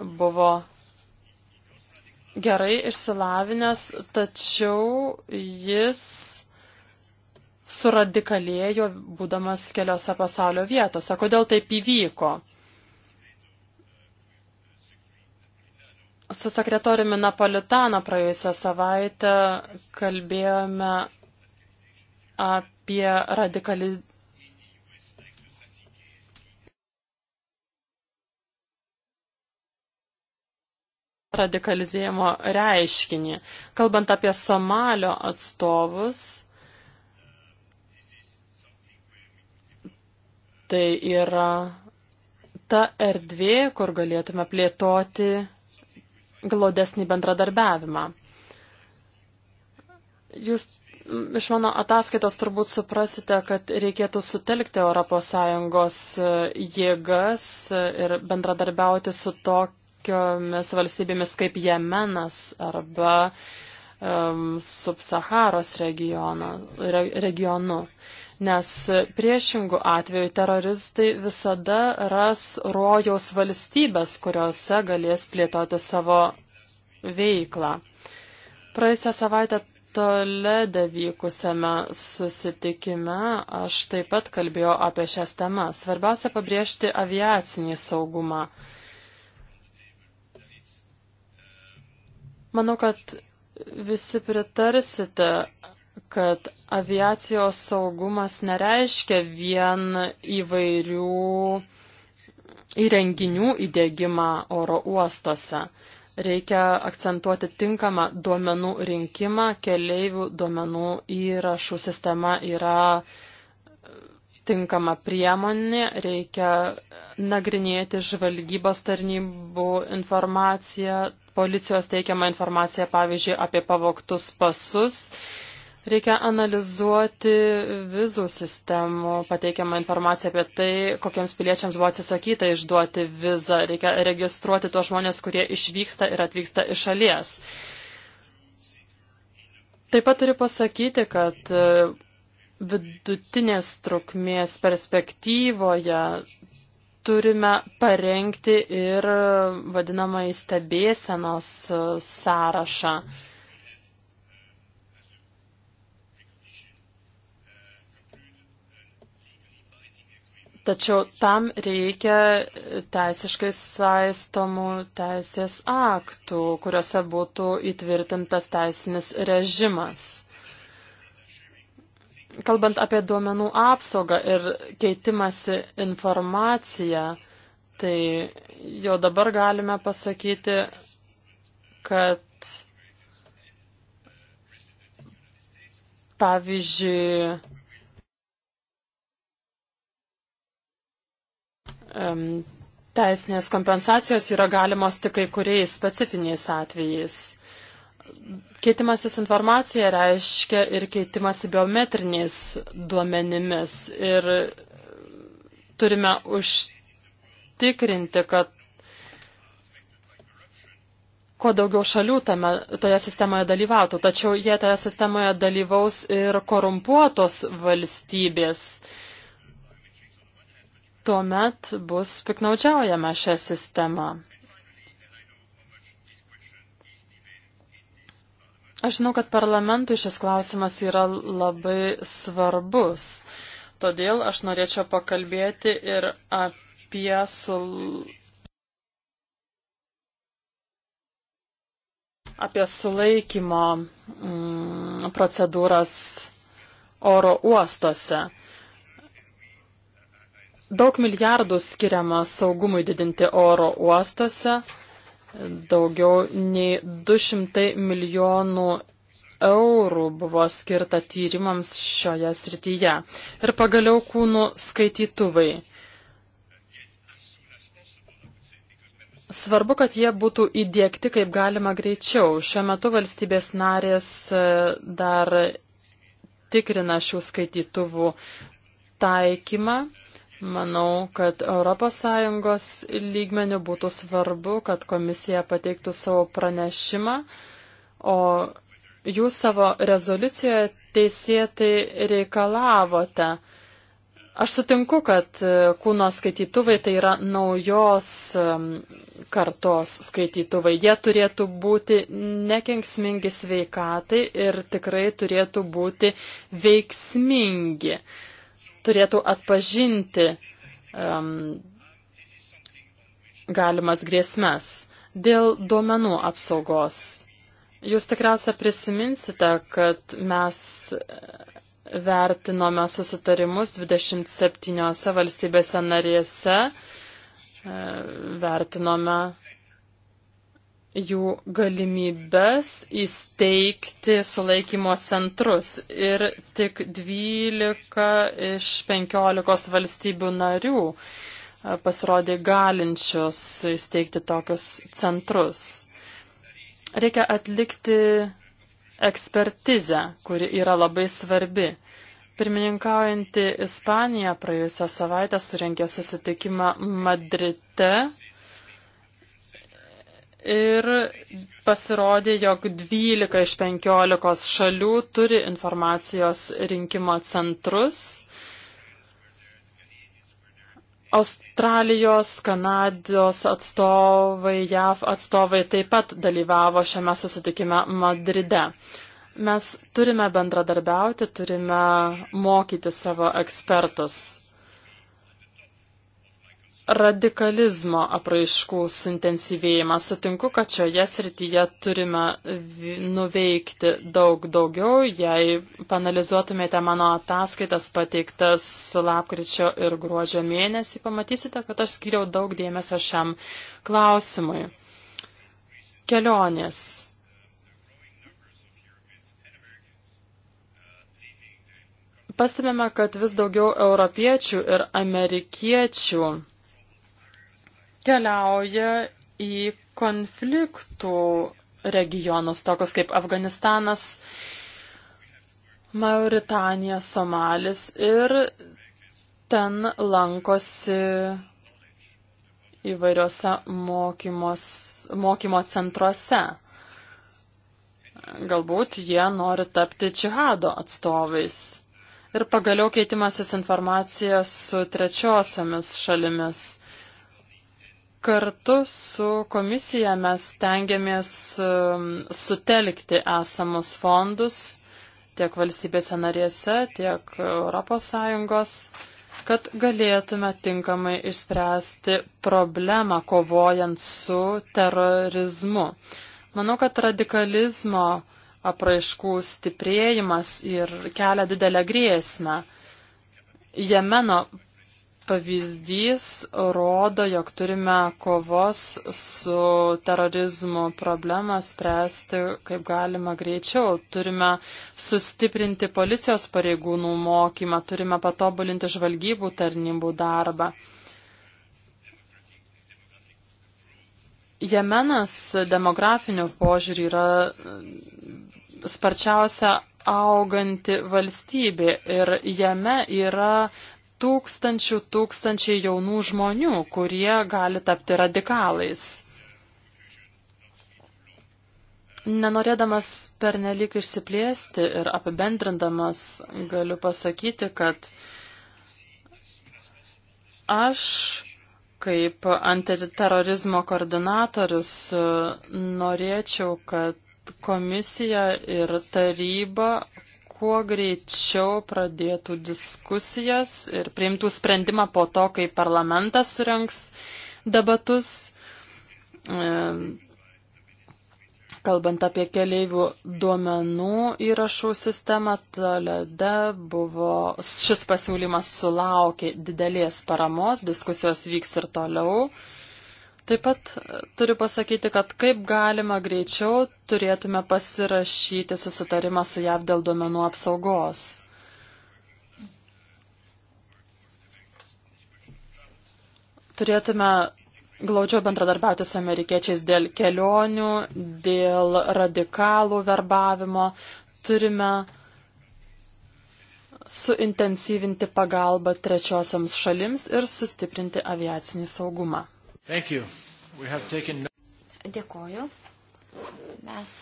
buvo gerai išsilavinęs, tačiau jis suradikalėjo, būdamas keliose pasaulio vietose. Kodėl taip įvyko? Su sekretoriumi Napolitano praėjusią savaitę kalbėjome apie radikalizaciją radikalizėjimo reiškinį. Kalbant apie Somalio atstovus, tai yra ta erdvė, kur galėtume plėtoti glaudesnį bendradarbiavimą. Jūs iš mano ataskaitos turbūt suprasite, kad reikėtų sutelkti ES jėgas ir bendradarbiauti su tokiu tokiomis valstybėmis kaip Jemenas arba um, subsaharos regiono, re, regionu. Nes priešingų atveju teroristai visada ras rojaus valstybės, kuriuose galės plėtoti savo veiklą. Praėjusią savaitę Tolede vykusiame susitikime aš taip pat kalbėjau apie šias temas. Svarbiausia pabrėžti aviacinį saugumą. Manau, kad visi pritarsite, kad aviacijos saugumas nereiškia vien įvairių įrenginių įdėgymą oro uostuose. Reikia akcentuoti tinkamą duomenų rinkimą, keleivių duomenų įrašų sistema yra tinkama priemonė, reikia nagrinėti žvalgybos tarnybų informaciją, policijos teikiamą informaciją, pavyzdžiui, apie pavoktus pasus. Reikia analizuoti vizų sistemų pateikiamą informaciją apie tai, kokiems piliečiams buvo atsisakyta išduoti vizą. Reikia registruoti tuos žmonės, kurie išvyksta ir atvyksta iš šalies. Taip pat turiu pasakyti, kad e, vidutinės trukmės perspektyvoje turime parengti ir vadinamą įstebėsenos sąrašą. Tačiau tam reikia teisiškai saistomų teisės aktų, kuriuose būtų įtvirtintas teisinis režimas kalbant apie duomenų apsaugą ir keitimąsi informaciją, tai jau dabar galime pasakyti, kad pavyzdžiui, teisinės kompensacijos yra galimos tik kai kuriais specifiniais atvejais. Keitimasis informacija reiškia ir keitimasi biometriniais duomenimis ir turime užtikrinti, kad kuo daugiau šalių tame, toje sistemoje dalyvautų, tačiau jie toje sistemoje dalyvaus ir korumpuotos valstybės. Tuomet bus piknaudžiaujama šią sistemą. Aš žinau, kad parlamentui šis klausimas yra labai svarbus. Todėl aš norėčiau pakalbėti ir apie sul... apie sulaikymo mm, procedūras oro uostuose. Daug milijardų skiriama saugumui didinti oro uostuose. Daugiau nei 200 milijonų eurų buvo skirta tyrimams šioje srityje. Ir pagaliau kūnų skaitytuvai. Svarbu, kad jie būtų įdėkti kaip galima greičiau. Šiuo metu valstybės narės e, dar tikrina šių skaitytuvų taikymą. Manau, kad ES lygmenių būtų svarbu, kad komisija pateiktų savo pranešimą, o jūs savo rezoliucijoje teisėtai reikalavote. Aš sutinku, kad e, kūno skaitytuvai tai yra naujos kartos skaitytuvai. Jie turėtų būti nekenksmingi sveikatai ir tikrai turėtų būti veiksmingi turėtų atpažinti um, galimas grėsmes. Dėl duomenų apsaugos. Jūs tikriausia prisiminsite, kad mes vertinome susitarimus 27 valstybėse narėse, e, vertinome jų galimybes įsteigti sulaikymo centrus ir tik 12 iš 15 valstybių narių e, pasirodė galinčios įsteigti tokius centrus. Reikia atlikti ekspertizę, kuri yra labai svarbi. Pirmininkaujanti Ispanija praėjusią savaitę surengė susitikimą Madrite ir pasirodė, jog 12 iš 15 šalių turi informacijos rinkimo centrus. Australijos, Kanados atstovai, JAV atstovai taip pat dalyvavo šiame susitikime Madride. Mes turime bendradarbiauti, turime mokyti savo ekspertus radikalizmo apraiškų suintensyvėjimą. Sutinku, kad šioje srityje turime nuveikti daug daugiau. Jei panalizuotumėte mano ataskaitas pateiktas lapkričio ir gruodžio mėnesį, pamatysite, kad aš skiriau daug dėmesio šiam klausimui. Kelionės. Pastebėme, kad vis daugiau europiečių ir amerikiečių keliauja į konfliktų regionus, tokius kaip Afganistanas, Mauritanija, Somalis ir ten lankosi įvairiuose mokymos, mokymo centruose. Galbūt jie nori tapti džihado atstovais. Ir pagaliau keitimasis informacija su trečiosiomis šalimis. Kartu su komisija mes tengiamės um, sutelkti esamus fondus tiek valstybėse narėse, tiek ES, kad galėtume tinkamai išspręsti problemą kovojant su terorizmu. Manau, kad radikalizmo apraiškų stiprėjimas ir kelia didelę grėsmę. Jemeno pavyzdys rodo, jog turime kovos su terorizmu problemą spręsti kaip galima greičiau. Turime sustiprinti policijos pareigūnų mokymą, turime patobulinti žvalgybų tarnybų darbą. Jemenas demografiniu požiūriu yra sparčiausia auganti valstybė ir jame yra tūkstančių tūkstančiai jaunų žmonių, kurie gali tapti radikalais. Nenorėdamas pernelik išsiplėsti ir apibendrindamas galiu pasakyti, kad aš kaip antiterorizmo koordinatorius norėčiau, kad komisija ir taryba kuo greičiau pradėtų diskusijas ir priimtų sprendimą po to, kai parlamentas surenks debatus, e, kalbant apie keliaivių duomenų įrašų sistemą, tolede buvo šis pasiūlymas sulaukė didelės paramos, diskusijos vyks ir toliau. Taip pat e, turiu pasakyti, kad kaip galima greičiau turėtume pasirašyti susitarimą su JAV dėl duomenų apsaugos. Turėtume glaudžiau bendradarbiauti su amerikiečiais dėl kelionių, dėl radikalų verbavimo. Turime suintensyvinti pagalbą trečiosiams šalims ir sustiprinti aviacinį saugumą. Taken... Dėkoju. Mes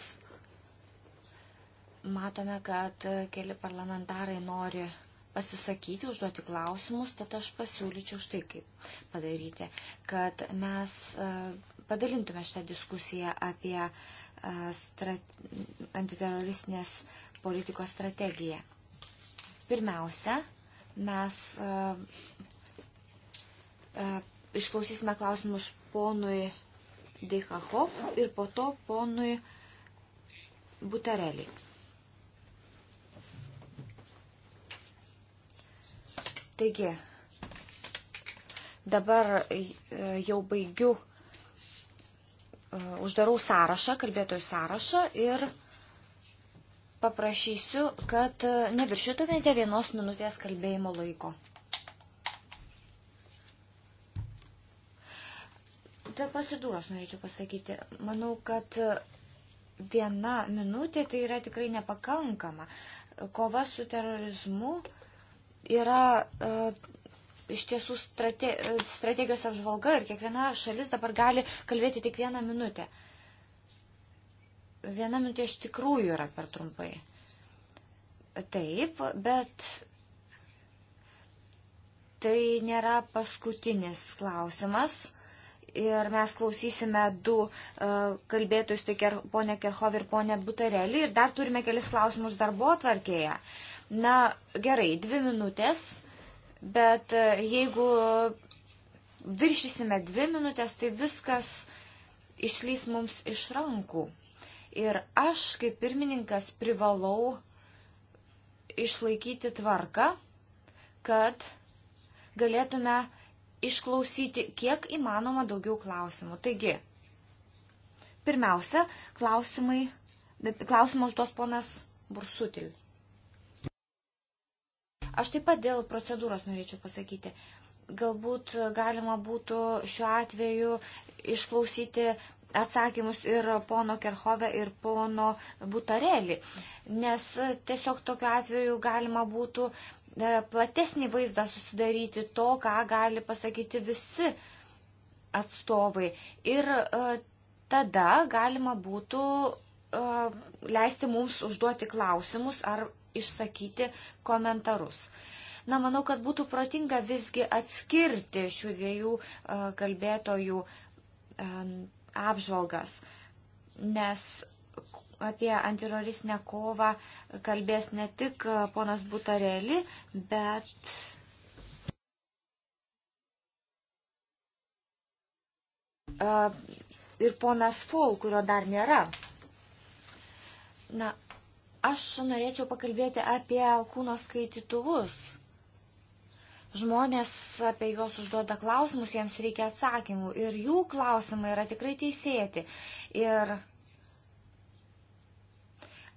matome, kad keli parlamentarai nori pasisakyti, užduoti klausimus, tad aš pasiūlyčiau štai kaip padaryti, kad mes e, padalintume šitą diskusiją apie e, strate... antiteroristinės politikos strategiją. Pirmiausia, mes e, Išklausysime klausimus ponui Dekachov ir po to ponui Butarelį. Taigi, dabar e, jau baigiu, e, uždarau sąrašą, kalbėtojų sąrašą ir paprašysiu, kad e, neviršytumėte vienos minutės kalbėjimo laiko. Dėl procedūros norėčiau pasakyti. Manau, kad viena minutė tai yra tikrai nepakankama. Kova su terorizmu yra uh, iš tiesų strate, strategijos apžvalga ir kiekviena šalis dabar gali kalbėti tik vieną minutę. Viena minutė iš tikrųjų yra per trumpai. Taip, bet tai nėra paskutinis klausimas ir mes klausysime du uh, kalbėtojus, tai ker, ponė Kerhov ir ponė Butarelį. Ir dar turime kelis klausimus darbo atvarkėje. Na, gerai, dvi minutės, bet uh, jeigu viršysime dvi minutės, tai viskas išlys mums iš rankų. Ir aš, kaip pirmininkas, privalau išlaikyti tvarką, kad galėtume uh, išklausyti kiek įmanoma daugiau klausimų. Taigi, pirmiausia, klausimai, klausimą užduos ponas Bursutil. Aš taip pat dėl procedūros norėčiau pasakyti. Galbūt galima būtų šiuo atveju išklausyti atsakymus ir pono Kerhove, ir pono Butarelį. Nes tiesiog tokiu atveju galima būtų E, platesnį vaizdą susidaryti to, ką gali pasakyti visi atstovai. Ir e, tada galima būtų e, leisti mums užduoti klausimus ar išsakyti komentarus. Na, manau, kad būtų protinga visgi atskirti šių dviejų kalbėtojų apžvalgas, nes apie antiteroristinę kovą kalbės ne tik e, ponas Butareli, bet. E, ir ponas Fol, kurio dar nėra. Na, aš norėčiau pakalbėti apie kūno skaitytuvus. Žmonės apie juos užduoda klausimus, jiems reikia atsakymų ir jų klausimai yra tikrai teisėti. Ir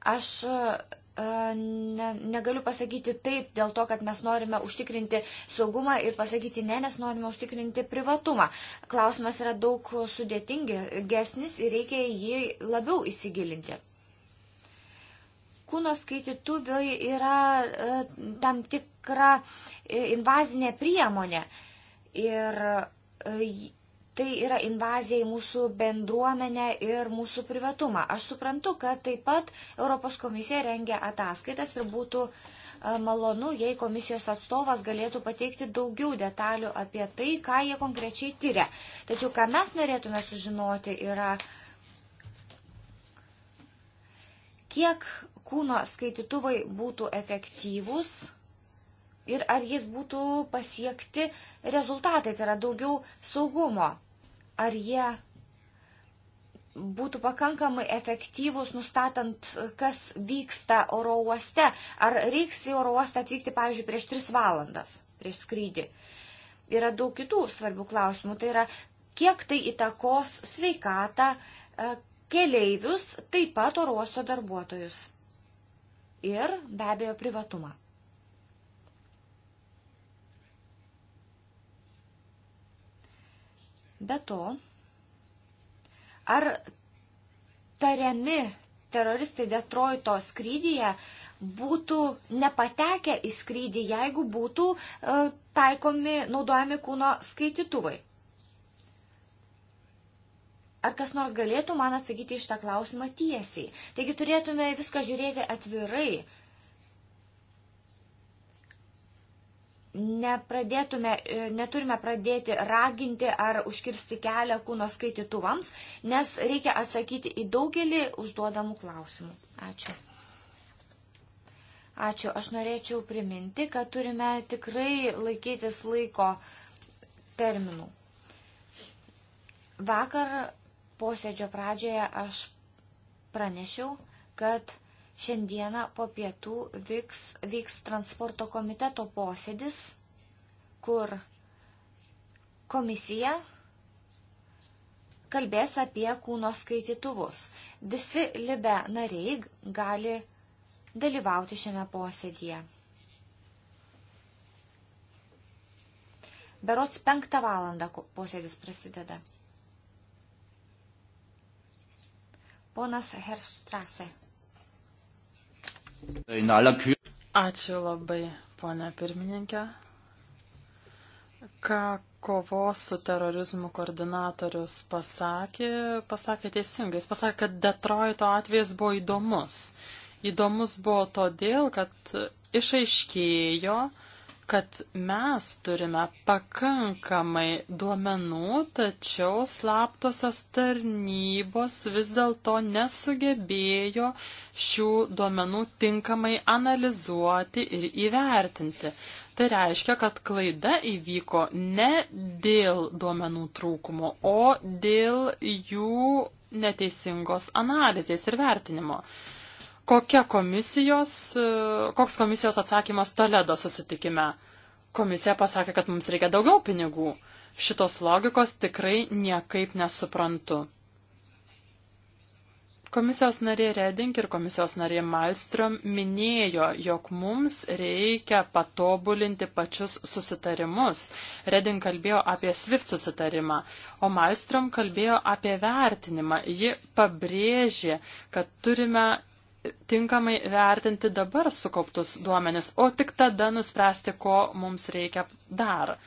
Aš e, ne, negaliu pasakyti taip dėl to, kad mes norime užtikrinti saugumą ir pasakyti ne, nes norime užtikrinti privatumą. Klausimas yra daug sudėtingesnis ir reikia jį labiau įsigilinti. Kūno skaitytuvai yra e, tam tikra e, invazinė priemonė ir tai yra invazija į mūsų bendruomenę ir mūsų privatumą. Aš suprantu, kad taip pat Europos komisija rengia ataskaitas ir būtų e, malonu, jei komisijos atstovas galėtų pateikti daugiau detalių apie tai, ką jie konkrečiai tyria. Tačiau ką mes norėtume sužinoti yra, kiek kūno skaitytuvai būtų efektyvūs ir ar jis būtų pasiekti rezultatai, tai yra daugiau saugumo ar jie būtų pakankamai efektyvūs, nustatant, kas vyksta oro uoste. Ar reiks į oro uostą atvykti, pavyzdžiui, prieš 3 valandas, prieš skrydį. Yra daug kitų svarbių klausimų. Tai yra, kiek tai įtakos sveikatą e, keleivius, taip pat oro uosto darbuotojus. Ir be abejo privatumą. Be to, ar tariami teroristai Detroito skrydyje būtų nepatekę į skrydį, jeigu būtų e, taikomi, naudojami kūno skaitytuvai. Ar kas nors galėtų man atsakyti iš tą klausimą tiesiai? Taigi turėtume viską žiūrėti atvirai nepradėtume, e, neturime pradėti raginti ar užkirsti kelią kūno skaitytuvams, nes reikia atsakyti į daugelį užduodamų klausimų. Ačiū. Ačiū. Aš norėčiau priminti, kad turime tikrai laikytis laiko terminų. Vakar posėdžio pradžioje aš pranešiau, kad Šiandieną po pietų vyks, vyks transporto komiteto posėdis, kur komisija kalbės apie kūno skaitytuvus. Visi libe nariai gali dalyvauti šiame posėdėje. Berots penktą valandą posėdis prasideda. Ponas Herstrase. Ačiū labai, ponia pirmininkė. Ką kovos su terorizmu koordinatorius pasakė, pasakė teisingai. Jis pasakė, kad Detroito atvejas buvo įdomus. Įdomus buvo todėl, kad išaiškėjo, kad mes turime pakankamai duomenų, tačiau slaptosios tarnybos vis dėlto nesugebėjo šių duomenų tinkamai analizuoti ir įvertinti. Tai reiškia, kad klaida įvyko ne dėl duomenų trūkumo, o dėl jų neteisingos analizės ir vertinimo kokia komisijos, e, koks komisijos atsakymas Toledo susitikime. Komisija pasakė, kad mums reikia daugiau pinigų. Šitos logikos tikrai niekaip nesuprantu. Komisijos narė Reding ir komisijos narė Malstrom minėjo, jog mums reikia patobulinti pačius susitarimus. Reding kalbėjo apie SWIFT susitarimą, o Malstrom kalbėjo apie vertinimą. Ji pabrėžė, kad turime tinkamai vertinti dabar sukauptus duomenis, o tik tada nuspręsti, ko mums reikia dar.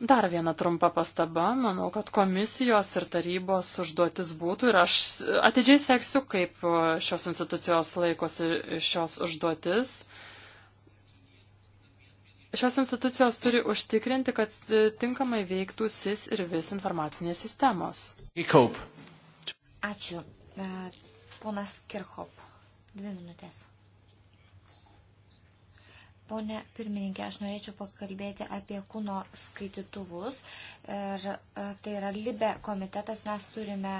Dar viena trumpa pastaba. Manau, kad komisijos ir tarybos užduotis būtų ir aš atidžiai seksiu, kaip šios institucijos laikosi šios užduotis. Šios institucijos turi užtikrinti, kad tinkamai veiktų SIS ir vis informacinės sistemos. Ačiū. Ponas Kirchop, dvi minutės. Pone pirmininkė, aš norėčiau pakalbėti apie kūno skaitytuvus. Ir e, tai yra Libe komitetas, mes turime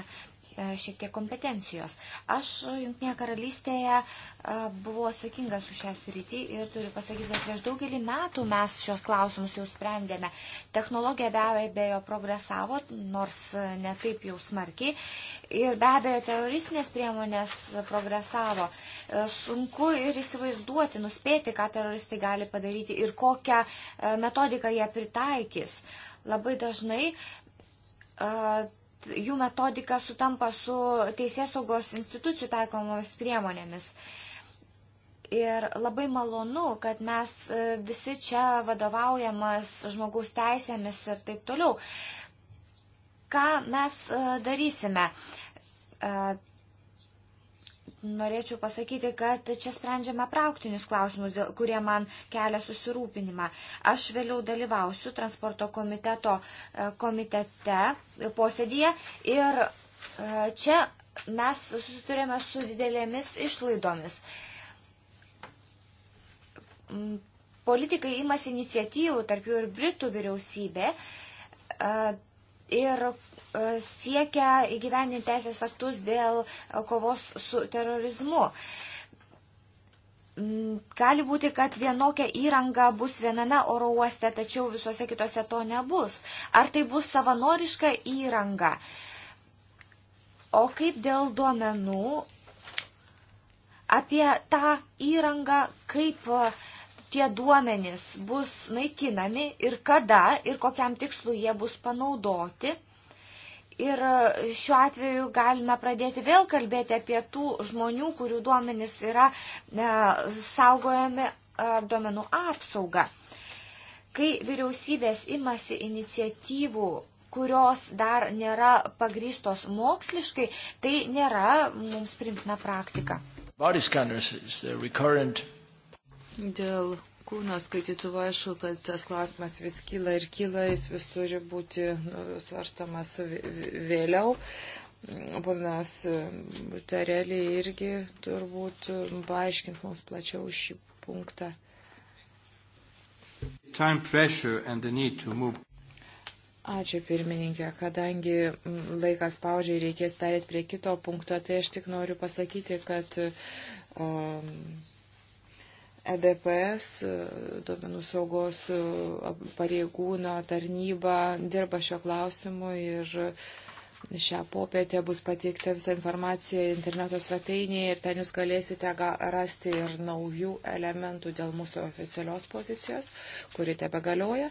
E, šiek tiek kompetencijos. Aš Junktinėje karalystėje e, buvau atsakingas už šią sritį ir turiu pasakyti, kad prieš daugelį metų mes šios klausimus jau sprendėme. Technologija be abejo progresavo, nors ne taip jau smarkiai. Ir be abejo teroristinės priemonės progresavo. E, sunku ir įsivaizduoti, nuspėti, ką teroristai gali padaryti ir kokią metodiką jie pritaikys. Labai dažnai jų metodika sutampa su teisėsaugos institucijų taikomomis priemonėmis. Ir labai malonu, kad mes e, visi čia vadovaujamas žmogaus teisėmis ir taip toliau. Ką mes e, darysime? E, Norėčiau pasakyti, kad čia sprendžiame praktinius klausimus, kurie man kelia susirūpinimą. Aš vėliau dalyvausiu transporto komiteto e, komitete e, posėdėje ir e, čia mes susiturėme su didelėmis išlaidomis. Mm, politikai imasi iniciatyvų, tarp jų ir Britų vyriausybė ir e, siekia įgyvendinti teisės aktus dėl e, kovos su terorizmu. Mm, gali būti, kad vienokia įranga bus viename oro uoste, tačiau visose kitose to nebus. Ar tai bus savanoriška įranga? O kaip dėl duomenų apie tą įrangą, kaip uh, tie duomenys bus naikinami ir kada ir kokiam tikslu jie bus panaudoti. Ir e, šiuo atveju galime pradėti vėl kalbėti apie tų žmonių, kurių duomenys yra e, saugojami e, duomenų apsauga. Kai vyriausybės imasi iniciatyvų kurios dar nėra pagrystos moksliškai, tai nėra mums primtina praktika. Body scanners is the recurrent Dėl kūno skaitytuvo aišku, kad tas klausimas vis kyla ir kyla, jis vis turi būti nu, svarstamas vėliau. Ponas e, Tarelį irgi turbūt paaiškins mums plačiau šį punktą. Ačiū pirmininkė, kadangi laikas paužiai reikės perėti prie kito punkto, tai aš tik noriu pasakyti, kad um, EDPS, duomenų saugos e, pareigūno tarnyba dirba šio klausimu ir šią popietę bus pateikta visa informacija interneto svetainėje ir ten jūs galėsite rasti ir naujų elementų dėl mūsų oficialios pozicijos, kuri tebe galioja.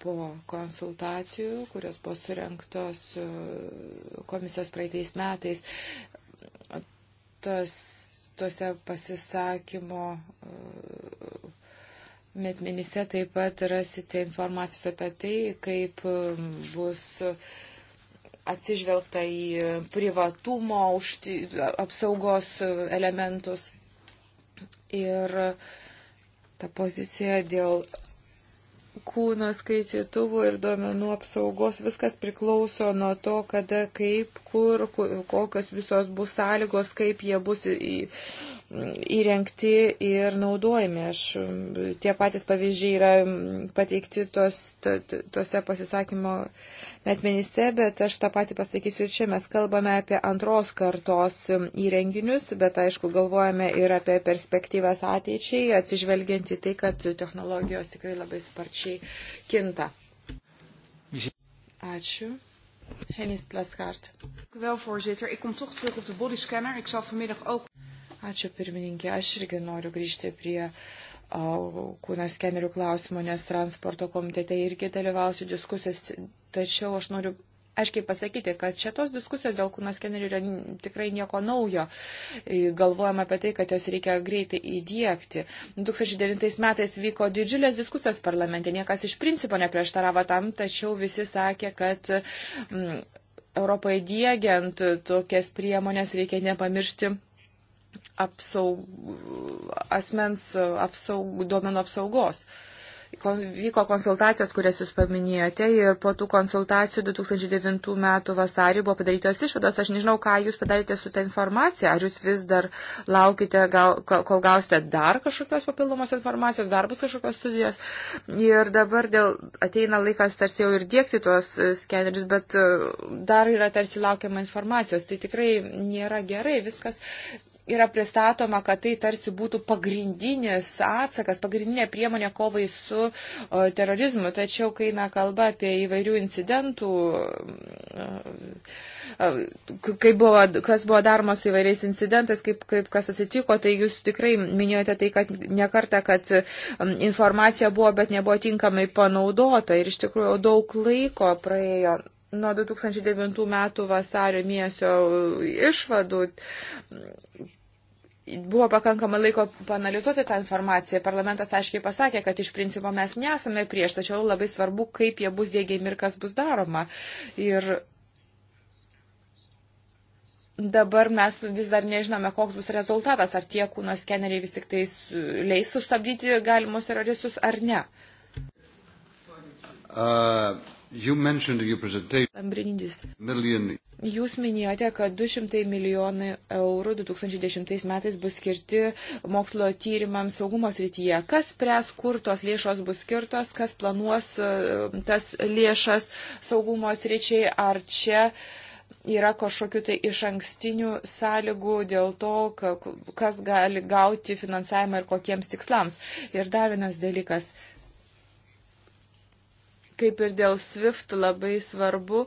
Po konsultacijų, kurios buvo surinktos e, komisijos praeitais metais, tos tuose pasisakymo e, metmenyse taip pat rasite informacijos apie tai, kaip e, bus atsižvelgta į privatumo užti, apsaugos elementus. Ir ta pozicija dėl kūno skaitytuvų ir duomenų apsaugos. Viskas priklauso nuo to, kada, kaip, kur, kokios visos bus sąlygos, kaip jie bus įrengti ir naudojami. Aš, tie patys pavyzdžiai yra pateikti tos, to, tose pasisakymo metmenyse, bet aš tą patį pasakysiu ir čia. Mes kalbame apie antros kartos įrenginius, bet aišku, galvojame ir apie perspektyvas ateičiai, atsižvelgiant į tai, kad technologijos tikrai labai sparčiai kinta. Ačiū. Hennis Plaskart. Dank u wel, voorzitter. Ik kom toch terug op de bodyscanner. Ik zal vanmiddag ook. Ačiū pirmininkė. Aš irgi noriu grįžti prie kūno skenerių klausimo, nes transporto komitete irgi dalyvausiu diskusijos. Tačiau aš noriu aiškiai pasakyti, kad šitos diskusijos dėl kūno skenerių yra tikrai nieko naujo. Galvojama apie tai, kad jos reikia greitai įdėkti. 2009 metais vyko didžiulės diskusijos parlamente, niekas iš principo neprieštaravo tam, tačiau visi sakė, kad mm, Europoje dėgiant tokias priemonės reikia nepamiršti apsaug, asmens apsaug, duomenų apsaugos. Kon, vyko konsultacijos, kurias jūs paminėjote ir po tų konsultacijų 2009 m. vasarį buvo padarytos išvados. Aš nežinau, ką jūs padarėte su tą informacija. Ar jūs vis dar laukite, gal, kol gausite dar kažkokios papildomos informacijos, dar bus kažkokios studijos. Ir dabar dėl, ateina laikas tarsi jau ir dėkti tuos e, skenerius, bet e, dar yra tarsi laukiama informacijos. Tai tikrai nėra gerai. Viskas yra pristatoma, kad tai tarsi būtų pagrindinis atsakas, pagrindinė priemonė kovai su terorizmu. Tačiau, kai na, kalba apie įvairių incidentų, buvo, kas buvo daroma su įvairiais incidentais, kaip, kaip kas atsitiko, tai jūs tikrai minėjote tai, kad nekarta, kad informacija buvo, bet nebuvo tinkamai panaudota ir iš tikrųjų daug laiko praėjo nuo 2009 metų vasario mėnesio išvadų buvo pakankamai laiko panalizuoti tą informaciją. Parlamentas aiškiai pasakė, kad iš principo mes nesame prieš, tačiau labai svarbu, kaip jie bus dėgiami ir kas bus daroma. Ir dabar mes vis dar nežinome, koks bus rezultatas, ar tie kūno skeneriai vis tik tais leis sustabdyti galimus teroristus ar ne. Uh... Jūs minėjote, kad 200 milijonai eurų 2010 metais bus skirti mokslo tyrimams saugumo srityje. Kas pres, kur tos lėšos bus skirtos, kas planuos e, tas lėšas saugumo sričiai, ar čia yra kažkokiu tai iš ankstinių sąlygų dėl to, kas gali gauti finansavimą ir kokiems tikslams. Ir dar vienas dalykas kaip ir dėl SWIFT labai svarbu,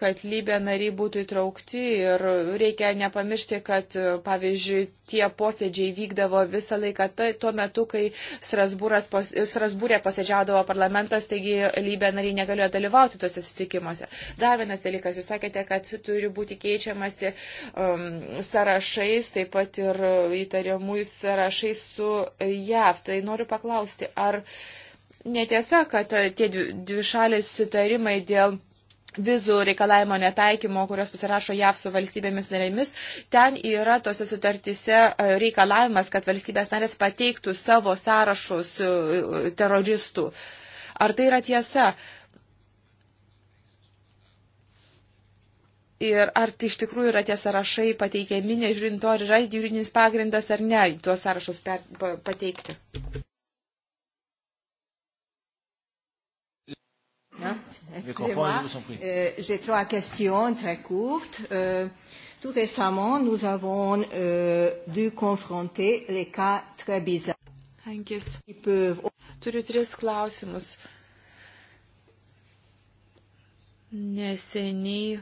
kad lybė nariai būtų įtraukti ir reikia nepamiršti, kad, pavyzdžiui, tie posėdžiai vykdavo visą laiką tai, tuo metu, kai pos, Strasbūrė posėdžiaudavo parlamentas, taigi lybė nariai negalėjo dalyvauti tuose sutikimuose. Dar vienas dalykas, jūs sakėte, kad turi būti keičiamasi um, sąrašais, taip pat ir įtariamųjų sąrašais su JAV. Tai noriu paklausti, ar. Uh, netiesa, kad e, tie dvišaliai susitarimai dėl vizų reikalavimo netaikymo, kurios pasirašo JAV su valstybėmis narėmis, ten yra tose sutartise e, reikalavimas, kad valstybės narės pateiktų savo sąrašus e, teroristų. Ar tai yra tiesa? Ir ar tai iš tikrųjų yra tie sąrašai pateikiami, nežiūrint to, ar yra juridinis pagrindas ar ne, tuos sąrašus per, pa, pateikti. Excusez-moi, euh, j'ai trois questions très courtes. Euh, tout récemment, nous avons euh, dû confronter les cas très bizarres. Hankis. Turiu tris klausimus. Euh, Neseniai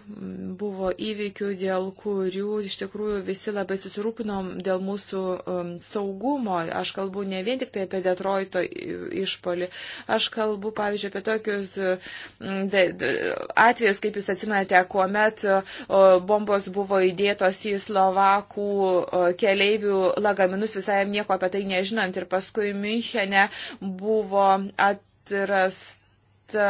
buvo įvykių, dėl kurių iš tikrųjų visi labai susirūpinom dėl mūsų um, saugumo. Aš kalbu ne vien tik tai apie Detroito išpolį. Aš kalbu, pavyzdžiui, apie tokius mm, atvejus, kaip jūs atsimenate, kuomet bombos buvo įdėtos į Slovakų keleivių lagaminus visai nieko apie tai nežinant ir paskui Münchene buvo atrasta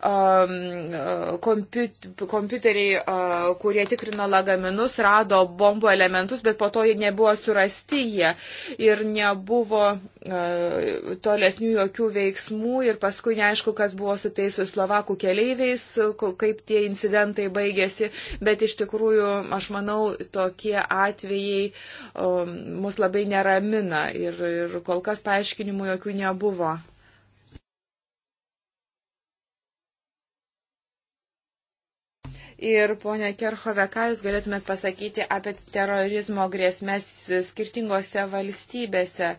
Um, kompiuteriai, uh, kurie tikrino lagaminus, rado bombų elementus, bet po to jie nebuvo surasti jie ir nebuvo uh, tolesnių jokių veiksmų ir paskui neaišku, kas buvo su tais slovakų keleiviais, kaip tie incidentai baigėsi, bet iš tikrųjų, aš manau, tokie atvejai um, mus labai neramina ir, ir kol kas paaiškinimų jokių nebuvo. Ir ponia Kerhove, ką Jūs galėtumėt pasakyti apie terorizmo grėsmės skirtingose valstybėse?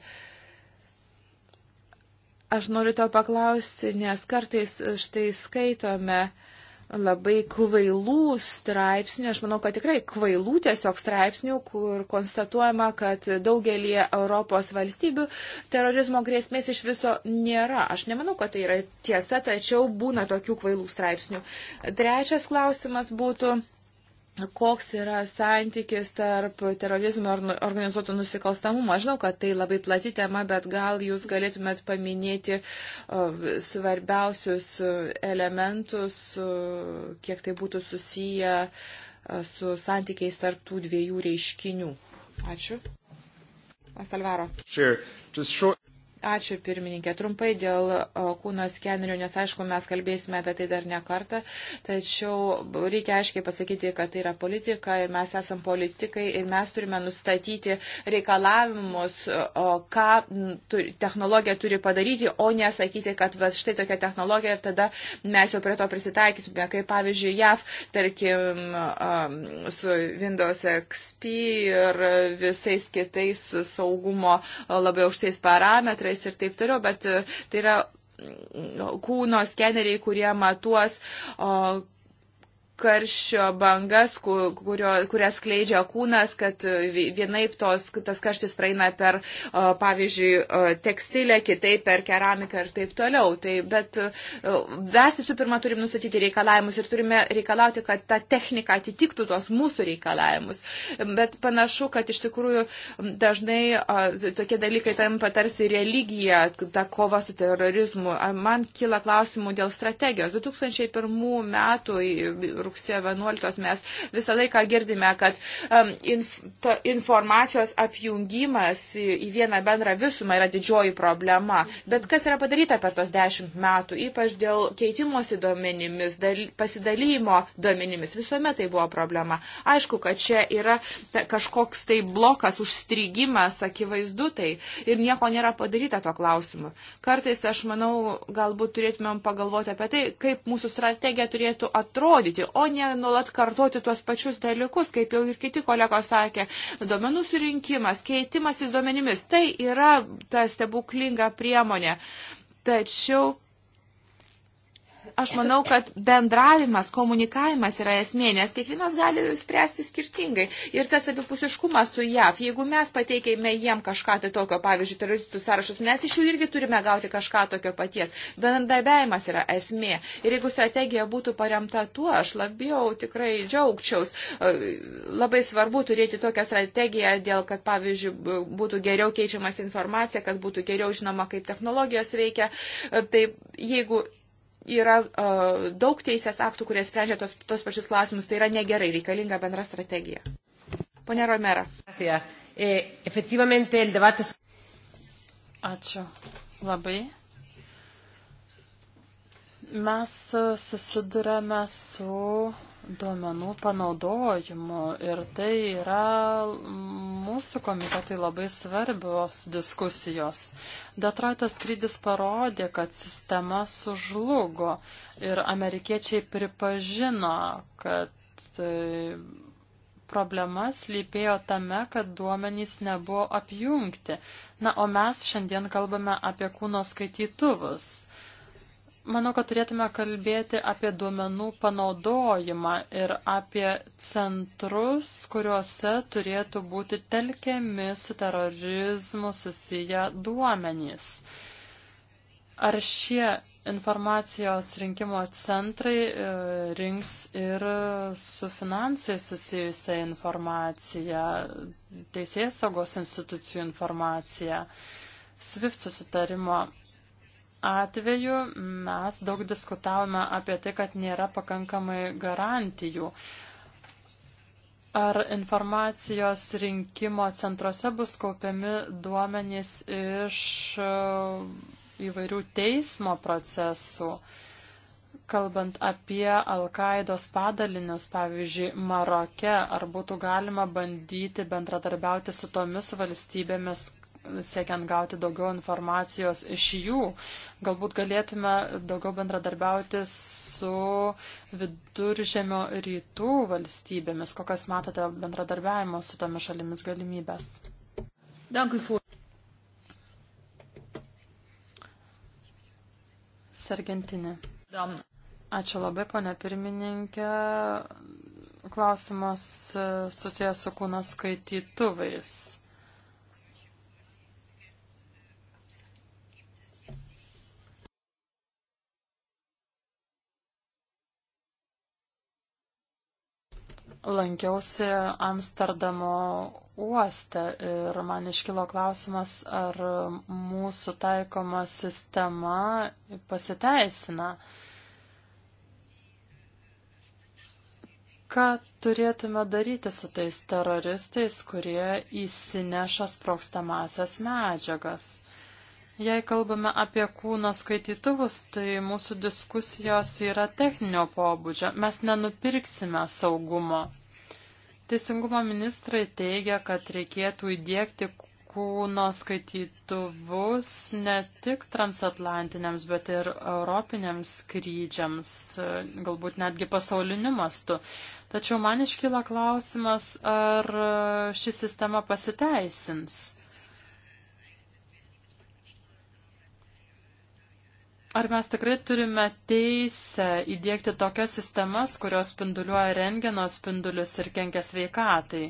Aš noriu to paklausti, nes kartais štai skaitome, uh, labai kvailų straipsnių, aš manau, kad tikrai kvailų tiesiog straipsnių, kur konstatuojama, kad daugelį Europos valstybių terorizmo grėsmės iš viso nėra. Aš nemanau, kad tai yra tiesa, tačiau būna tokių kvailų straipsnių. Trečias klausimas būtų koks yra santykis tarp terorizmo ir nu- organizuoto nusikalstamumo. Žinau, kad tai labai plati tema, bet gal jūs galėtumėt paminėti svarbiausius e, elementus, e, kiek tai būtų susiję e, su santykiais tarp tų dviejų reiškinių. Ačiū. Asalvaro. Sure. Ačiū pirmininkė. Trumpai dėl kūno skenerių, nes aišku, mes kalbėsime apie tai dar ne kartą, tačiau reikia aiškiai pasakyti, kad tai yra politika ir mes esam politikai ir mes turime nustatyti reikalavimus, ką technologija turi padaryti, o nesakyti, kad va, štai tokia technologija ir tada mes jau prie to prisitaikysime. Kaip pavyzdžiui, JAV, tarkim, su Windows XP ir visais kitais saugumo labai aukštais parametrais skeneris ir taip toliau, bet e, tai yra mm, nu, kūno skeneriai, kurie matuos, o, karščio bangas, kurio, kurias kleidžia kūnas, kad e, vienaip tos, tas karštis praeina per, e, pavyzdžiui, e, tekstilę, kitaip per keramiką ir taip toliau. Tai, bet mes visų pirma turim nustatyti reikalavimus ir turime reikalauti, kad ta technika atitiktų tos mūsų reikalavimus. Bet panašu, kad iš tikrųjų dažnai tokie dalykai tampa tarsi religija, ta kova su terorizmu. Man kyla klausimų dėl strategijos. 2001 metų rugsėjo 11 mes visą laiką girdime, kad um, inf, ta, informacijos apjungimas į, į vieną bendrą visumą yra didžioji problema. Bet kas yra padaryta per tos dešimt metų, ypač dėl keitimosi duomenimis, dal, pasidalymo duomenimis, visuomet tai buvo problema. Aišku, kad čia yra ta, kažkoks tai blokas, užstrigimas, akivaizdu tai, ir nieko nėra padaryta tuo klausimu. Kartais aš manau, galbūt turėtumėm pagalvoti apie tai, kaip mūsų strategija turėtų atrodyti, o ne nuolat kartoti tuos pačius dalykus, kaip jau ir kiti kolegos sakė. Duomenų surinkimas, keitimasis duomenimis, tai yra ta stebuklinga priemonė. Tačiau Aš manau, kad bendravimas, komunikavimas yra esmė, nes kiekvienas gali spręsti skirtingai. Ir tas abipusiškumas su JAV, jeigu mes pateikėme jiem kažką tai tokio, pavyzdžiui, teroristų sąrašus, mes iš jų irgi turime gauti kažką tokio paties. Bendarbiavimas yra esmė. Ir jeigu strategija būtų paremta tuo, aš labiau tikrai džiaugčiaus. Labai svarbu turėti tokią strategiją dėl, kad, pavyzdžiui, būtų geriau keičiamas informacija, kad būtų geriau žinoma, kaip technologijos veikia. Taip, jeigu yra uh, daug teisės aktų, kurie sprendžia tos, tos pačius klausimus, tai yra negerai, reikalinga bendra strategija. Pone Romera. Eh, Ačiū labai. Mes susidurėme su duomenų panaudojimu ir tai yra mūsų komitetui labai svarbios diskusijos. Detroito skrydis parodė, kad sistema sužlugo ir amerikiečiai pripažino, kad e, problemas lypėjo tame, kad duomenys nebuvo apjungti. Na, o mes šiandien kalbame apie kūno skaitytuvus. Manau, kad turėtume kalbėti apie duomenų panaudojimą ir apie centrus, kuriuose turėtų būti telkiami su terorizmu susiję duomenys. Ar šie informacijos rinkimo centrai e, rinks ir su finansai susijusią informaciją, teisės saugos institucijų informaciją? SWIFT susitarimo atveju mes daug diskutavome apie tai, kad nėra pakankamai garantijų. Ar informacijos rinkimo centruose bus kaupiami duomenys iš e, įvairių teismo procesų, kalbant apie Al-Qaidos padalinius, pavyzdžiui, Maroke, ar būtų galima bandyti bendradarbiauti su tomis valstybėmis, siekiant gauti daugiau informacijos iš jų. Galbūt galėtume daugiau bendradarbiauti su viduržėmio rytų valstybėmis. Kokias matote bendradarbiavimo su tomis šalimis galimybės? Sergentinė. Ačiū labai, ponė pirmininkė. Klausimas e, susijęs su kūno skaitytuvais. lankiausi Amsterdamo uoste ir man iškilo klausimas, ar mūsų taikoma sistema pasiteisina. Ką turėtume daryti su tais teroristais, kurie įsineša sprokstamasias medžiagas? Jei kalbame apie kūno skaitytuvus, tai mūsų diskusijos yra techninio pobūdžio. Mes nenupirksime saugumo. Teisingumo ministrai teigia, kad reikėtų įdėkti kūno skaitytuvus ne tik transatlantiniams, bet ir europiniams skrydžiams, galbūt netgi pasauliniu mastu. Tačiau man iškyla klausimas, ar ši sistema pasiteisins. Ar mes tikrai turime teisę įdėkti tokias sistemas, kurios spinduliuoja rengeno spindulius ir kenkia sveikatai?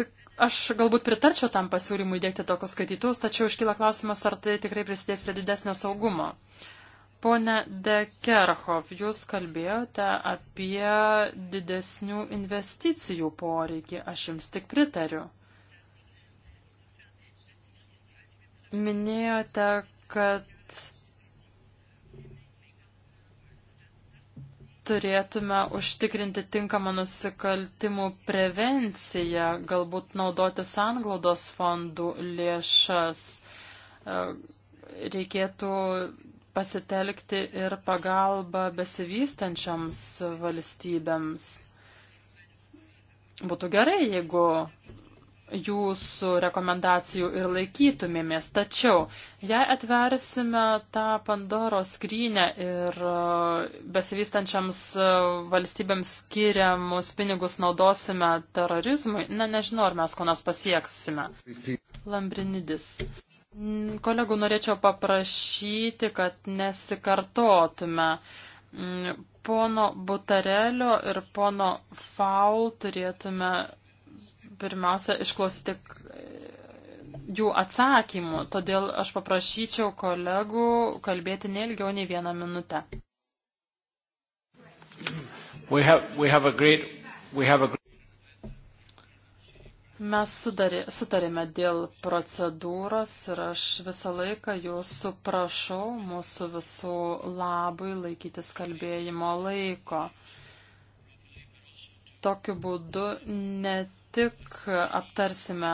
Tik aš galbūt pritarčiau tam pasiūlymui įdėkti tokius skaitytus, tačiau iškyla klausimas, ar tai tikrai prisidės prie didesnio saugumo. Pone De Kerchov, jūs kalbėjote apie didesnių investicijų poreikį. Aš jums tik pritariu. Minėjote, kad turėtume užtikrinti tinkamą nusikaltimų prevenciją, galbūt naudoti sanglaudos fondų lėšas. E, reikėtų pasitelkti ir pagalbą besivystančiams valstybėms. Būtų gerai, jeigu jūsų rekomendacijų ir laikytumėmės. Tačiau, jei atversime tą Pandoro skrynę ir e, besivystančiams e, valstybėms skiriamus pinigus naudosime terorizmui, na ne, nežinau, ar mes ko nors pasieksime. Lambrinidis. Mm, kolegų norėčiau paprašyti, kad nesikartotume. Mm, pono Butarelio ir pono Faul turėtume pirmiausia išklausyti e, jų atsakymų, todėl aš paprašyčiau kolegų kalbėti neilgiau nei vieną minutę. We have, we have agreed, we have agreed. Mes sudarė, sutarėme dėl procedūros ir aš visą laiką jūsų prašau mūsų visų labui laikytis kalbėjimo laiko. Tokiu būdu net tik aptarsime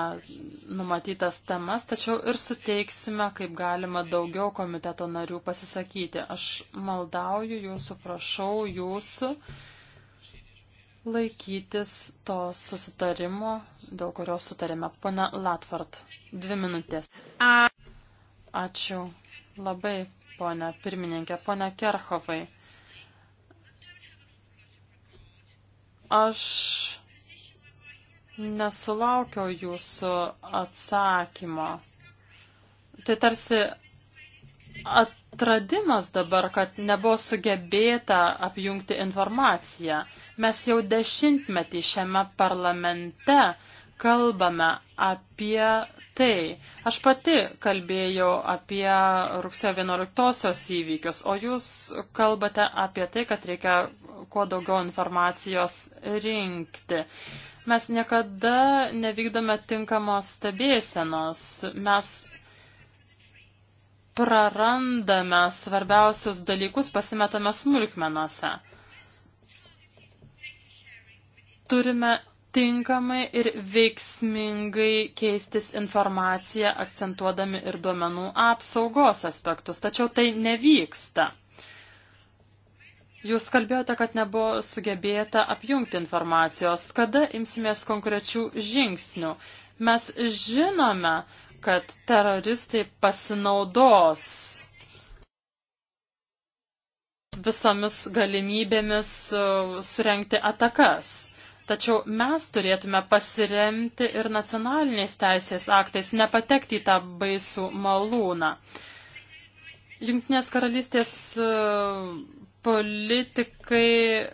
numatytas temas, tačiau ir suteiksime, kaip galima, daugiau komiteto narių pasisakyti. Aš maldauju jūsų, prašau jūsų laikytis to susitarimo, dėl kurio sutarėme. Pana Latvart, dvi minutės. Ačiū labai, ponia pirmininkė, ponia Kerhovai. Aš Nesulaukiau jūsų atsakymo. Tai tarsi atradimas dabar, kad nebuvo sugebėta apjungti informaciją. Mes jau dešimtmetį šiame parlamente kalbame apie tai. Aš pati kalbėjau apie rugsėjo 11-osios įvykius, o jūs kalbate apie tai, kad reikia kuo daugiau informacijos rinkti. Mes niekada nevykdome tinkamos stebėsenos. Mes prarandame svarbiausius dalykus, pasimetame smulkmenose. Turime tinkamai ir veiksmingai keistis informaciją, akcentuodami ir duomenų apsaugos aspektus, tačiau tai nevyksta. Jūs kalbėjote, kad nebuvo sugebėta apjungti informacijos. Kada imsimės konkrečių žingsnių? Mes žinome, kad teroristai pasinaudos visomis galimybėmis uh, surenkti atakas. Tačiau mes turėtume pasiremti ir nacionaliniais teisės aktais, nepatekti į tą baisų malūną. Junktinės karalystės e, politikai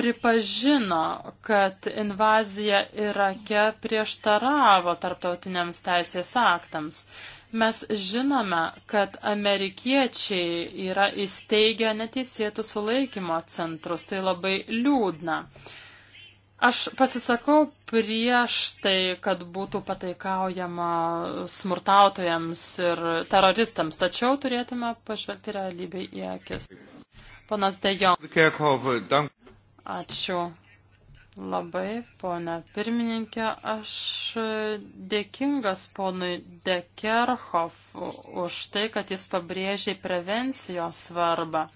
pripažino, kad invazija Irake prieštaravo tarptautiniams teisės aktams. Mes žinome, kad amerikiečiai yra įsteigę neteisėtų sulaikymo centrus. Tai labai liūdna. Uh, Aš pasisakau prieš tai, kad būtų pataikaujama smurtautojams ir teroristams, tačiau turėtume pažvelgti realybei į akis. Ponas Dejon. Ačiū labai, ponė pirmininkė. Aš dėkingas ponui Dekerhoff už tai, kad jis pabrėžė prevencijos svarbą.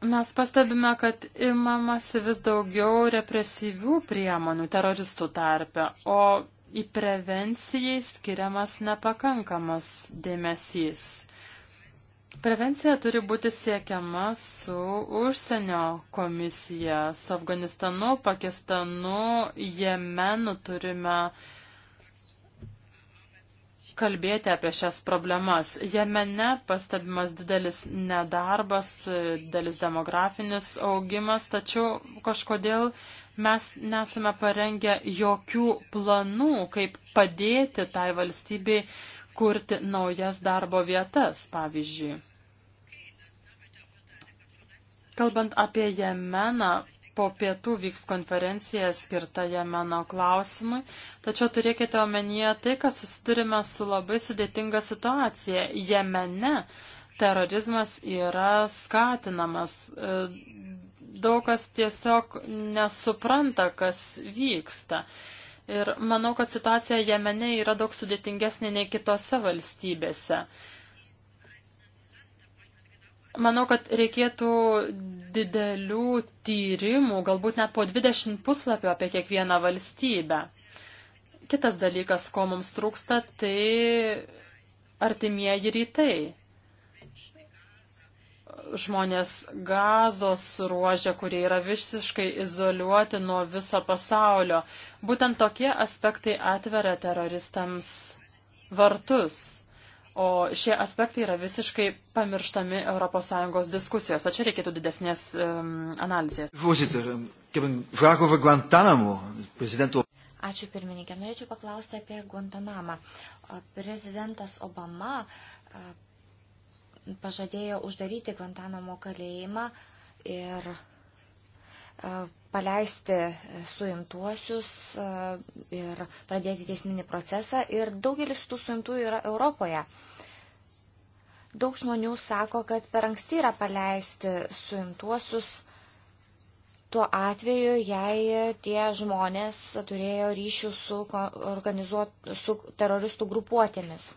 Mes pastebime, kad imamasi vis daugiau represyvių priemonių teroristų tarpe, o į prevencijai skiriamas nepakankamas dėmesys. Prevencija turi būti siekiama su užsienio komisija, su Afganistanu, Pakistanu, Jemenu turime uh, kalbėti apie šias problemas. Jemene pastebimas didelis nedarbas, didelis demografinis augimas, tačiau kažkodėl mes nesame parengę jokių planų, kaip padėti tai valstybei kurti naujas darbo vietas, pavyzdžiui. Kalbant apie Jemeną, po pietų vyks konferencija skirta Jemeno klausimui, tačiau turėkite omenyje tai, kad susidurime su labai sudėtinga situacija. Jemene terorizmas yra skatinamas. E, daug kas tiesiog nesupranta, kas vyksta. Ir manau, kad situacija Jemene yra daug sudėtingesnė nei kitose valstybėse. Manau, kad reikėtų didelių tyrimų, galbūt net po 20 puslapio apie kiekvieną valstybę. Kitas dalykas, ko mums trūksta, tai artimieji rytai žmonės gazos ruožė, kurie yra visiškai izoliuoti nuo viso pasaulio. Būtent tokie aspektai atveria teroristams vartus o šie aspektai yra visiškai pamirštami ES diskusijos. O čia reikėtų didesnės um, analizės. Ačiū pirmininkė. Norėčiau paklausti apie Guantanamą. Prezidentas Obama pažadėjo uždaryti Guantanamo kalėjimą ir paleisti suimtuosius ir pradėti teisminį procesą. Ir daugelis tų suimtųjų yra Europoje. Daug žmonių sako, kad per anksti yra paleisti suimtuosius tuo atveju, jei tie žmonės turėjo ryšių su, organizuot, su teroristų grupuotėmis.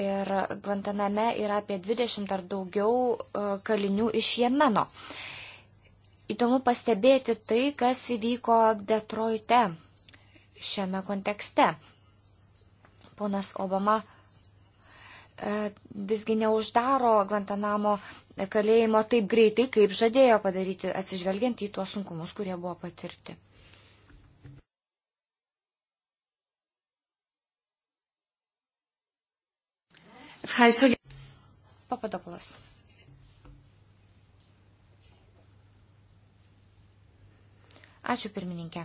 Ir Guantaname yra apie 20 ar daugiau e, kalinių iš Jemeno. Įdomu pastebėti tai, kas įvyko Detroite šiame kontekste. Ponas Obama e, visgi neuždaro Guantanamo kalėjimo taip greitai, kaip žadėjo padaryti, atsižvelgiant į tuos sunkumus, kurie buvo patirti. Ευχαριστώ. Παπαδόπουλος. Ačiū pirmininkė.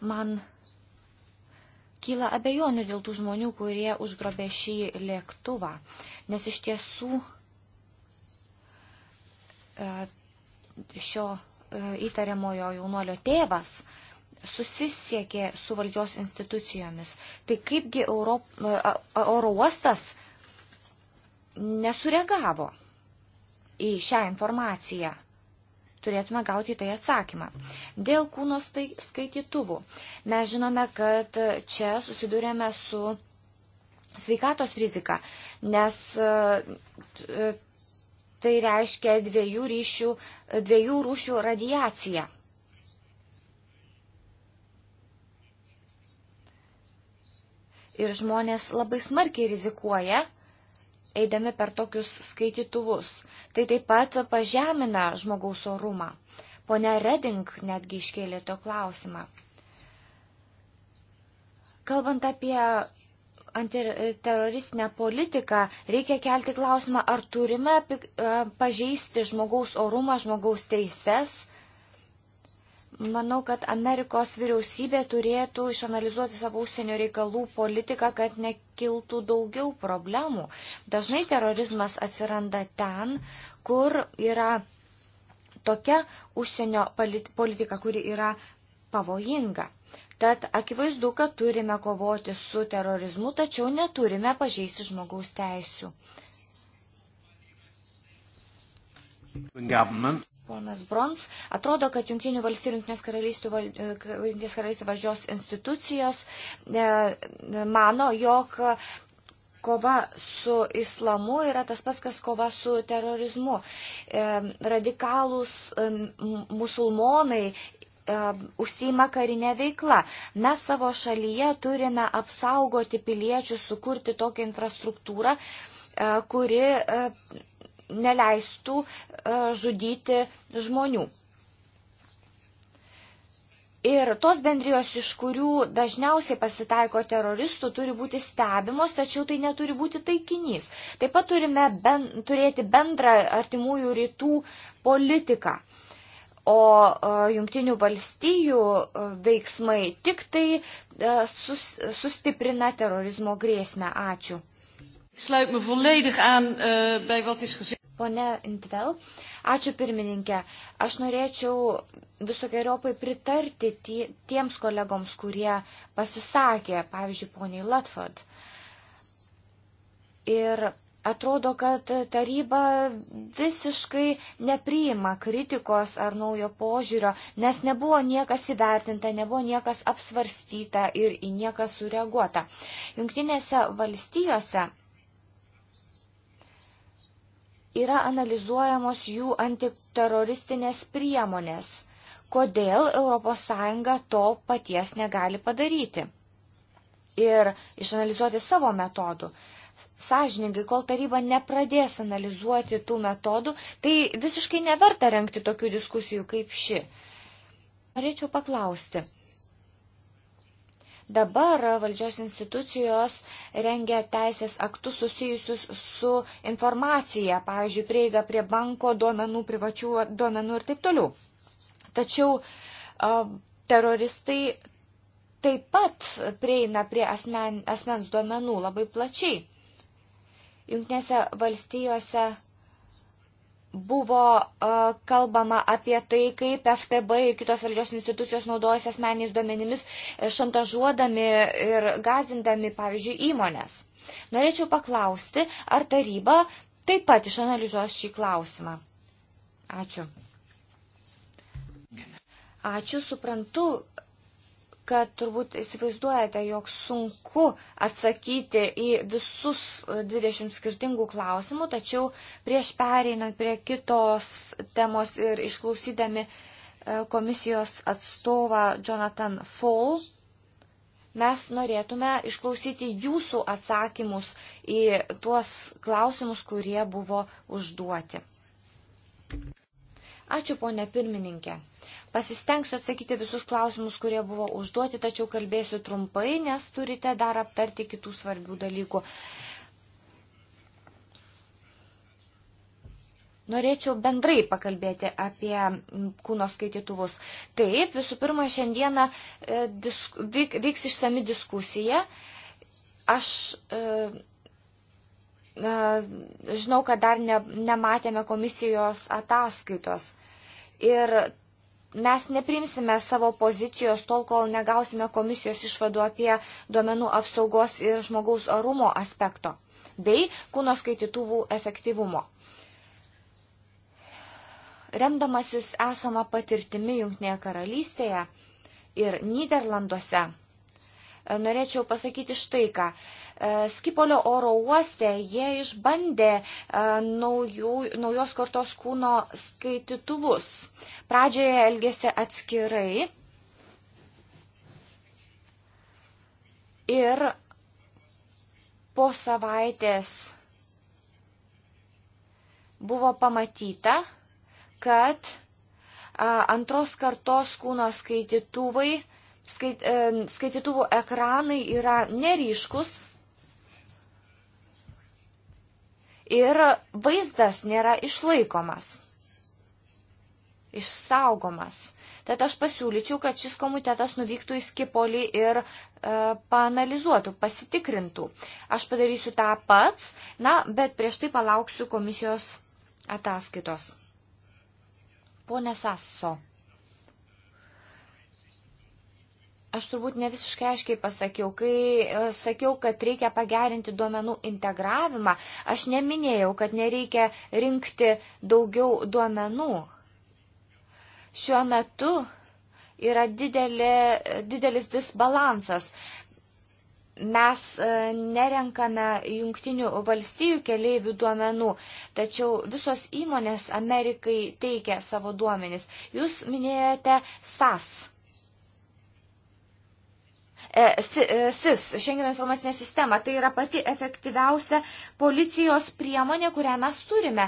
Man kyla abejonių dėl tų žmonių, kurie užgrobė šį lėktuvą, nes iš tiesų e, šio įtariamojo jaunuolio tėvas susisiekė su valdžios institucijomis. Tai kaipgi Euro, oro uostas nesureagavo į šią informaciją? turėtume gauti į tai atsakymą. Dėl kūno skaitytuvų. Mes žinome, kad čia susidurėme su sveikatos rizika, nes e, tai reiškia dviejų, ryšių, dviejų rūšių radiaciją. Ir žmonės labai smarkiai rizikuoja, eidami per tokius skaitytuvus. Tai taip pat pažemina žmogaus orumą. Pone Reding netgi iškėlė to klausimą. Kalbant apie antiteroristinę politiką, reikia kelti klausimą, ar turime e, pažeisti žmogaus orumą, žmogaus teises. Manau, kad Amerikos vyriausybė turėtų išanalizuoti savo užsienio reikalų politiką, kad nekiltų daugiau problemų. Dažnai terorizmas atsiranda ten, kur yra tokia užsienio politika, kuri yra pavojinga. Tad akivaizdu, kad turime kovoti su terorizmu, tačiau neturime pažeisti žmogaus teisų. Ponas Brons, atrodo, kad Junktinių valstybių Junktinės karalystės val, e, valdžios institucijos e, e, mano, jog kova su islamu yra tas pats, kas kova su terorizmu. E, radikalus e, musulmonai E, užsima karinė veikla. Mes savo šalyje turime apsaugoti piliečius, sukurti tokią infrastruktūrą, e, kuri e, neleistų žudyti žmonių. Ir tos bendrijos, iš kurių dažniausiai pasitaiko teroristų, turi būti stebimos, tačiau tai neturi būti taikinys. Taip pat turime ben, turėti bendrą artimųjų rytų politiką. Uh, o e, jungtinių valstijų e, veiksmai tik tai e, sus, sustiprina terorizmo grėsmę. Ačiū. Pone Intvel, ačiū pirmininkė. Aš norėčiau visokiojopai pritarti tiems kolegoms, kurie pasisakė, pavyzdžiui, poniai Latford. Ir atrodo, kad taryba visiškai nepriima kritikos ar naujo požiūrio, nes nebuvo niekas įvertinta, nebuvo niekas apsvarstyta ir į niekas sureaguota. Junktinėse valstijose yra analizuojamos jų antiteroristinės priemonės. Kodėl ES to paties negali padaryti? Ir išanalizuoti savo metodų sąžiningai, kol taryba nepradės analizuoti tų metodų, tai visiškai neverta renkti tokių diskusijų kaip ši. Norėčiau paklausti. Dabar valdžios institucijos rengia teisės aktus susijusius su informacija, pavyzdžiui, prieiga prie banko duomenų, privačių duomenų ir taip toliau. Tačiau teroristai taip pat prieina prie asmen, asmens duomenų labai plačiai. Junktinėse valstijose buvo uh, kalbama apie tai, kaip FTB ir kitos valdžios institucijos naudojasi asmeniais duomenimis, e, šantažuodami ir gazindami, pavyzdžiui, įmonės. Norėčiau paklausti, ar taryba taip pat išanalizuos šį klausimą. Ačiū. Ačiū, suprantu, kad turbūt įsivaizduojate, jog sunku atsakyti į visus 20 e, skirtingų klausimų, tačiau prieš pereinant prie kitos temos ir išklausydami e, komisijos atstovą Jonathan Fall, mes norėtume išklausyti jūsų atsakymus į tuos klausimus, kurie buvo užduoti. Ačiū, ponė pirmininkė. Pasistengsiu atsakyti visus klausimus, kurie buvo užduoti, tačiau kalbėsiu trumpai, nes turite dar aptarti kitų svarbių dalykų. Norėčiau bendrai pakalbėti apie kūno skaitytuvus. Taip, visų pirma, šiandieną e, disk, vyks išsami diskusija. Aš e, žinau, kad dar ne, nematėme komisijos ataskaitos. Ir mes neprimsime savo pozicijos tol, kol negausime komisijos išvadų apie duomenų apsaugos ir žmogaus orumo aspekto bei kūno skaitytuvų efektyvumo. Remdamasis esama patirtimi Junktinėje karalystėje ir Niderlanduose, norėčiau pasakyti štai ką. E, Skipolio oro uoste jie išbandė e, naujų, naujos kartos kūno skaitytuvus. Pradžioje elgėsi atskirai. Ir po savaitės buvo pamatyta, kad e, antros kartos kūno skaitytuvai, skait, skaitytuvų ekranai yra neryškus ir vaizdas nėra išlaikomas, išsaugomas. Tad aš pasiūlyčiau, kad šis komitetas nuvyktų į Skipolį ir e, panalizuotų, pasitikrintų. Aš padarysiu tą pats, na, bet prieš tai palauksiu komisijos ataskaitos. Pone Sasso. Aš turbūt ne visiškai aiškiai pasakiau, kai e, sakiau, kad reikia pagerinti duomenų integravimą, aš neminėjau, kad nereikia rinkti daugiau duomenų. Šiuo metu yra didelė, didelis disbalansas. Mes e, nerenkame jungtinių valstybių keliaivių duomenų, tačiau visos įmonės Amerikai teikia savo duomenis. Jūs minėjote SAS E, e, SIS, Šengeno informacinę sistemą. Tai yra pati efektyviausia policijos priemonė, kurią mes turime.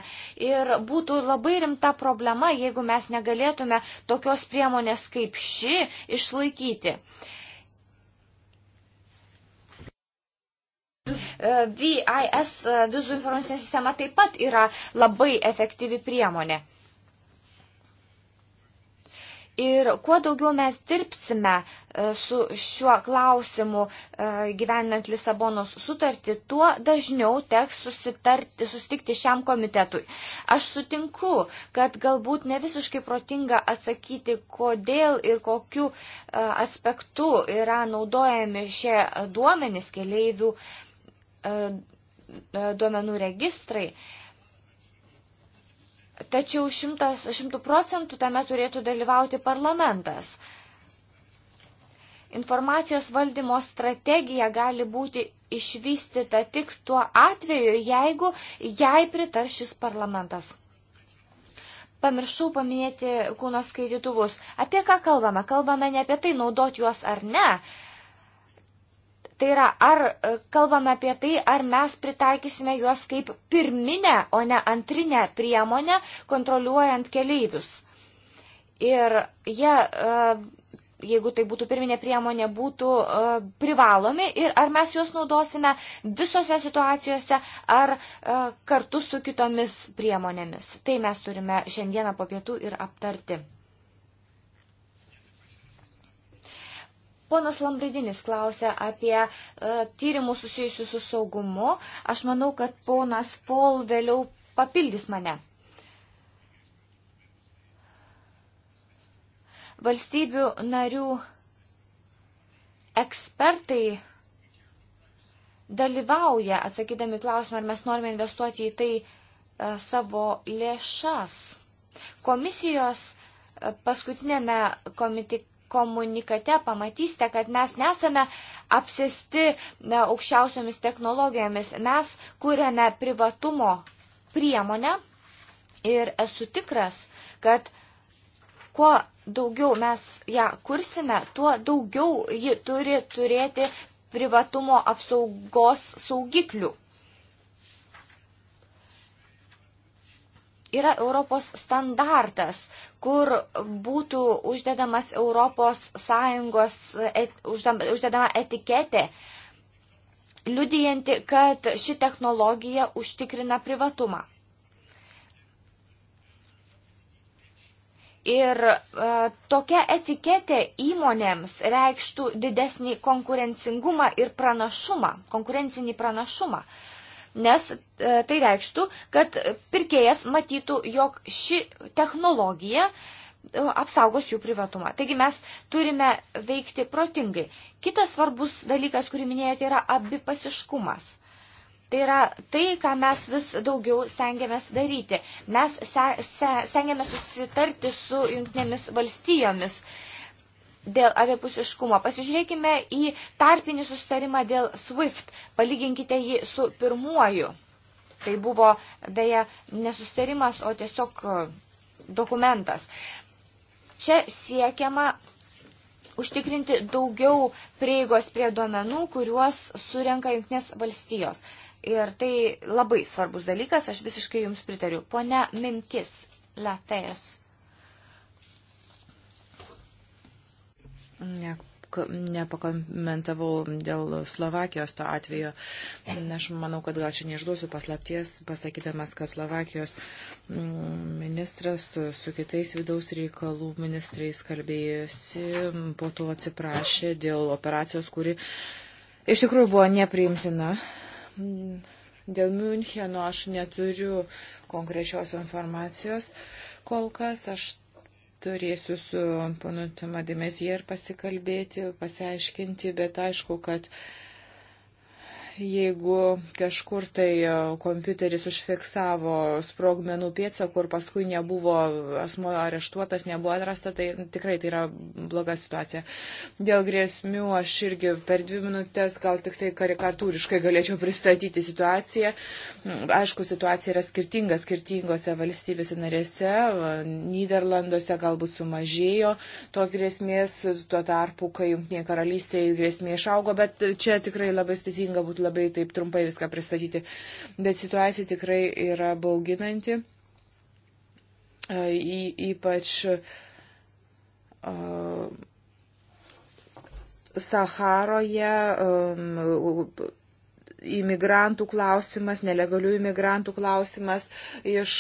Ir būtų labai rimta problema, jeigu mes negalėtume tokios priemonės kaip ši išlaikyti. E, VIS vizų informacinė sistema taip pat yra labai efektyvi priemonė. Ir kuo daugiau mes dirbsime e, su šiuo klausimu e, gyvenant Lisabonos sutartį, tuo dažniau teks susitikti šiam komitetui. Aš sutinku, kad galbūt ne visiškai protinga atsakyti, kodėl ir kokiu e, aspektu yra naudojami šie duomenys keleivių duomenų registrai. Uh, tačiau šimtas, šimtų procentų tame turėtų dalyvauti parlamentas. Informacijos valdymo strategija gali būti išvystyta tik tuo atveju, jeigu jai pritar šis parlamentas. Pamiršau paminėti kūno skaitytuvus. Apie ką kalbame? Kalbame ne apie tai naudoti juos ar ne. Tai yra, ar e, kalbame apie tai, ar mes pritaikysime juos kaip pirminę, o ne antrinę priemonę, kontroliuojant keleivius. Ir jie, e, jeigu tai būtų pirminė priemonė, būtų e, privalomi ir ar mes juos naudosime visose situacijose ar kartu su kitomis priemonėmis. Tai mes turime šiandieną po pietų ir aptarti. Ponas Lambridinis klausė apie e, tyrimus susijusius su saugumu. Aš manau, kad ponas Pol vėliau papildys mane. Valstybių narių ekspertai dalyvauja atsakydami klausimą, ar mes norime investuoti į tai e, savo lėšas. Komisijos e, paskutinėme komitete komunikate pamatysite, kad mes nesame apsėsti na, aukščiausiomis technologijomis, mes kūrėme privatumo priemonę ir esu tikras, kad kuo daugiau mes ją kursime, tuo daugiau ji turi turėti privatumo apsaugos saugiklių. yra Europos standartas, kur būtų uždedamas Europos Sąjungos, et, uždedama etiketė, liudijanti, kad ši technologija užtikrina privatumą. Ir e, tokia etiketė įmonėms reikštų didesnį konkurencingumą ir pranašumą, konkurencinį pranašumą. E, nes e, tai reikštų, kad pirkėjas matytų, jog ši technologija e, apsaugos jų privatumą. Taigi mes turime veikti protingai. Kitas svarbus dalykas, kurį minėjote, yra abipasiškumas. Tai yra tai, ką mes vis daugiau stengiamės daryti. Mes se, se, stengiamės susitarti su jungtinėmis valstijomis. Uh, dėl abipusiškumo. Pasižiūrėkime į tarpinį sustarimą dėl SWIFT. Palyginkite jį su pirmuoju. Tai buvo beje nesustarimas, o tiesiog e, dokumentas. Čia siekiama užtikrinti daugiau prieigos prie duomenų, kuriuos surenka Junktinės valstijos. Ir tai labai svarbus dalykas, aš visiškai jums pritariu. Pone Mimkis, Lafayette. Ne, nepakomentavau dėl Slovakijos to atveju. Aš manau, kad gal čia neišduosiu paslapties, pasakydamas, kad Slovakijos mm, ministras su kitais vidaus reikalų ministrais kalbėjosi, po to atsiprašė dėl operacijos, kuri iš tikrųjų buvo nepriimtina. Dėl Müncheno aš neturiu konkrečios informacijos kol kas. Aš turėsiu su panu Tumadimės jie ir pasikalbėti, pasiaiškinti, bet aišku, kad uh, jeigu kažkur tai e, kompiuteris užfiksavo sprogmenų pėdsakų ir paskui nebuvo asmo areštuotas, nebuvo atrasta, tai tikrai tai yra bloga situacija. Dėl grėsmių aš irgi per dvi minutės gal tik tai karikatūriškai galėčiau pristatyti situaciją. Aišku, situacija yra skirtinga skirtingose valstybėse narėse. Niderlanduose galbūt sumažėjo tos grėsmės, tuo tarpu, kai Junktinėje karalystėje grėsmė išaugo, bet čia tikrai labai sudėtinga būtų labai taip trumpai viską pristatyti, bet situacija tikrai yra bauginanti, y, e, ypač e, Saharoje. Um, imigrantų klausimas, nelegalių imigrantų klausimas iš,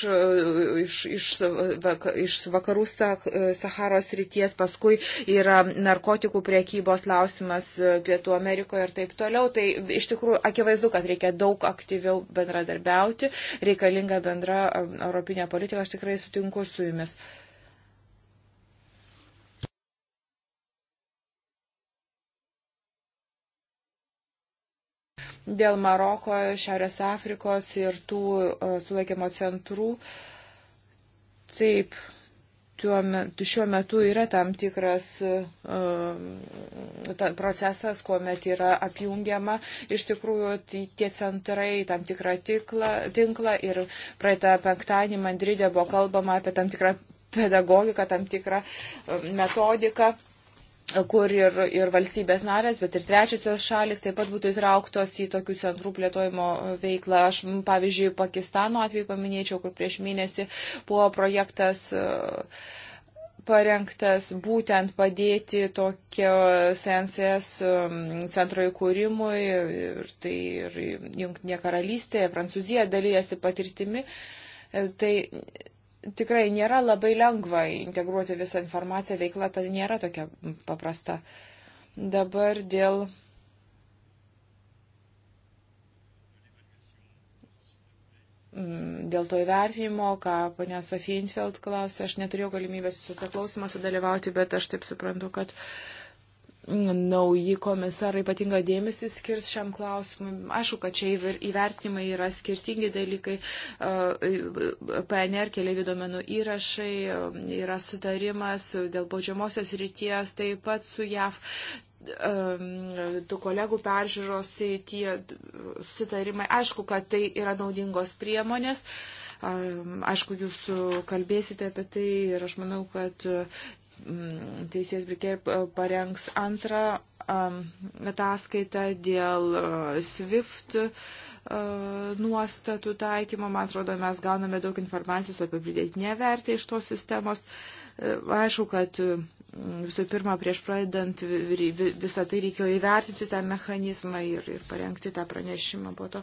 iš, iš, iš vakarų Saharos ryties, paskui yra narkotikų priekybos klausimas Pietų Amerikoje ir taip toliau. Tai iš tikrųjų akivaizdu, kad reikia daug aktyviau bendradarbiauti, reikalinga bendra europinė politika, aš tikrai sutinku su jumis. dėl Maroko, Šiaurės Afrikos ir tų e, sulaikymo centrų. Taip, metu, šiuo metu yra tam tikras uh, procesas, kuomet yra apjungiama iš tikrųjų tai tie centrai, tam tikrą tiklą, tinklą ir praeitą penktadienį Mandridė buvo kalbama apie tam tikrą pedagogiką, tam tikrą e, metodiką kur ir, ir valstybės narės, bet ir trečiosios šalis taip pat būtų įtrauktos į tokių centrų plėtojimo veiklą. Aš, pavyzdžiui, Pakistano atveju paminėčiau, kur prieš mėnesį buvo projektas e, parengtas būtent padėti tokio SNCS e, centro įkūrimui ir tai ir Junktinė karalystė, Prancūzija dalyjasi patirtimi. E, tai tikrai nėra labai lengva integruoti visą informaciją, veikla tai nėra tokia paprasta. Dabar dėl. Mm, dėl to įvertinimo, ką ponia Sofija Infeld klausė, aš neturėjau galimybės į susiklausimą sudalyvauti, bet aš taip suprantu, kad uh, nauji komisarai ypatinga dėmesį skirs šiam klausimui. Aišku, kad čia įvertinimai yra skirtingi dalykai. PNR keliaivių duomenų įrašai yra sutarimas dėl baudžiamosios ryties, taip pat su JAV tų kolegų peržiūros tie sutarimai. Aišku, kad tai yra naudingos priemonės. Aišku, jūs kalbėsite apie tai ir aš manau, kad Mm, teisės brikė e, parengs antrą ataskaitą dėl e, SWIFT e, nuostatų taikymo. Man atrodo, mes gauname daug informacijos apie pridėtinę vertę iš tos sistemos. Aišku, kad mm, visų pirma, prieš pradedant visą tai reikėjo įvertinti tą mechanizmą ir, ir parengti tą pranešimą po to.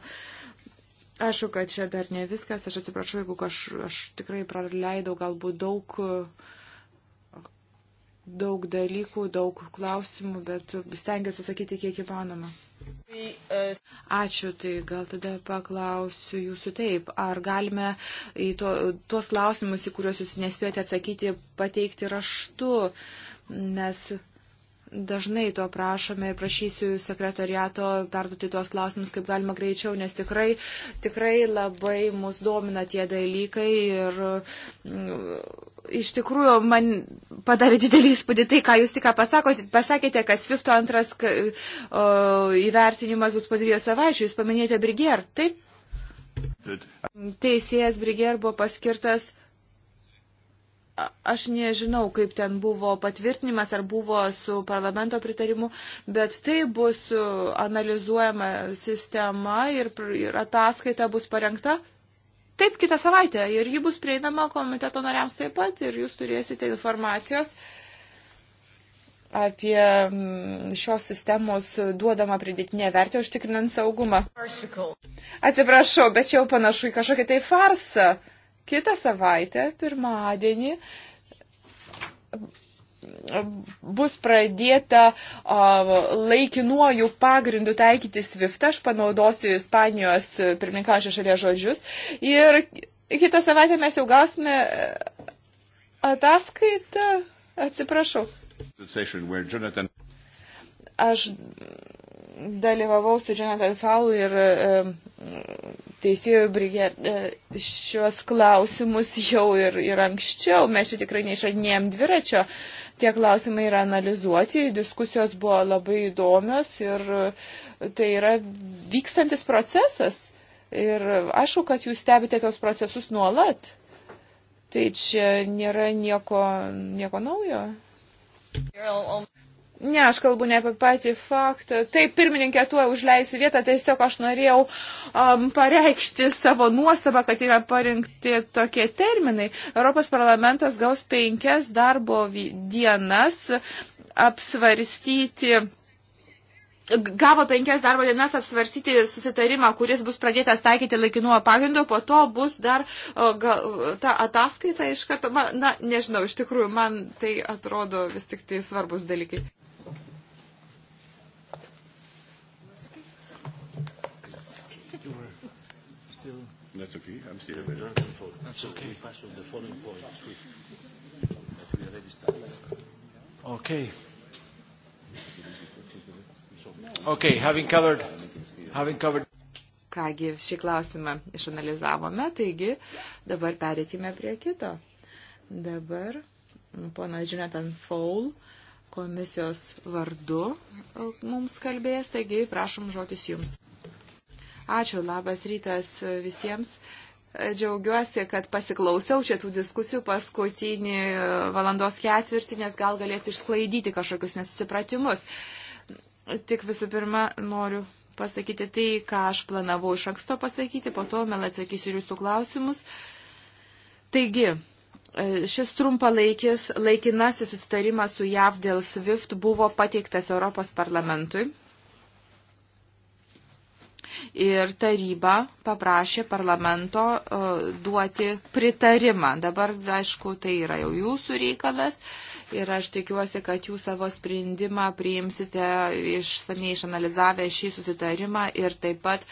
Ašku, kad čia dar ne viskas. Aš atsiprašau, jeigu aš, aš tikrai praleidau galbūt daug. Uh, daug dalykų, daug klausimų, bet stengiuosi atsakyti kiek įmanoma. Ačiū, tai gal tada paklausiu jūsų taip. Ar galime į to, tuos klausimus, į kuriuos jūs nespėjote atsakyti, pateikti raštu? Mes dažnai to prašome ir prašysiu sekretoriato perduoti tuos klausimus kaip galima greičiau, nes tikrai, tikrai labai mus domina tie dalykai ir mm, iš tikrųjų man padarė didelį įspūdį tai, ką jūs tik pasakote, pasakėte, kad Swifto antras o, įvertinimas bus po dviejų savaičių, jūs paminėjote Brigier, taip? Teisėjas Brigier buvo paskirtas Aš nežinau, kaip ten buvo patvirtinimas, ar buvo su parlamento pritarimu, bet tai bus e, analizuojama sistema ir, ir ataskaita bus parengta. Taip, kitą savaitę ir ji bus prieinama komiteto nariams taip pat ir jūs turėsite informacijos apie mm, šios sistemos duodamą pridėtinę vertę užtikrinant saugumą. Atsiprašau, bet čia jau panašu į kažkokią tai farsą kitą savaitę, pirmadienį, bus pradėta o, laikinuoju pagrindu taikyti SWIFT, aš panaudosiu Ispanijos pirmininkaujančio šalies žodžius. Ir kitą savaitę mes jau gausime ataskaitą, atsiprašau. Aš dalyvavau su Jonathan Fowle ir e, teisėjų Brigier šios klausimus jau ir, ir anksčiau. Mes čia tikrai neišradinėjom dviračio. Tie klausimai yra analizuoti, diskusijos buvo labai įdomios ir e, tai yra vykstantis procesas. Ir aišku, kad jūs stebite tos procesus nuolat. Tai čia nėra nieko, nieko naujo. Ne, aš kalbu ne apie patį faktą. Taip, pirmininkė, tuo užleisiu vietą, tai tiesiog aš norėjau um, pareikšti savo nuostabą, kad yra parinkti tokie terminai. Europos parlamentas gaus penkias darbo dienas apsvarstyti gavo penkias darbo dienas apsvarstyti susitarimą, kuris bus pradėtas taikyti laikinuo pagrindu, po to bus dar o, ga, ta ataskaita iš karto, man, na, nežinau, iš tikrųjų, man tai atrodo vis tik tai svarbus dalykai. that's okay. I'm still available. That's okay. We pass on the following point swiftly. That we already started. Okay. Okay, having covered, having covered. Kągi, šį klausimą išanalizavome, taigi dabar pereikime prie kito. Dabar ponas Jonathan Fowl komisijos vardu mums kalbės, taigi prašom žodis jums. Ačiū, labas rytas visiems. Džiaugiuosi, kad pasiklausiau čia tų diskusijų paskutinį valandos ketvirtį, nes gal galėsiu išsklaidyti kažkokius nesusipratimus. Tik visų pirma, noriu pasakyti tai, ką aš planavau iš anksto pasakyti, po to mėl atsakysiu jūsų klausimus. Taigi, šis trumpalaikis laikinasis susitarimas su JAV dėl SWIFT buvo pateiktas Europos parlamentui ir taryba paprašė parlamento e, duoti pritarimą. Dabar, aišku, tai yra jau jūsų reikalas ir aš tikiuosi, kad jūs savo sprendimą priimsite išsamei išanalizavę šį susitarimą ir taip pat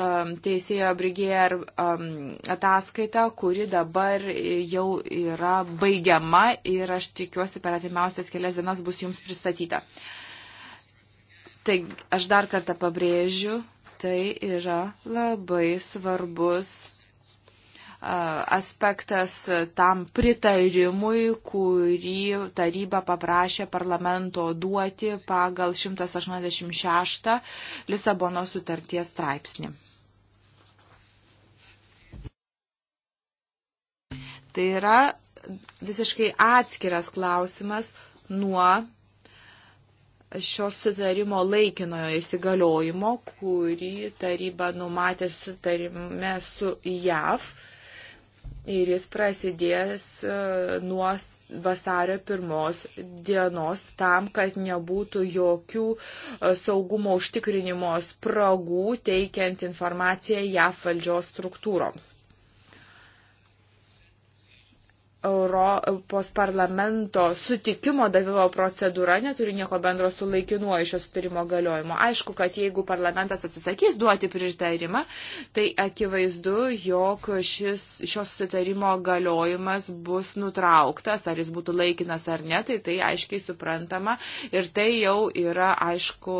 um, teisėjo Brigier um, e, ataskaita, kuri dabar jau yra baigiama ir aš tikiuosi per atimiausias kelias dienas bus jums pristatyta. Tai aš dar kartą pabrėžiu, tai yra labai svarbus aspektas tam pritarimui, kurį taryba paprašė parlamento duoti pagal 186 Lisabono sutarties straipsnį. Tai yra visiškai atskiras klausimas nuo šios sutarimo laikinojo įsigaliojimo, kurį taryba numatė sutarime su JAV ir jis prasidės e, nuo vasario pirmos dienos tam, kad nebūtų jokių e, saugumo užtikrinimo spragų teikiant informaciją JAF valdžios struktūroms. Europos parlamento sutikimo davimo procedūra neturi nieko bendro su laikinuoju šio sutarimo galiojimu. Aišku, kad jeigu parlamentas atsisakys duoti pritarimą, tai akivaizdu, jog šis, šios sutarimo galiojimas bus nutrauktas, ar jis būtų laikinas ar ne, tai tai aiškiai suprantama ir tai jau yra, aišku,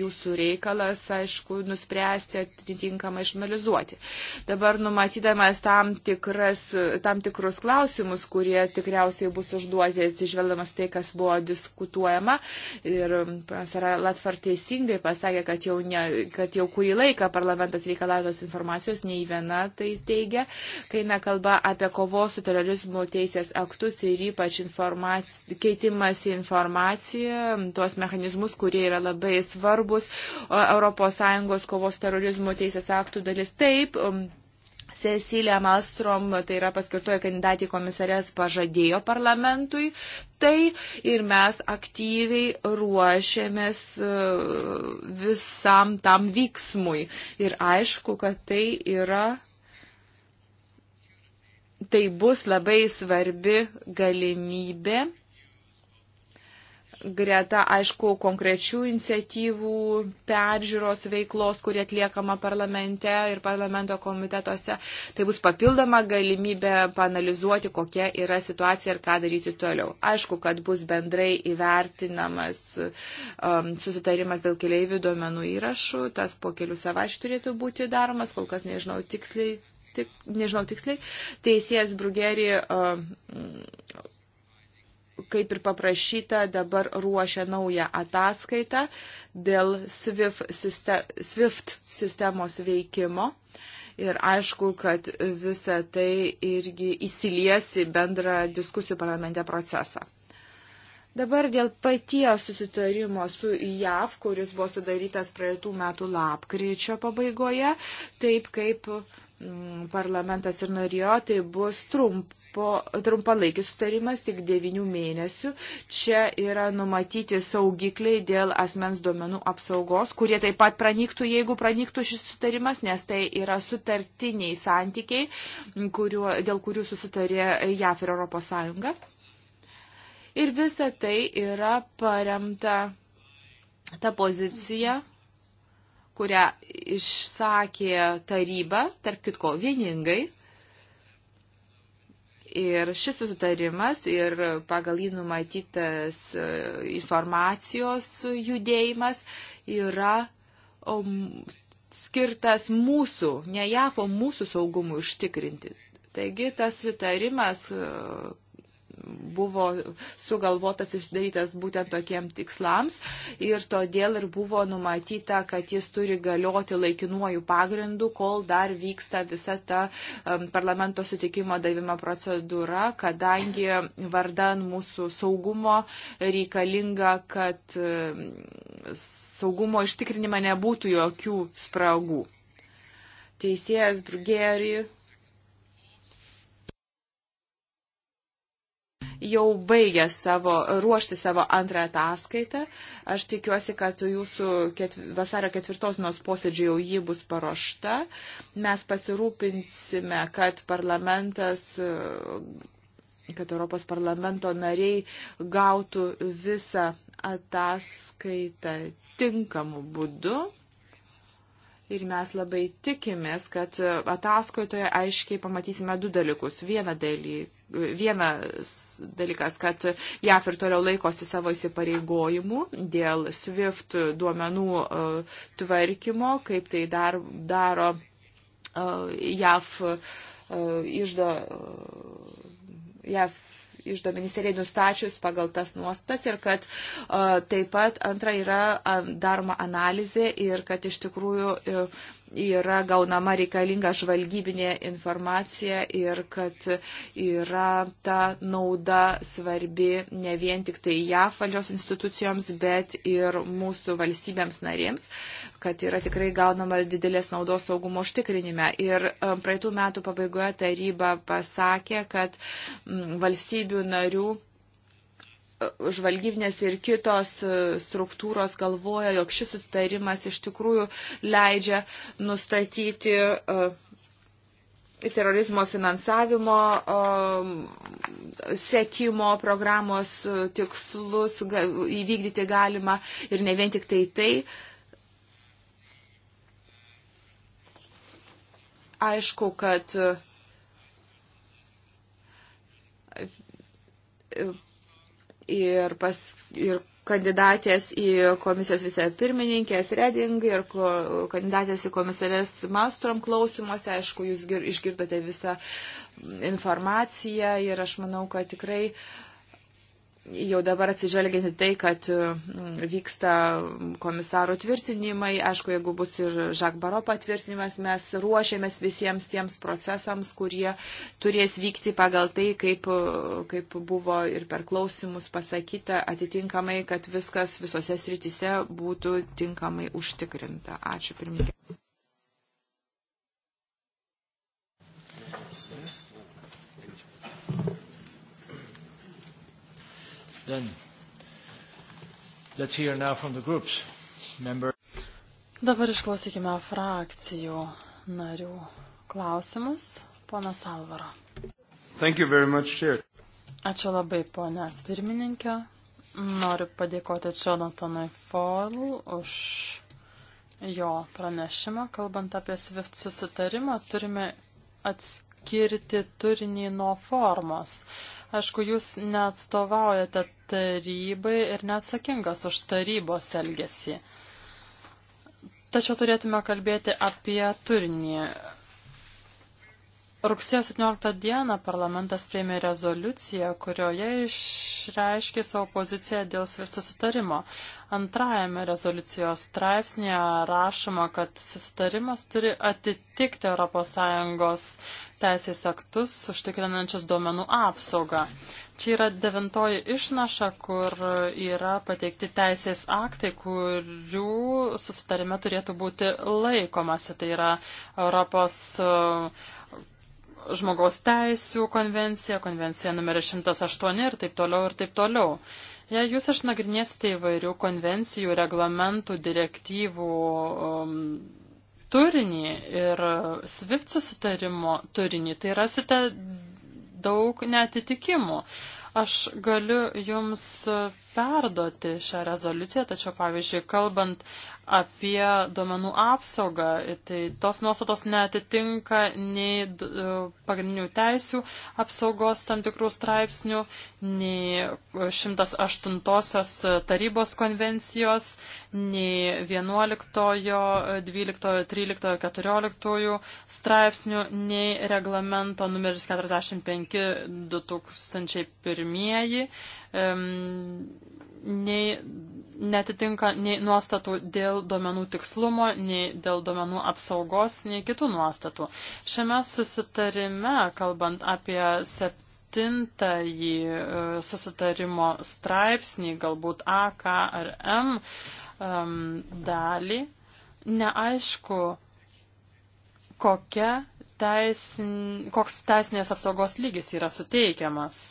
jūsų reikalas, aišku, nuspręsti atitinkamai išanalizuoti. Dabar numatydamas tam, tikras, tam tikrus klausimus, klausimus, kurie tikriausiai bus užduoti atsižvelgdamas tai, kas buvo diskutuojama. Ir Sara Latvar teisingai pasakė, kad jau, ne, kad jau kurį laiką parlamentas reikalauja tos informacijos, nei viena tai teigia, kai eina kalba apie kovos su terorizmu teisės aktus ir ypač informaci keitimas informacija, tuos mechanizmus, kurie yra labai svarbus ES kovos terorizmu teisės aktų dalis. Taip, Cecilija Malstrom, tai yra paskirtoja kandidatė į komisarės, pažadėjo parlamentui tai ir mes aktyviai ruošiamės e, visam tam vyksmui. Ir aišku, kad tai yra tai bus labai svarbi galimybė greta, aišku, konkrečių iniciatyvų peržiūros veiklos, kurie atliekama parlamente ir parlamento komitetuose. Tai bus papildoma galimybė panalizuoti, kokia yra situacija ir ką daryti toliau. Aišku, kad bus bendrai įvertinamas um, susitarimas dėl keliaivių duomenų įrašų. Tas po kelių savaičių turėtų būti daromas, kol kas nežinau tiksliai. Tik, nežinau tiksliai, teisėjas Brugeri uh, um, kaip ir paprašyta, dabar ruošia naują ataskaitą dėl SWIFT, sistem, SWIFT sistemos veikimo. Ir aišku, kad visa tai irgi įsiliesi bendrą diskusijų parlamente procesą. Dabar dėl paties susitarimo su JAV, kuris buvo sudarytas praeitų metų lapkričio pabaigoje, taip kaip mm, parlamentas ir norėjo, tai bus trump, trumpalaikis sutarimas tik 9 mėnesių. Čia yra numatyti saugikliai dėl asmens duomenų apsaugos, kurie taip pat pranyktų, jeigu pranyktų šis sutarimas, nes tai yra sutartiniai santykiai, kuriuo, dėl kurių susitarė JAF ir ES. Ir visa tai yra paremta ta pozicija kurią išsakė taryba, tarp kitko, vieningai, Ir šis susitarimas ir pagal jį numatytas e, informacijos judėjimas yra um, skirtas mūsų, ne JAF, o mūsų saugumui užtikrinti. Taigi tas sutarimas, e, buvo sugalvotas išdarytas būtent tokiem tikslams ir todėl ir buvo numatyta, kad jis turi galioti laikinuoju pagrindu, kol dar vyksta visa ta parlamento sutikimo davimo procedūra, kadangi vardan mūsų saugumo reikalinga, kad saugumo ištikrinimą nebūtų jokių spragų. Teisėjas Brugeri jau baigė savo, ruošti savo antrą ataskaitą. Aš tikiuosi, kad jūsų ketv... vasario ketvirtos nors posėdžio jau ji bus paruošta. Mes pasirūpinsime, kad parlamentas kad Europos parlamento nariai gautų visą ataskaitą tinkamu būdu. Ir mes labai tikimės, kad ataskaitoje aiškiai pamatysime du dalykus. Vieną dalyką vienas dalykas, kad JAF ir toliau laikosi savo įsipareigojimų dėl SWIFT duomenų e, tvarkymo, kaip tai dar, daro e, JAF e, išdo. JAF išdo ministerijai nustačius pagal tas nuostas ir kad a, taip pat antra yra a, daroma analizė ir kad iš tikrųjų a, yra gaunama reikalinga žvalgybinė informacija ir kad yra ta nauda svarbi ne vien tik tai JAF valdžios institucijoms, bet ir mūsų valstybėms narėms, kad yra tikrai gaunama didelės naudos saugumo užtikrinime. Ir um, praeitų metų pabaigoje taryba pasakė, kad mm, valstybių narių žvalgybinės ir kitos e, struktūros galvoja, jog šis sustarimas iš tikrųjų leidžia nustatyti e, terorizmo finansavimo e, sekimo programos tikslus įvykdyti galima ir ne vien tik tai tai. Aišku, kad ir, pas, ir kandidatės į komisijos vicepirmininkės Reding ir kandidatės į komisarės Malstrom klausimuose. Aišku, jūs išgirdote visą informaciją ir aš manau, kad tikrai uh, jau dabar atsižvelgiant į tai, kad mm, vyksta komisaro tvirtinimai, aišku, jeigu bus ir Žak Baro patvirtinimas, mes ruošiamės visiems tiems procesams, kurie turės vykti pagal tai, kaip, kaip buvo ir per klausimus pasakyta, atitinkamai, kad viskas visose sritise būtų tinkamai užtikrinta. Ačiū pirmininkė. Then let's hear now from the groups. Member. Dabar išklausykime frakcijų narių klausimus. Ponas Alvaro. Thank you very much, Chair. Ačiū labai, ponia pirmininkė. Noriu padėkoti Jonathanui Forlu už jo pranešimą. Kalbant apie SWIFT susitarimą, turime atskirti turinį nuo formos. Aišku, jūs neatstovaujate tarybai ir neatsakingas už tarybos elgesį. Tačiau turėtume kalbėti apie turinį. Rugsėjo 17 dieną parlamentas prieimė rezoliuciją, kurioje išreiškė savo poziciją dėl susitarimo. Antrajame rezoliucijos straipsnėje rašoma, kad susitarimas turi atitikti ES teisės aktus užtikrinančius duomenų apsaugą. Čia yra devintoji išnaša, kur yra pateikti teisės aktai, kurių susitarime turėtų būti laikomasi. Tai yra Europos uh, žmogaus teisų konvencija, konvencija numeris 108 ir taip toliau ir taip toliau. Jei jūs išnagrinėsite įvairių konvencijų, reglamentų, direktyvų, um, turinį ir SWIFT susitarimo turinį, tai rasite daug netitikimų. Aš galiu Jums perduoti šią rezoliuciją, tačiau, pavyzdžiui, kalbant apie duomenų apsaugą. Tai tos nuostatos netitinka nei e, pagrindinių teisių apsaugos tam tikrų straipsnių, nei 108 tarybos konvencijos, nei 11, 12, 13, 14 straipsnių, nei reglamento numeris 45 2001, nei netitinka nei nuostatų dėl duomenų tikslumo, nei dėl duomenų apsaugos, nei kitų nuostatų. Šiame susitarime, kalbant apie septintąjį e, susitarimo straipsnį, galbūt A, K ar M um, dalį, neaišku, kokia teisin, koks teisinės apsaugos lygis yra suteikiamas.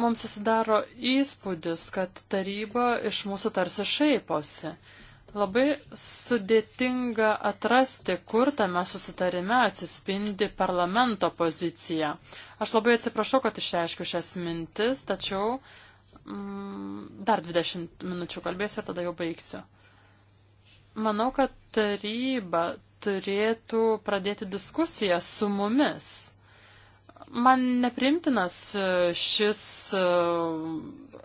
mums susidaro įspūdis, kad taryba iš mūsų tarsi šaiposi. Labai sudėtinga atrasti, kur tame susitarime atsispindi parlamento pozicija. Aš labai atsiprašau, kad išreiškiu šias mintis, tačiau mm, dar 20 minučių kalbėsiu ir tada jau baigsiu. Manau, kad taryba turėtų pradėti diskusiją su mumis Man neprimtinas e, šis e,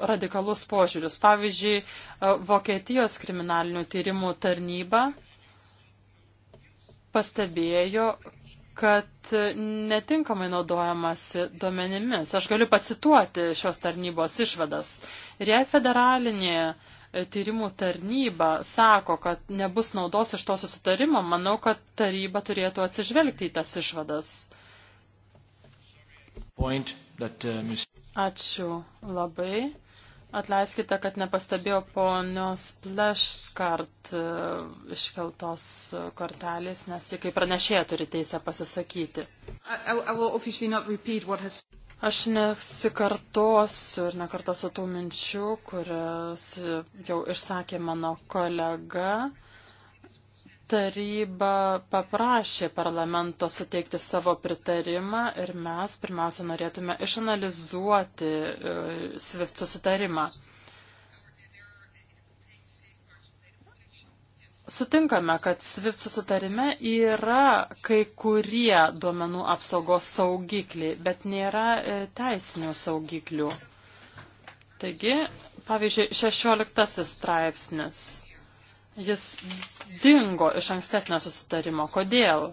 radikalus požiūris. Pavyzdžiui, e, Vokietijos kriminalinių tyrimų tarnyba pastebėjo, kad netinkamai naudojamasi duomenimis. Aš galiu pacituoti šios tarnybos išvadas. Ir jei federalinė tyrimų tarnyba sako, kad nebus naudos iš to susitarimo, manau, kad taryba turėtų atsižvelgti į tas išvadas. Uh, Ačiū labai. Atleiskite, kad nepastebėjau ponios Pleškart uh, iškeltos uh, kortelės, nes jie kaip pranešėja turi teisę pasisakyti. Aš nesikartosiu ir nekartosiu tų minčių, kurias jau išsakė mano kolega taryba paprašė parlamento suteikti savo pritarimą ir mes pirmiausia norėtume išanalizuoti e, SWIFT susitarimą. Sutinkame, kad SWIFT susitarime yra kai kurie duomenų apsaugos saugikliai, bet nėra e, teisinių saugiklių. Taigi, pavyzdžiui, 16 straipsnis Jis dingo iš ankstesnio susitarimo. Kodėl?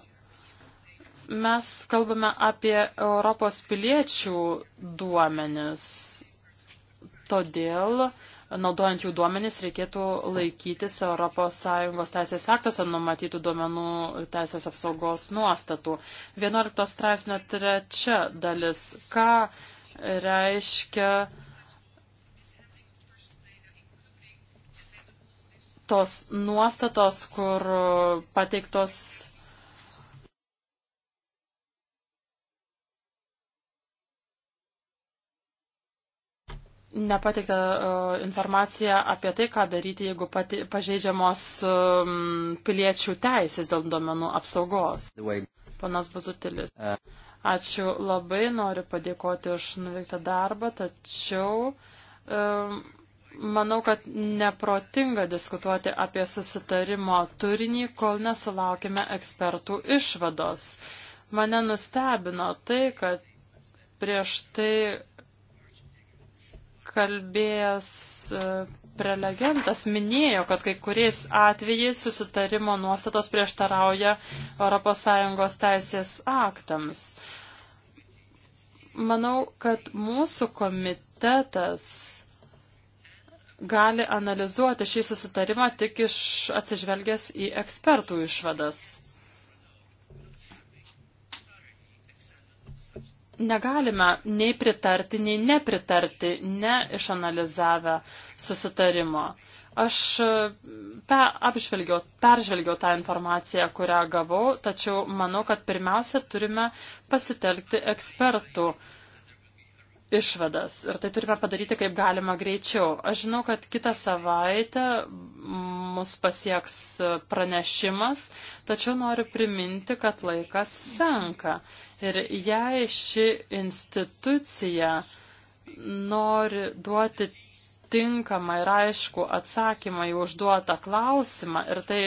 Mes kalbame apie Europos piliečių duomenis. Todėl, naudojant jų duomenis, reikėtų laikytis ES teisės aktuose numatytų duomenų teisės apsaugos nuostatų. 11 straipsnio trečia dalis. Ką reiškia tos nuostatos, kur pateiktos nepateikta uh, informacija apie tai, ką daryti, jeigu pati, pažeidžiamos um, piliečių teisės dėl duomenų apsaugos. Panas Bazutilis. Ačiū labai, noriu padėkoti už nuveiktą darbą, tačiau um, manau, kad neprotinga diskutuoti apie susitarimo turinį, kol nesulaukime ekspertų išvados. Mane nustebino tai, kad prieš tai kalbėjęs e, prelegentas minėjo, kad kai kuriais atvejais susitarimo nuostatos prieštarauja ES teisės aktams. Manau, kad mūsų komitetas gali analizuoti šį susitarimą tik iš atsižvelgęs į ekspertų išvadas. Negalime nei pritarti, nei nepritarti, neišanalizavę susitarimo. Aš e, pe, apžvelgiau, peržvelgiau tą informaciją, kurią gavau, tačiau manau, kad pirmiausia turime pasitelkti ekspertų uh, išvadas ir tai turime padaryti kaip galima greičiau. Aš žinau, kad kitą savaitę mus pasieks pranešimas, tačiau noriu priminti, kad laikas senka. Ir jei ši institucija nori duoti tinkamą ir aišku atsakymą į užduotą klausimą ir tai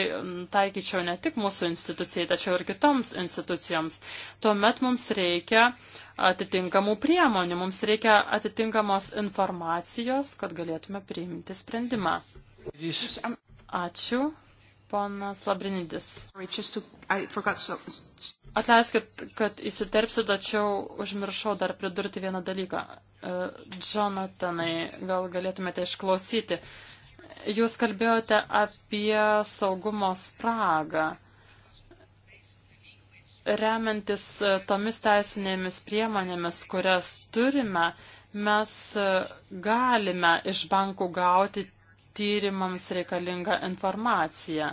taikyčiau ne tik mūsų institucijai, tačiau ir kitoms institucijoms, tuomet mums reikia atitinkamų priemonių, mums reikia atitinkamos informacijos, kad galėtume priimti sprendimą. Ačiū, ponas Labrinidis. Atleiskit, kad įsiterpsiu, tačiau užmiršau dar pridurti vieną dalyką. E, Jonathanai, gal galėtumėte išklausyti. Jūs kalbėjote apie saugumo spragą. Remiantis e, tomis teisinėmis priemonėmis, kurias turime, mes e, galime iš bankų gauti tyrimams reikalingą informaciją.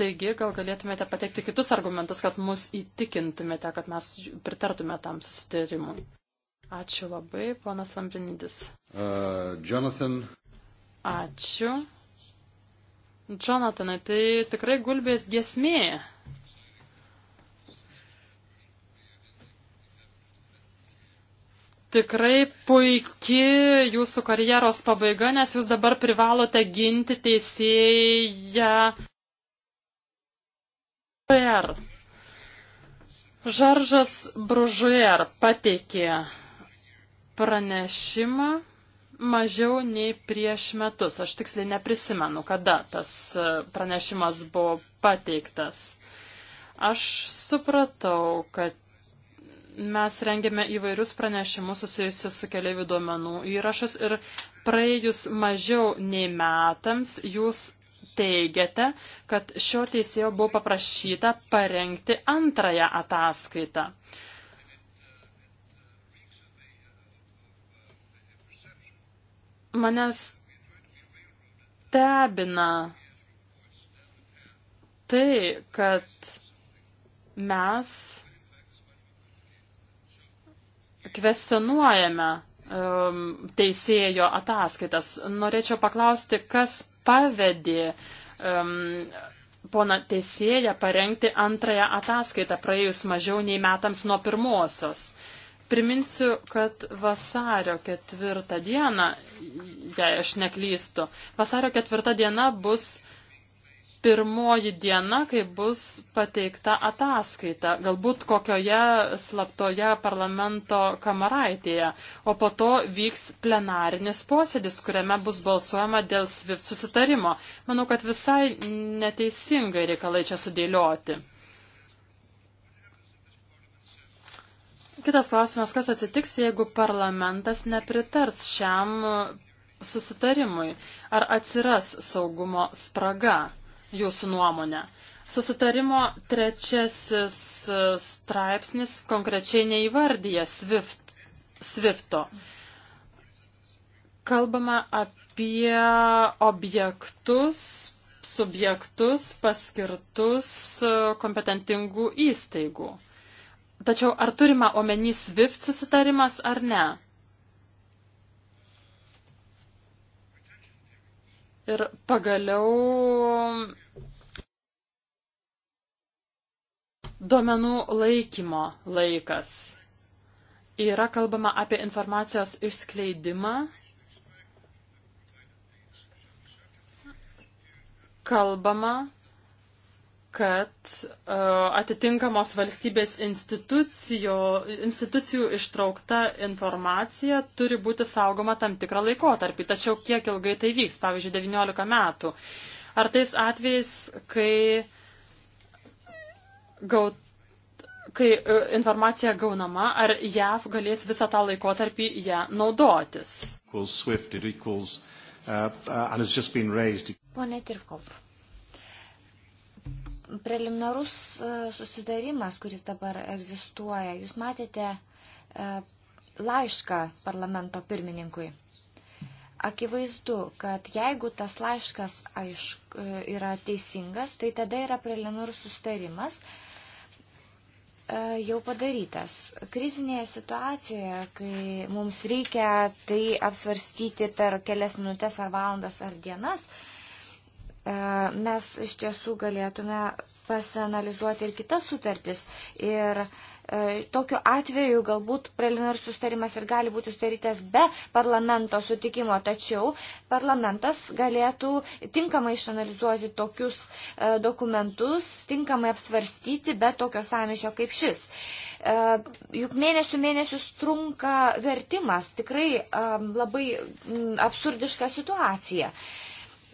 Taigi, gal galėtumėte pateikti kitus argumentus, kad mus įtikintumėte, kad mes pritartume tam susitarimui. Ačiū labai, ponas Lambrinidis. Uh, Jonathan. Ačiū. Jonathanai, tai tikrai gulbės gesmė. Tikrai puikia jūsų karjeros pabaiga, nes jūs dabar privalote ginti teisėją Bružer. Žaržas Bružer pateikė pranešimą mažiau nei prieš metus. Aš tiksliai neprisimenu, kada tas e, pranešimas buvo pateiktas. Aš supratau, kad mes rengėme įvairius pranešimus susijusius su keliaivių duomenų įrašas ir praėjus mažiau nei metams jūs teigiate, kad šio teisėjo buvo paprašyta parengti antrąją ataskaitą. Manęs stebina tai, kad mes kvestionuojame um, teisėjo ataskaitas. Norėčiau paklausti, kas pavedė um, pona teisėja parengti antrąją ataskaitą praėjus mažiau nei metams nuo pirmosios. Priminsiu, kad vasario ketvirtą dieną, jei aš neklystu, vasario ketvirtą diena bus pirmoji diena, kai bus pateikta ataskaita, galbūt kokioje slaptoje parlamento kamaraitėje, o po to vyks plenarinis posėdis, kuriame bus balsuojama dėl SWIFT susitarimo. Manau, kad visai neteisingai reikalai čia sudėlioti. Kitas klausimas, kas atsitiks, jeigu parlamentas nepritars šiam susitarimui? Ar atsiras saugumo spraga? jūsų nuomonę. Susitarimo trečiasis e, straipsnis konkrečiai neįvardyja SWIFT, SWIFT'o. Kalbama apie objektus, subjektus paskirtus e, kompetentingų įstaigų. Tačiau ar turima omeny SWIFT susitarimas ar ne? Ir pagaliau duomenų laikymo laikas. Yra kalbama apie informacijos išskleidimą. Kalbama kad e, atitinkamos valstybės institucijų ištraukta informacija turi būti saugoma tam tikrą laikotarpį. Tačiau kiek ilgai tai vyks, pavyzdžiui, 19 metų. Ar tais atvejais, kai, gaut, kai e, informacija gaunama, ar JAV galės visą tą laikotarpį ją naudotis? Uh, uh, Pone Tirkov preliminarus e, susidarimas, kuris dabar egzistuoja. Jūs matėte e, laišką parlamento pirmininkui. Akivaizdu, kad jeigu tas laiškas aišk, e, yra teisingas, tai tada yra preliminarus sustarimas jau padarytas. Krizinėje situacijoje, kai mums reikia tai apsvarstyti per kelias minutės ar valandas ar dienas, uh, E, mes iš tiesų galėtume pasianalizuoti ir kitas sutartis. Ir e, tokiu atveju galbūt preliminarus sustarimas ir gali būti sustarytas be parlamento sutikimo, tačiau parlamentas galėtų tinkamai išanalizuoti tokius e, dokumentus, tinkamai apsvarstyti be tokio samišio kaip šis. Juk mėnesių mėnesius trunka vertimas, tikrai labai absurdiška situacija.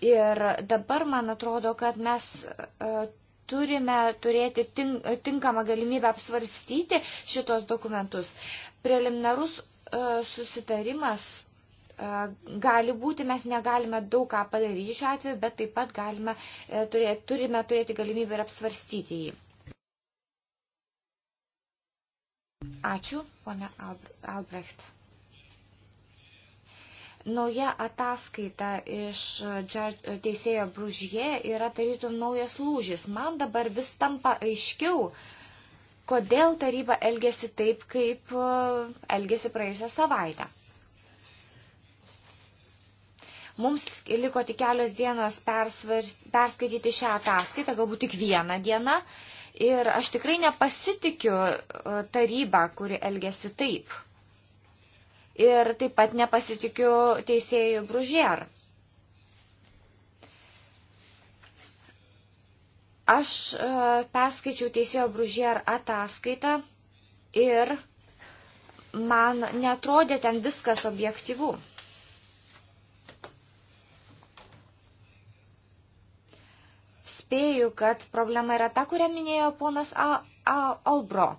Ir dabar man atrodo, kad mes e, turime turėti e, tinkamą galimybę apsvarstyti šitos dokumentus. Preliminarus e, susitarimas gali būti, mes negalime daug ką padaryti šiuo atveju, bet taip pat galime, turėti, turime turėti galimybę ir apsvarstyti jį. Ačiū, ponia Albrecht. Nauja ataskaita iš teisėjo Bružie yra tarytum naujas lūžis. Man dabar vis tampa aiškiau, kodėl taryba elgesi taip, kaip e, elgesi praėjusią savaitę. Mums liko tik kelios dienos perskaityti šią ataskaitą, galbūt tik vieną dieną. Ir aš tikrai nepasitikiu e, tarybą, kuri elgesi taip ir taip pat nepasitikiu teisėjų Bružier. Aš e, perskaičiau teisėjo Bružier ataskaitą ir man netrodė ten viskas objektyvų. Spėju, kad problema yra ta, kurią minėjo ponas Albro. Al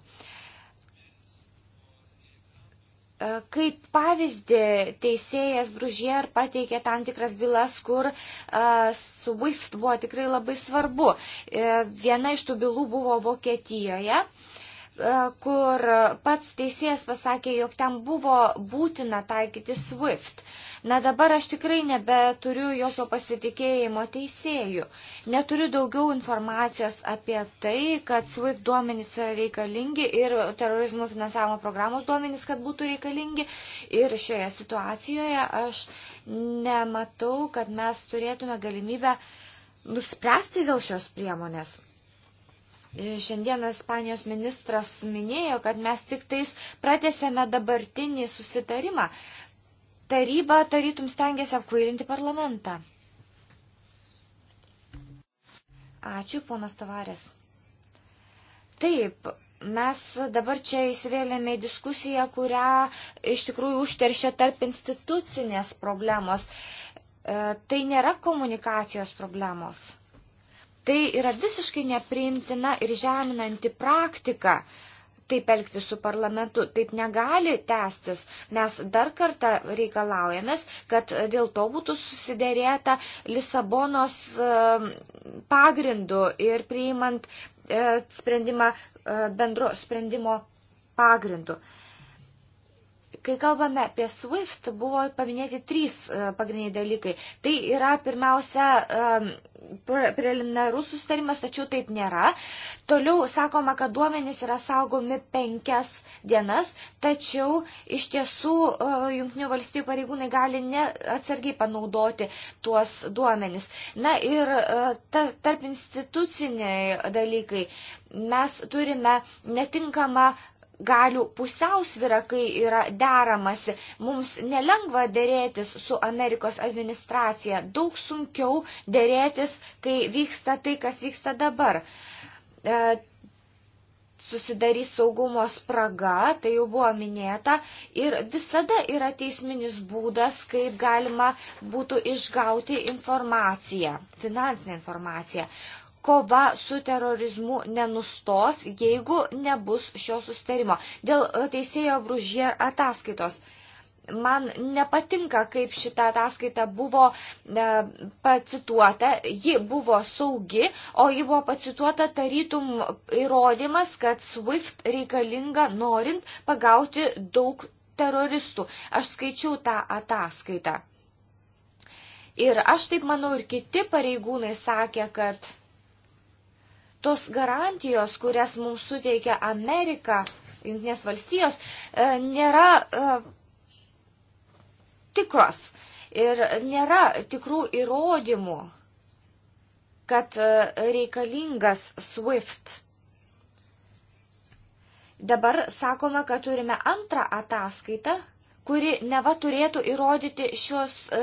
E, kaip pavyzdį teisėjas Bružier pateikė tam tikras bylas, kur e, SWIFT buvo tikrai labai svarbu. E, viena iš tų bylų buvo Vokietijoje E, kur pats teisėjas pasakė, jog ten buvo būtina taikyti SWIFT. Na dabar aš tikrai nebeturiu jokio pasitikėjimo teisėjų. Neturiu daugiau informacijos apie tai, kad SWIFT duomenys yra reikalingi ir terorizmo finansavimo programos duomenys, kad būtų reikalingi. Ir šioje situacijoje aš nematau, kad mes turėtume galimybę nuspręsti dėl šios priemonės. Šiandieną Ispanijos ministras minėjo, kad mes tik tais pratėsėme dabartinį susitarimą. Taryba tarytum stengiasi apkvailinti parlamentą. Ačiū, ponas Tavarės. Taip, mes dabar čia įsivėlėme į diskusiją, kurią iš tikrųjų užteršia tarp institucinės problemos. E, tai nėra komunikacijos problemos. Tai yra visiškai nepriimtina ir žeminanti praktika. Taip elgti su parlamentu, taip negali tęstis. Mes dar kartą reikalaujamės, kad dėl to būtų susiderėta Lisabonos e, pagrindu ir priimant e, sprendimą e, bendro sprendimo pagrindu. Kai kalbame apie SWIFT, buvo paminėti trys e, pagrindiniai dalykai. Tai yra pirmiausia e, preliminarus sustarimas, tačiau taip nėra. Toliau sakoma, kad duomenys yra saugomi penkias dienas, tačiau iš tiesų e, Junktinių valstybių pareigūnai gali neatsargiai panaudoti tuos duomenys. Na ir ta, tarp instituciniai dalykai. Mes turime netinkamą galių pusiausvyrą, kai yra deramasi. Mums nelengva dėrėtis su Amerikos administracija, daug sunkiau dėrėtis, kai vyksta tai, kas vyksta dabar. E, susidarys saugumo spraga, tai jau buvo minėta, ir visada yra teisminis būdas, kaip galima būtų išgauti informaciją, finansinę informaciją kova su terorizmu nenustos, jeigu nebus šio sustarimo. Dėl e, teisėjo Bružier ataskaitos. Man nepatinka, kaip šita ataskaita buvo e, pacituota. Ji buvo saugi, o ji buvo pacituota tarytum įrodymas, kad SWIFT reikalinga norint pagauti daug teroristų. Aš skaičiau tą ataskaitą. Ir aš taip manau, ir kiti pareigūnai sakė, kad tos garantijos, kurias mums suteikia Amerika, Junktinės valstijos, e, nėra e, tikros ir nėra tikrų įrodymų, kad e, reikalingas SWIFT. Dabar sakome, kad turime antrą ataskaitą kuri neva turėtų įrodyti šios e,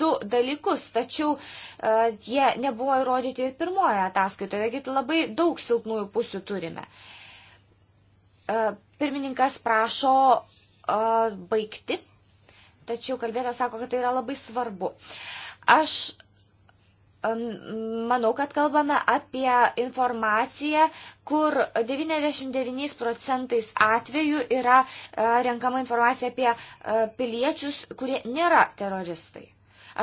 du dalykus, tačiau e, jie nebuvo įrodyti ir pirmoje ataskaitoje, taigi labai daug silpnųjų pusių turime. E, pirmininkas prašo baigti, tačiau kalbėtas sako, kad tai yra labai svarbu. Aš manau, kad kalbame apie informaciją, kur 99 procentais atveju yra e, renkama informacija apie e, piliečius, kurie nėra teroristai.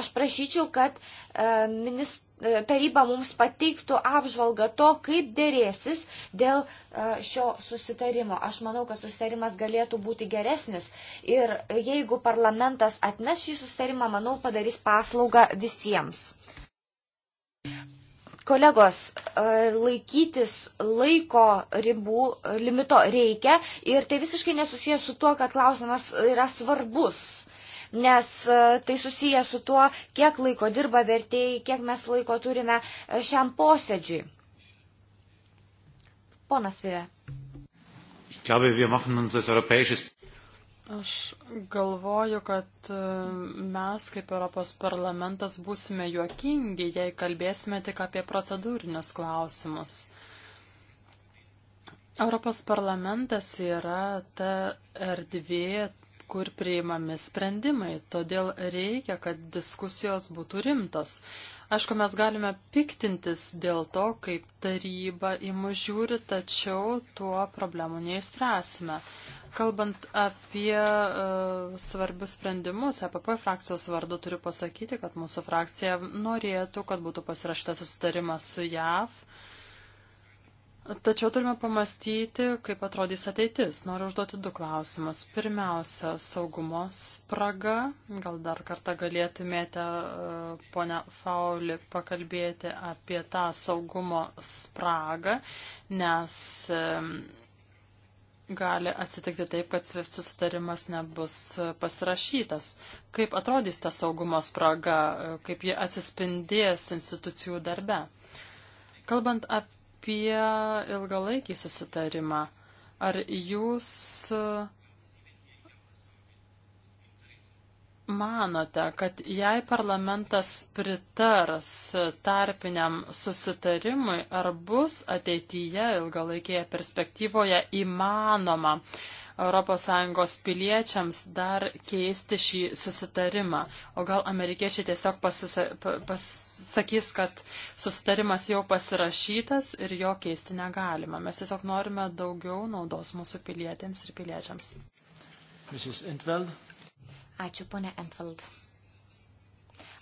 Aš prašyčiau, kad e, taryba mums pateiktų apžvalgą to, kaip dėrėsis dėl šio susitarimo. Aš manau, kad susitarimas galėtų būti geresnis ir jeigu parlamentas atmes šį susitarimą, manau, padarys paslaugą visiems. Kolegos, e, laikytis laiko ribų limito reikia ir tai visiškai nesusijęs su tuo, kad klausimas yra svarbus nes e, tai susiję su tuo, kiek laiko dirba vertėjai, kiek mes laiko turime e, šiam posėdžiui. Ponas Vėvė. Aš galvoju, kad e, mes kaip Europos parlamentas būsime juokingi, jei kalbėsime tik apie procedūrinius klausimus. Europos parlamentas yra ta erdvė, kur priimami sprendimai, todėl reikia, kad diskusijos būtų rimtos. Aišku, mes galime piktintis dėl to, kaip taryba į mus žiūri, tačiau tuo problemų neįspręsime. Kalbant apie uh, svarbius sprendimus, EPP frakcijos vardu turiu pasakyti, kad mūsų frakcija norėtų, kad būtų pasirašta susitarimas su JAV. Tačiau turime pamastyti, kaip atrodys ateitis. Noriu užduoti du klausimus. Pirmiausia, saugumo spraga. Gal dar kartą galėtumėte, uh, ponia Fauli, pakalbėti apie tą saugumo spragą, nes. Uh, gali atsitikti taip, kad SWIFT susitarimas nebus e, pasirašytas. Kaip atrodys ta saugumo spraga, e, kaip ji atsispindės institucijų darbe. Kalbant apie ilgalaikį susitarimą, ar jūs e, manote, kad jei parlamentas pritars tarpiniam susitarimui, ar bus ateityje ilgalaikėje perspektyvoje įmanoma ES piliečiams dar keisti šį susitarimą. O gal amerikiečiai tiesiog pasisa, pasakys, kad susitarimas jau pasirašytas ir jo keisti negalima. Mes tiesiog norime daugiau naudos mūsų pilietėms ir piliečiams. Mrs. Intveld. Ačiū, ponė Entfeld.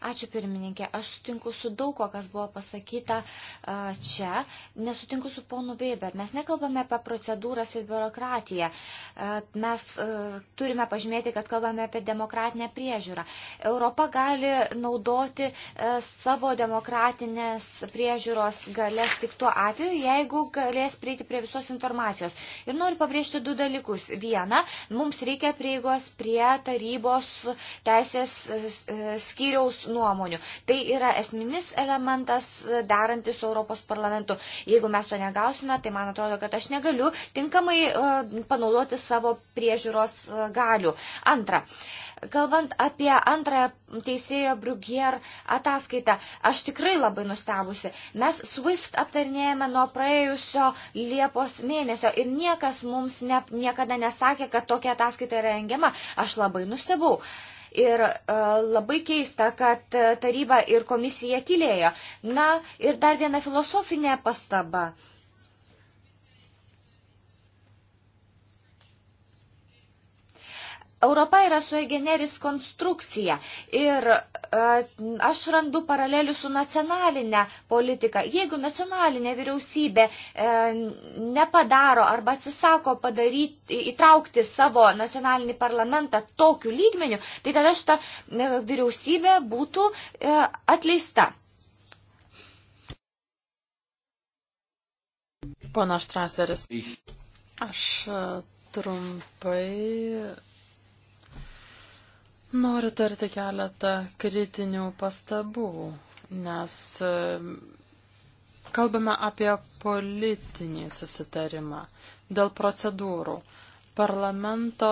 Ačiū pirmininkė. Aš sutinku su daug ko, kas buvo pasakyta čia. Nesutinku su ponu Weber. Mes nekalbame apie procedūras ir biurokratiją. Mes turime pažymėti, kad kalbame apie demokratinę priežiūrą. Europa gali naudoti savo demokratinės priežiūros galės tik tuo atveju, jeigu galės prieiti prie visos informacijos. Ir noriu pabrėžti du dalykus. Viena, mums reikia prieigos prie tarybos teisės skyriaus nuomonių. Tai yra esminis elementas e, derantis su Europos parlamentu. Jeigu mes to negausime, tai man atrodo, kad aš negaliu tinkamai e, panaudoti savo priežiūros e, galių. Antra. Kalbant apie antrąją teisėjo Brugier ataskaitą, aš tikrai labai nustebusi. Mes SWIFT aptarnėjame nuo praėjusio Liepos mėnesio ir niekas mums ne, niekada nesakė, kad tokia ataskaita yra rengiama. Aš labai nustebau. Uh, Ir e, labai keista, kad e, taryba ir komisija tylėjo. Na ir dar viena filosofinė pastaba. Europa yra sui generis konstrukcija ir e, aš randu paralelių su nacionalinė politika. Jeigu nacionalinė vyriausybė e, nepadaro arba atsisako padaryti, įtraukti savo nacionalinį parlamentą tokiu lygmeniu, tai tada šita e, vyriausybė būtų e, atleista. Pana Štraseris. Aš e, trumpai Noriu tarti keletą kritinių pastabų, nes e, kalbame apie politinį susitarimą dėl procedūrų. Parlamento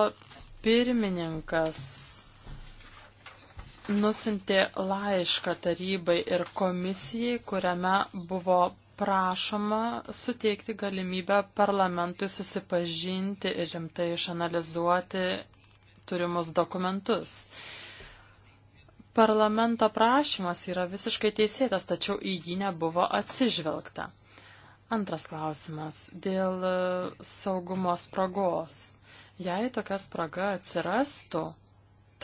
pirmininkas nusintė laišką tarybai ir komisijai, kuriame buvo prašoma suteikti galimybę parlamentui susipažinti ir rimtai išanalizuoti turimus dokumentus. Parlamento prašymas yra visiškai teisėtas, tačiau į jį nebuvo atsižvelgta. Antras klausimas - dėl e, saugumo spragos. Jei tokia spraga atsirastų,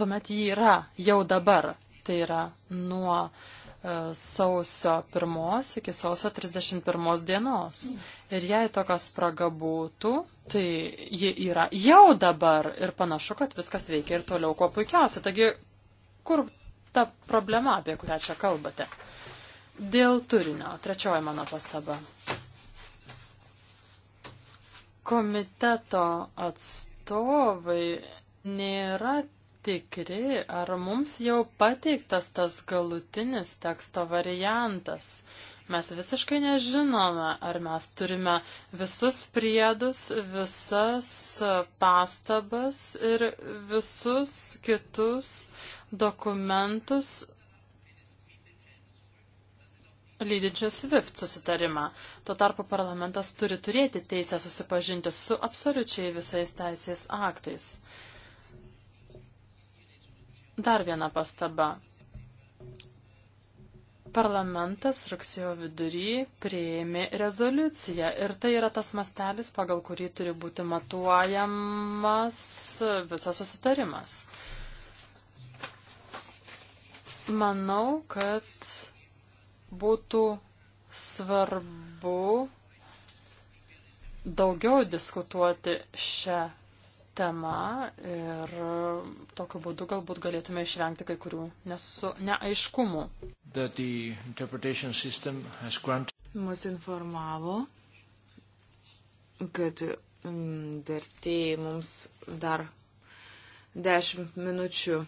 tuomet ji yra jau dabar, tai yra nuo uh, E, sausio 1 iki sausio 31 dienos. Ir jei tokia spraga būtų, tai ji yra jau dabar ir panašu, kad viskas veikia ir toliau kuo puikiausia. Taigi, kur ta problema, apie kurią čia kalbate? Dėl turinio, trečioji mano pastaba. Komiteto atstovai nėra tikri, ar mums jau pateiktas tas galutinis teksto variantas. Mes visiškai nežinome, ar mes turime visus priedus, visas pastabas ir visus kitus dokumentus lydinčius SWIFT susitarimą. Tuo tarpu parlamentas turi turėti teisę susipažinti su absoliučiai visais teisės aktais. Dar viena pastaba. Parlamentas rugsėjo vidury prieimė rezoliuciją ir tai yra tas mastelis, pagal kurį turi būti matuojamas visas susitarimas. Manau, kad būtų svarbu daugiau diskutuoti šią tema ir tokiu būdu galbūt galėtume išvengti kai kurių nesu, neaiškumų. Mūsų informavo, kad mm, vertėjai mums dar 10 minučių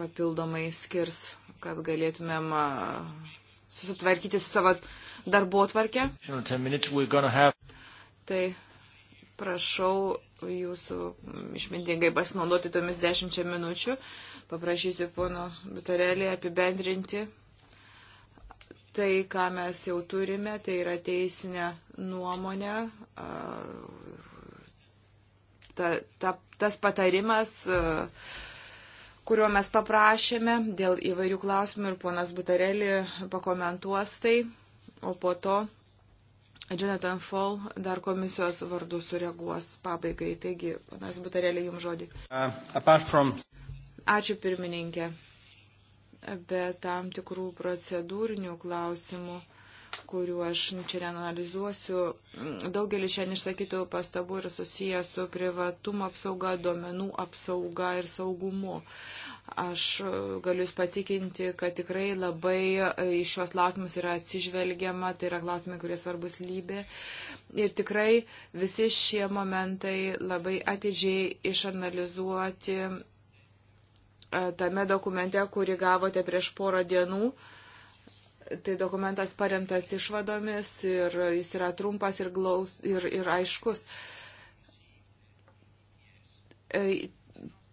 papildomai skirs, kad galėtumėm susitvarkyti su savo darbo tvarkė. Tai prašau jūsų mm, išmintingai pasinaudoti tomis dešimčia minučių. Paprašysiu pono Butarelį apibendrinti tai, ką mes jau turime, tai yra teisinė nuomonė. Ta, ta, tas patarimas, kurio mes paprašėme dėl įvairių klausimų ir ponas Butarelį pakomentuos tai, o po to Jonathan Fall dar komisijos vardu sureaguos pabaigai. Taigi, panas Butarėlė, jums žodį. Uh, from... Ačiū pirmininkė. Be tam tikrų procedūrinių klausimų kurių aš čia neanalizuosiu. Daugelis šiandien išsakytų pastabų yra susijęs su privatumo apsauga, duomenų apsauga ir saugumu. Aš e, galiu Jūs patikinti, kad tikrai labai iš e, šios klausimus yra atsižvelgiama, tai yra klausimai, kurie svarbus lybė. Ir tikrai visi šie momentai labai atidžiai išanalizuoti e, tame dokumente, kurį gavote prieš porą dienų. Tai dokumentas paremtas išvadomis ir jis yra trumpas ir, glaus, ir, ir aiškus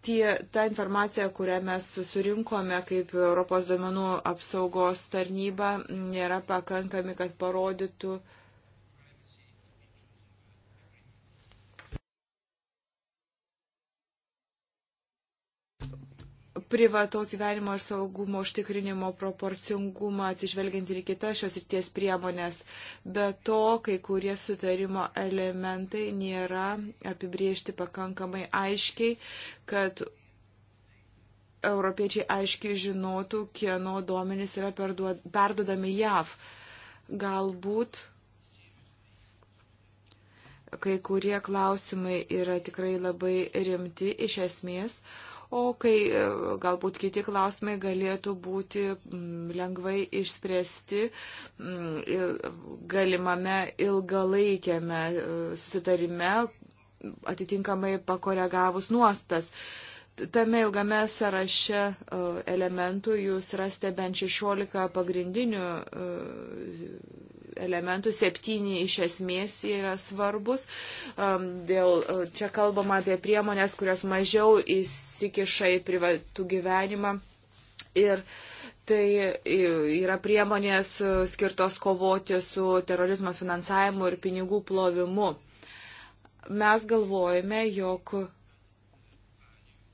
tie, ta informacija, kurią mes surinkome kaip Europos duomenų apsaugos tarnyba, nėra pakankami, kad parodytų, uh, privataus gyvenimo ir saugumo užtikrinimo proporcingumą, atsižvelgiant ir kitas šios ir ties priemonės. Be to, kai kurie sutarimo elementai nėra apibriežti pakankamai aiškiai, kad europiečiai aiškiai žinotų, kieno duomenys yra perduodami JAV. Galbūt kai kurie klausimai yra tikrai labai rimti iš esmės. Uh, o kai e, galbūt kiti klausimai galėtų būti lengvai išspręsti galimame ilgalaikiame e, susitarime, atitinkamai pakoregavus nuostas tame ilgame sąraše e, elementų jūs rasite bent 16 pagrindinių elementų, septyni iš esmės yra svarbus. Um, dėl, uh, čia kalbama apie priemonės, kurios mažiau įsikiša į privatų gyvenimą. Ir tai yra priemonės uh, skirtos kovoti su terorizmo finansavimu ir pinigų plovimu. Mes galvojame, jog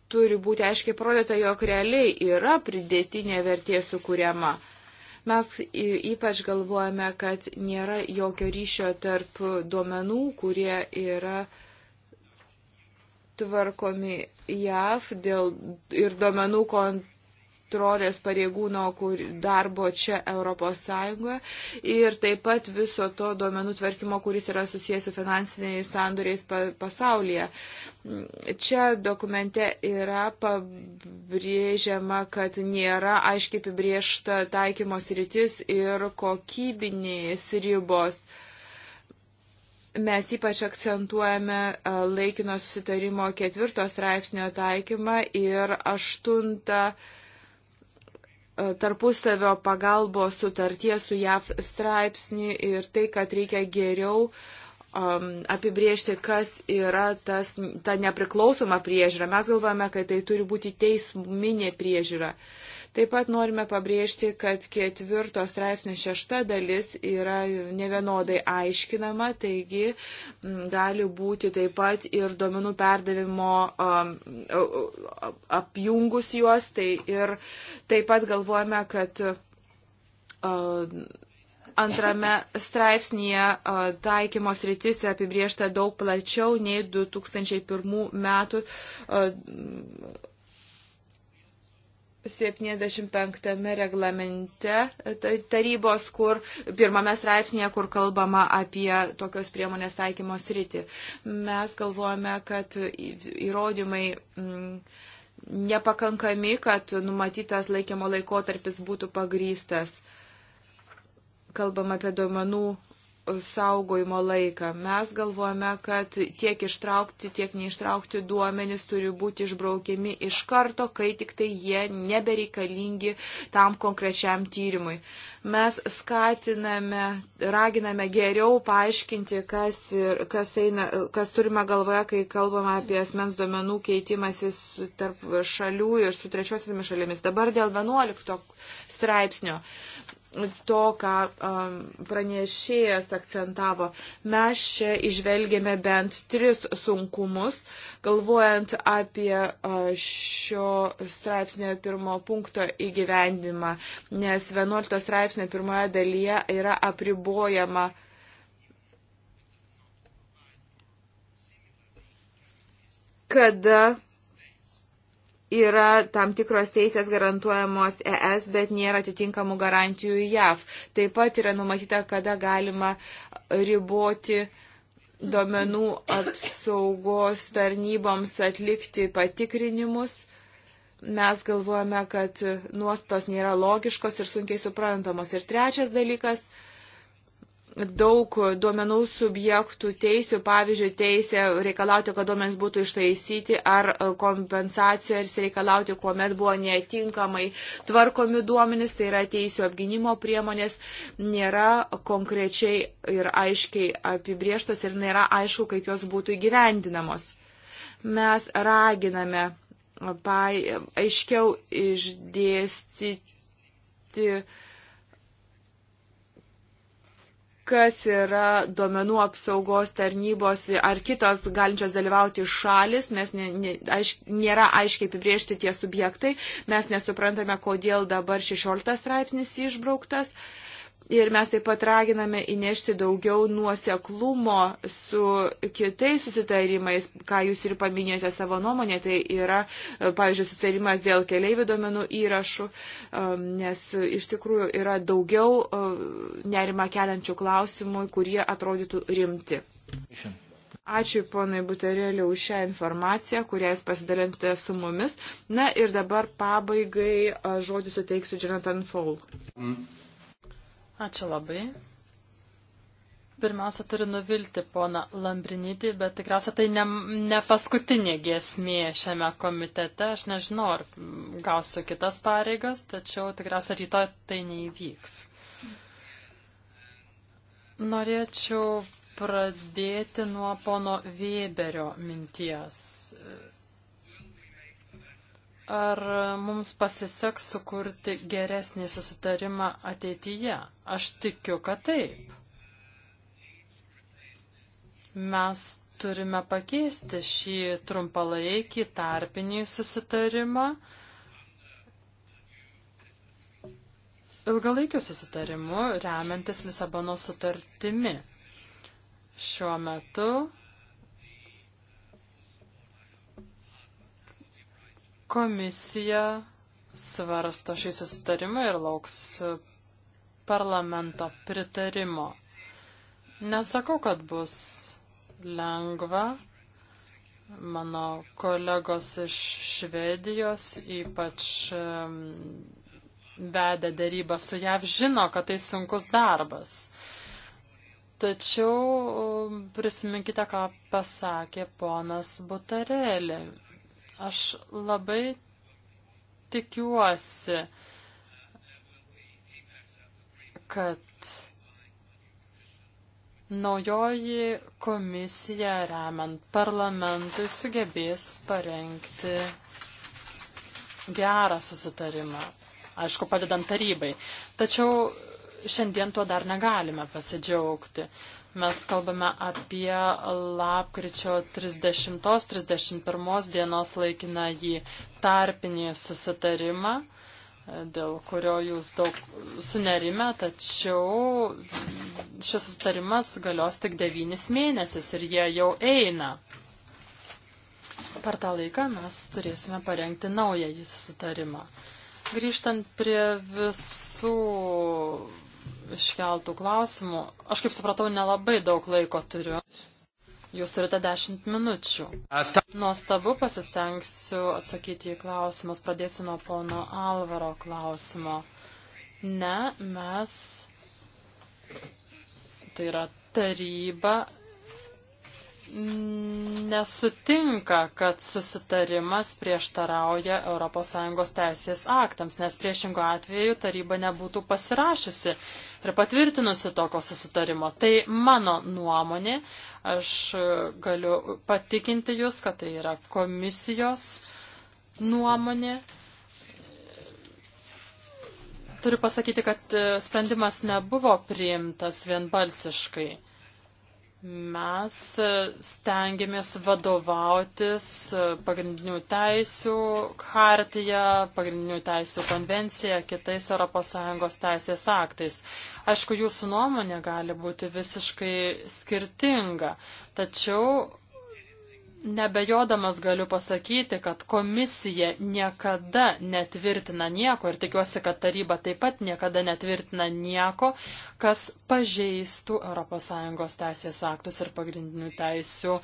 turi būti aiškiai parodyta, jog realiai yra pridėtinė vertė sukūriama. Mes ypač galvojame, kad nėra jokio ryšio tarp duomenų, kurie yra tvarkomi JAV dėl, ir duomenų kontrolės kontrolės pareigūno kur, darbo čia ES ir taip pat viso to duomenų tvarkymo, kuris yra susijęs su finansiniais sandoriais pa, pasaulyje. Čia dokumente yra pabrėžiama, kad nėra aiškiai apibriešta taikymos rytis ir kokybinės ribos mes ypač akcentuojame laikino susitarimo ketvirto straipsnio taikymą ir aštuntą tarpusavio pagalbos sutarties su JAV straipsnį ir tai, kad reikia geriau uh, um, apibriežti, kas yra tas, ta nepriklausoma priežiūra. Mes galvojame, kad tai turi būti teisminė priežiūra. Taip pat norime pabrėžti, kad ketvirto straipsnio šešta dalis yra nevienodai aiškinama, taigi gali būti taip pat ir duomenų perdavimo um, apjungus juos, tai ir taip pat galvojame, kad um, antrame straipsnėje taikymos rytis apibriešta daug plačiau nei 2001 metų 75 reglamente tarybos, kur pirmame straipsnėje, kur kalbama apie tokios priemonės taikymo sritį. Mes galvojame, kad įrodymai. Mm, nepakankami, kad numatytas laikymo laikotarpis būtų pagrystas kalbam apie duomenų saugojimo laiką. Mes galvojame, kad tiek ištraukti, tiek neištraukti duomenys turi būti išbraukiami iš karto, kai tik tai jie nebereikalingi tam konkrečiam tyrimui. Mes skatiname, raginame geriau paaiškinti, kas, ir, kas, eina, kas turime galvoje, kai kalbame apie asmens duomenų keitimąsi tarp šalių ir su trečiosiamis šalimis. Dabar dėl 11 straipsnio to, ką um, pranešėjas akcentavo. Mes čia išvelgėme bent tris sunkumus, galvojant apie uh, šio straipsnio pirmo punkto įgyvendimą, nes 11 straipsnio pirmoje dalyje yra apribojama. kada yra tam tikros teisės garantuojamos ES, bet nėra atitinkamų garantijų JAV. Taip pat yra numatyta, kada galima riboti duomenų apsaugos tarnyboms atlikti patikrinimus. Mes galvojame, kad nuostos nėra logiškos ir sunkiai suprantamos. Ir trečias dalykas daug duomenų subjektų teisių, pavyzdžiui, teisė reikalauti, kad duomenys būtų ištaisyti ar e, kompensacijas reikalauti, kuomet buvo netinkamai tvarkomi duomenys, tai yra teisų apginimo priemonės, nėra konkrečiai ir aiškiai apibrieštos ir nėra aišku, kaip jos būtų įgyvendinamos. Mes raginame aiškiau išdėstyti kas yra duomenų apsaugos tarnybos ar kitos galinčios dalyvauti šalis, nes ne, ne, aiš, nėra aiškiai apibriežti tie subjektai, mes nesuprantame, kodėl dabar 16 straipsnis išbrauktas. Uh, Ir mes taip pat raginame įnešti daugiau nuoseklumo su kitais susitarimais, ką jūs ir paminėjote savo nuomonė, tai yra, pavyzdžiui, susitarimas dėl keliaivių duomenų įrašų, um, nes iš tikrųjų yra daugiau uh, nerima keliančių klausimų, kurie atrodytų rimti. Ačiū ponui Buterėliu už šią informaciją, kurią jūs pasidalinti su mumis. Na ir dabar pabaigai uh, žodį suteiksiu Jonathan Fowl. Mm. Ačiū labai. Pirmiausia, turiu nuvilti poną Lambrinidį, bet tikriausia tai ne, ne paskutinė giesmė šiame komitete. Aš nežinau, ar gausiu kitas pareigas, tačiau tikriausia rytoj tai neįvyks. Norėčiau pradėti nuo pono Weberio minties ar mums pasiseks sukurti geresnį susitarimą ateityje. Aš tikiu, kad taip. Mes turime pakeisti šį trumpalaikį tarpinį susitarimą ilgalaikiu susitarimu remiantis Lisabono sutartimi. Šiuo metu Komisija svarsto šį susitarimą ir lauks parlamento pritarimo. Nesakau, kad bus lengva. Mano kolegos iš Švedijos ypač vedę darybą su JAV žino, kad tai sunkus darbas. Tačiau prisiminkite, ką pasakė ponas Butarelė. Aš labai tikiuosi, kad naujoji komisija remiant parlamentui sugebės parengti gerą susitarimą, aišku, padedant tarybai. Tačiau šiandien tuo dar negalime pasidžiaugti. Mes kalbame apie lapkričio 30-31 dienos laikiną jį tarpinį susitarimą, dėl kurio jūs daug sunerime, tačiau šis susitarimas galios tik 9 mėnesius ir jie jau eina. Per tą laiką mes turėsime parengti naują jį susitarimą. Grįžtant prie visų iškeltų klausimų. Aš kaip supratau, nelabai daug laiko turiu. Jūs turite 10 minučių. Nuostabu pasistengsiu atsakyti į klausimus. Pradėsiu nuo pono Alvaro klausimo. Ne, mes. Tai yra taryba nesutinka, kad susitarimas prieštarauja ES teisės aktams, nes priešingo atveju taryba nebūtų pasirašiusi ir patvirtinusi tokio susitarimo. Tai mano nuomonė, aš galiu patikinti Jūs, kad tai yra komisijos nuomonė. Turiu pasakyti, kad sprendimas nebuvo priimtas vienbalsiškai. Mes e, stengiamės vadovautis e, pagrindinių teisių hartiją, pagrindinių teisių konvenciją, kitais ES teisės aktais. Aišku, jūsų nuomonė gali būti visiškai skirtinga, tačiau Nebejodamas galiu pasakyti, kad komisija niekada netvirtina nieko ir tikiuosi, kad taryba taip pat niekada netvirtina nieko, kas pažeistų ES teisės aktus ir pagrindinių teisių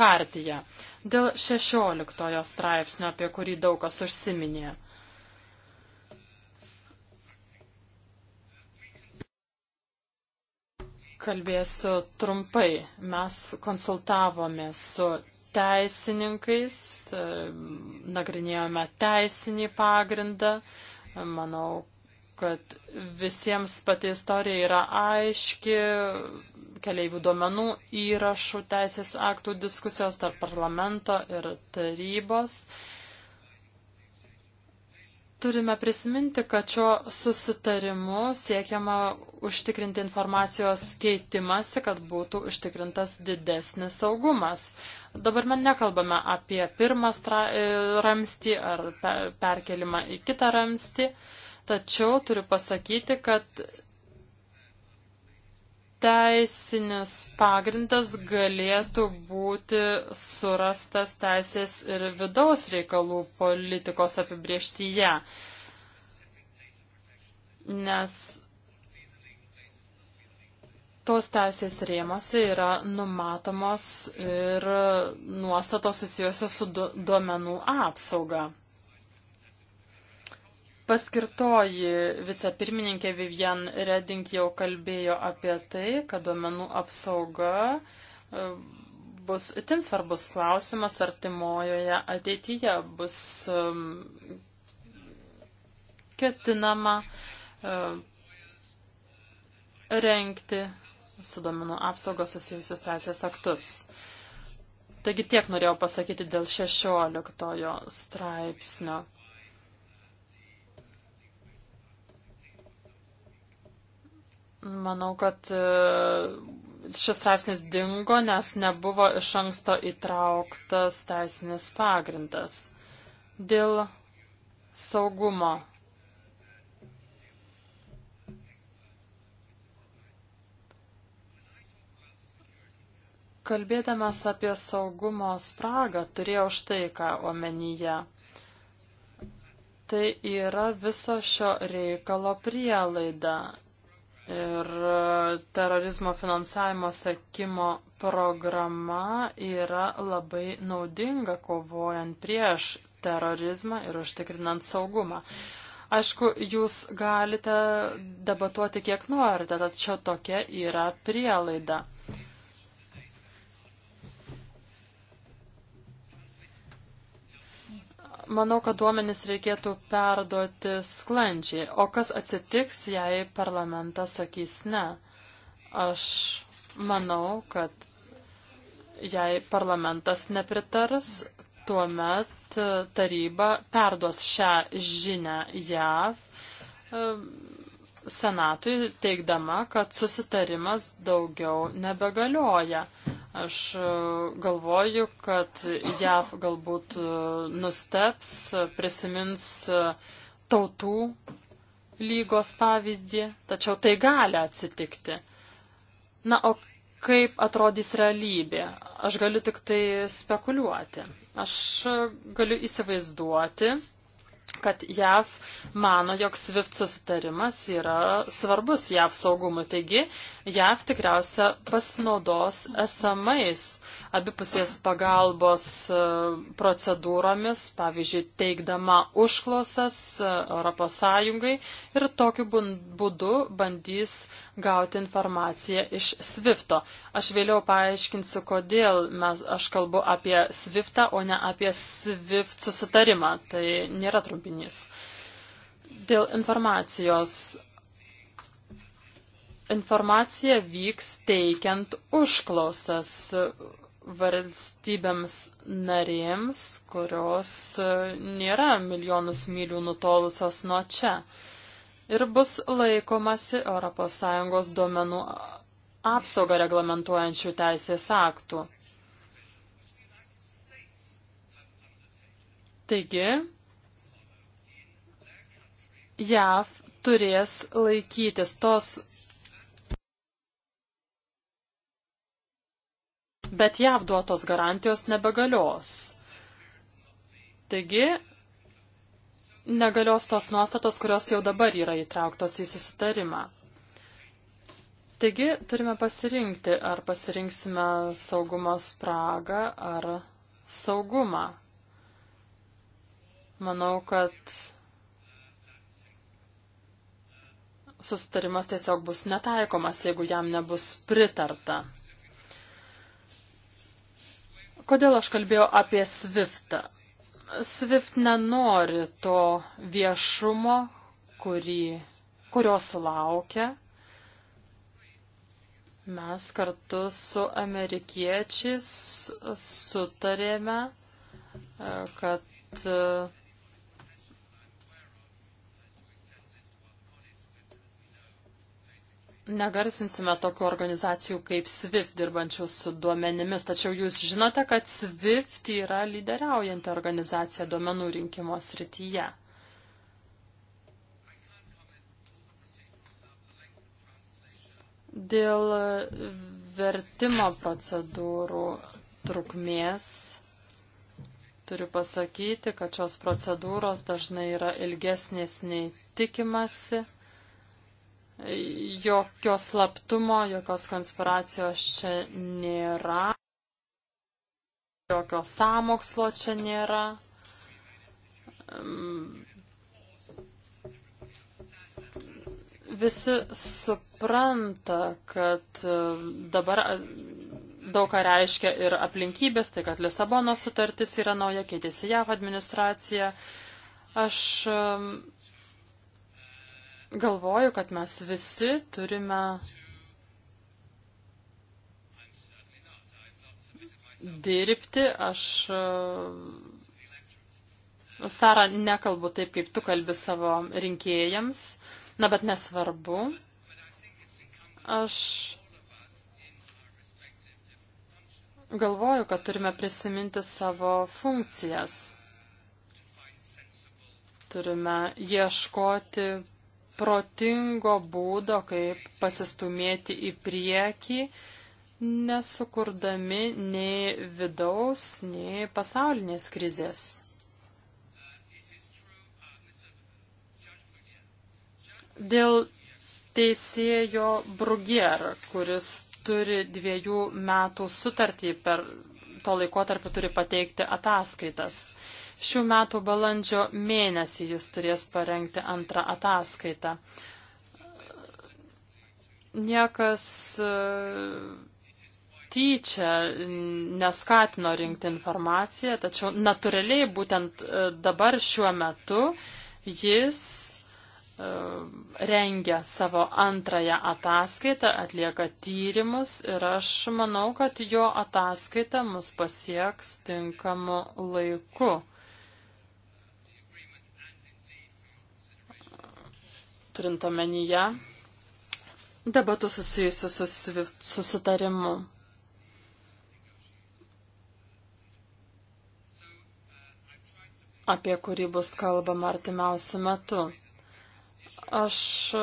hartiją. Dėl 16 straipsnio, apie kurį daug kas užsiminė. Kalbėsiu trumpai. Mes konsultavome su teisininkais, e, nagrinėjome teisinį pagrindą. Manau, kad visiems pati istorija yra aiški, keliaivių duomenų įrašų teisės aktų diskusijos tarp parlamento ir tarybos. Turime prisiminti, kad šio susitarimu siekiama užtikrinti informacijos keitimąsi, kad būtų užtikrintas didesnis saugumas. Dabar mes nekalbame apie pirmą e, ramstį ar perkelimą į kitą ramstį, tačiau turiu pasakyti, kad teisinis pagrindas galėtų būti surastas teisės ir vidaus reikalų politikos apibrieštyje. Nes tos teisės rėmose yra numatomos ir nuostatos susijusios su duomenų apsauga. Paskirtoji vicepirmininkė Vivian Reding jau kalbėjo apie tai, kad duomenų apsauga e, bus itin svarbus klausimas artimojoje ateityje. Bus ketinama e, renkti su duomenų apsaugos susijusius teisės aktus. Taigi tiek norėjau pasakyti dėl 16 straipsnio. Manau, kad e, šis straipsnis dingo, nes nebuvo iš anksto įtrauktas teisinis pagrindas. Dėl saugumo. Kalbėdamas apie saugumo spragą, turėjau štai ką omenyje tai yra viso šio reikalo prielaida. Ir e, terorizmo finansavimo sekimo programa yra labai naudinga kovojant prieš terorizmą ir užtikrinant saugumą. Aišku, jūs galite debatuoti kiek norite, tačiau tokia yra prielaida. manau, kad duomenis reikėtų perduoti sklandžiai. O kas atsitiks, jei parlamentas sakys ne? Aš manau, kad jei parlamentas nepritars, tuomet taryba perduos šią žinę JAV senatui, teikdama, kad susitarimas daugiau nebegalioja. Aš e, galvoju, kad JAV galbūt e, nusteps, prisimins e, tautų lygos pavyzdį, tačiau tai gali atsitikti. Na, o kaip atrodys realybė? Aš galiu tik tai spekuliuoti. Aš galiu įsivaizduoti, kad JAV mano, jog SWIFT susitarimas yra svarbus JAV saugumui. Taigi, JAV tikriausia pasinaudos esamais abipusės pagalbos e, procedūromis, pavyzdžiui, teikdama užklausas ES ir tokiu būdu bandys gauti informaciją iš SWIFTO. Aš vėliau paaiškinsiu, kodėl mes, aš kalbu apie SWIFTą, o ne apie SWIFT susitarimą. Tai nėra trumpiau Binys. Dėl informacijos. Informacija vyks teikiant užklausas valstybėms narėms, kurios nėra milijonus mylių nutolusios nuo čia. Ir bus laikomasi ES duomenų apsaugą reglamentuojančių teisės aktų. Taigi, JAV turės laikytis tos. Bet JAV duotos garantijos nebegalios. Taigi, negalios tos nuostatos, kurios jau dabar yra įtrauktos į susitarimą. Taigi turime pasirinkti, ar pasirinksime saugumo spragą ar saugumą. Manau, kad sustarimas tiesiog bus netaikomas, jeigu jam nebus pritarta. Kodėl aš kalbėjau apie Swiftą? Swift nenori to viešumo, kurį, kurio sulaukia. Mes kartu su amerikiečiais sutarėme, kad negarsinsime tokių organizacijų kaip SWIFT dirbančių su duomenimis, tačiau jūs žinote, kad SWIFT yra lyderiaujanti organizacija duomenų rinkimo srityje. Dėl vertimo procedūrų trukmės turiu pasakyti, kad šios procedūros dažnai yra ilgesnės nei tikimasi jokio slaptumo, jokios konspiracijos čia nėra, jokio samokslo čia nėra. Visi supranta, kad e, dabar e, daug ką reiškia ir aplinkybės, tai kad Lisabono sutartis yra nauja, keitėsi JAV administracija. Aš Galvoju, kad mes visi turime dirbti. Aš, e, Sara, nekalbu taip, kaip tu kalbi savo rinkėjams, na bet nesvarbu. Aš galvoju, kad turime prisiminti savo funkcijas. Turime ieškoti protingo būdo, kaip pasistumėti į priekį, nesukurdami nei vidaus, nei pasaulinės krizės. Dėl teisėjo Brugier, kuris turi dviejų metų sutartį per to laikotarpį turi pateikti ataskaitas. Uh, Šių metų balandžio mėnesį jis turės parengti antrą ataskaitą. Niekas e, tyčia neskatino rinkti informaciją, tačiau natūraliai būtent e, dabar šiuo metu jis e, rengia savo antrąją ataskaitą, atlieka tyrimus ir aš manau, kad jo ataskaita mus pasieks tinkamu laiku. turint omenyje debatų susijusių su susitarimu. apie kurį bus kalbama artimiausių metų. Aš e,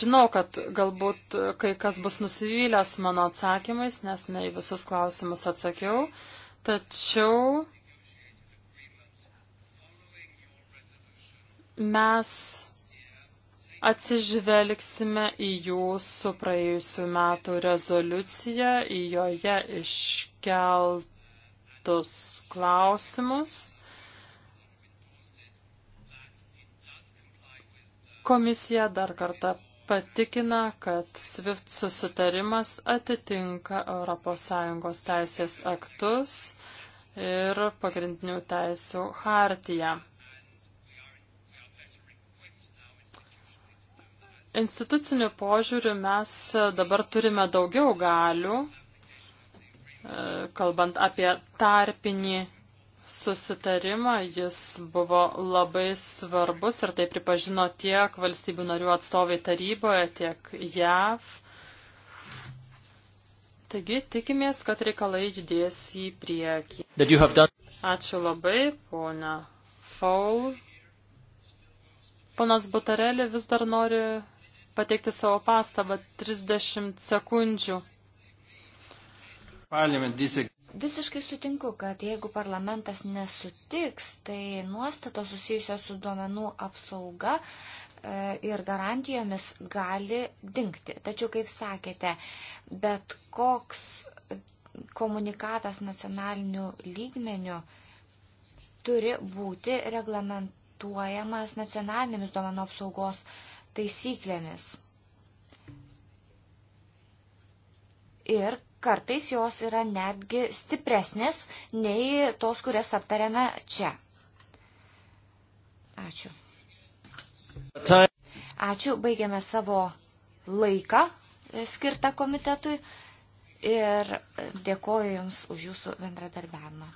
žinau, kad galbūt kai kas bus nusivylęs mano atsakymais, nes ne į visus klausimus atsakiau, tačiau mes atsižvelgsime į jūsų praėjusių metų rezoliuciją, į joje iškeltus klausimus. Komisija dar kartą patikina, kad SWIFT susitarimas atitinka ES teisės aktus ir pagrindinių teisų hartiją. Instituciniu požiūriu mes e, dabar turime daugiau galių, e, kalbant apie tarpinį susitarimą, jis buvo labai svarbus ir tai pripažino tiek valstybių narių atstovai taryboje, tiek JAV. Taigi tikimės, kad reikalai judės į priekį. Ačiū labai, ponia Faul. Ponas Butarelė vis dar nori pateikti savo pastabą 30 sekundžių. Visiškai sutinku, kad jeigu parlamentas nesutiks, tai nuostatos susijusios su duomenų apsauga e, ir garantijomis gali dinkti. Tačiau, kaip sakėte, bet koks komunikatas nacionaliniu lygmeniu turi būti reglamentuojamas nacionalinėmis duomenų apsaugos taisyklėmis. Ir kartais jos yra netgi stipresnės nei tos, kurias aptarėme čia. Ačiū. Ačiū, baigiame savo laiką skirtą komitetui ir dėkoju Jums už Jūsų bendradarbiavimą.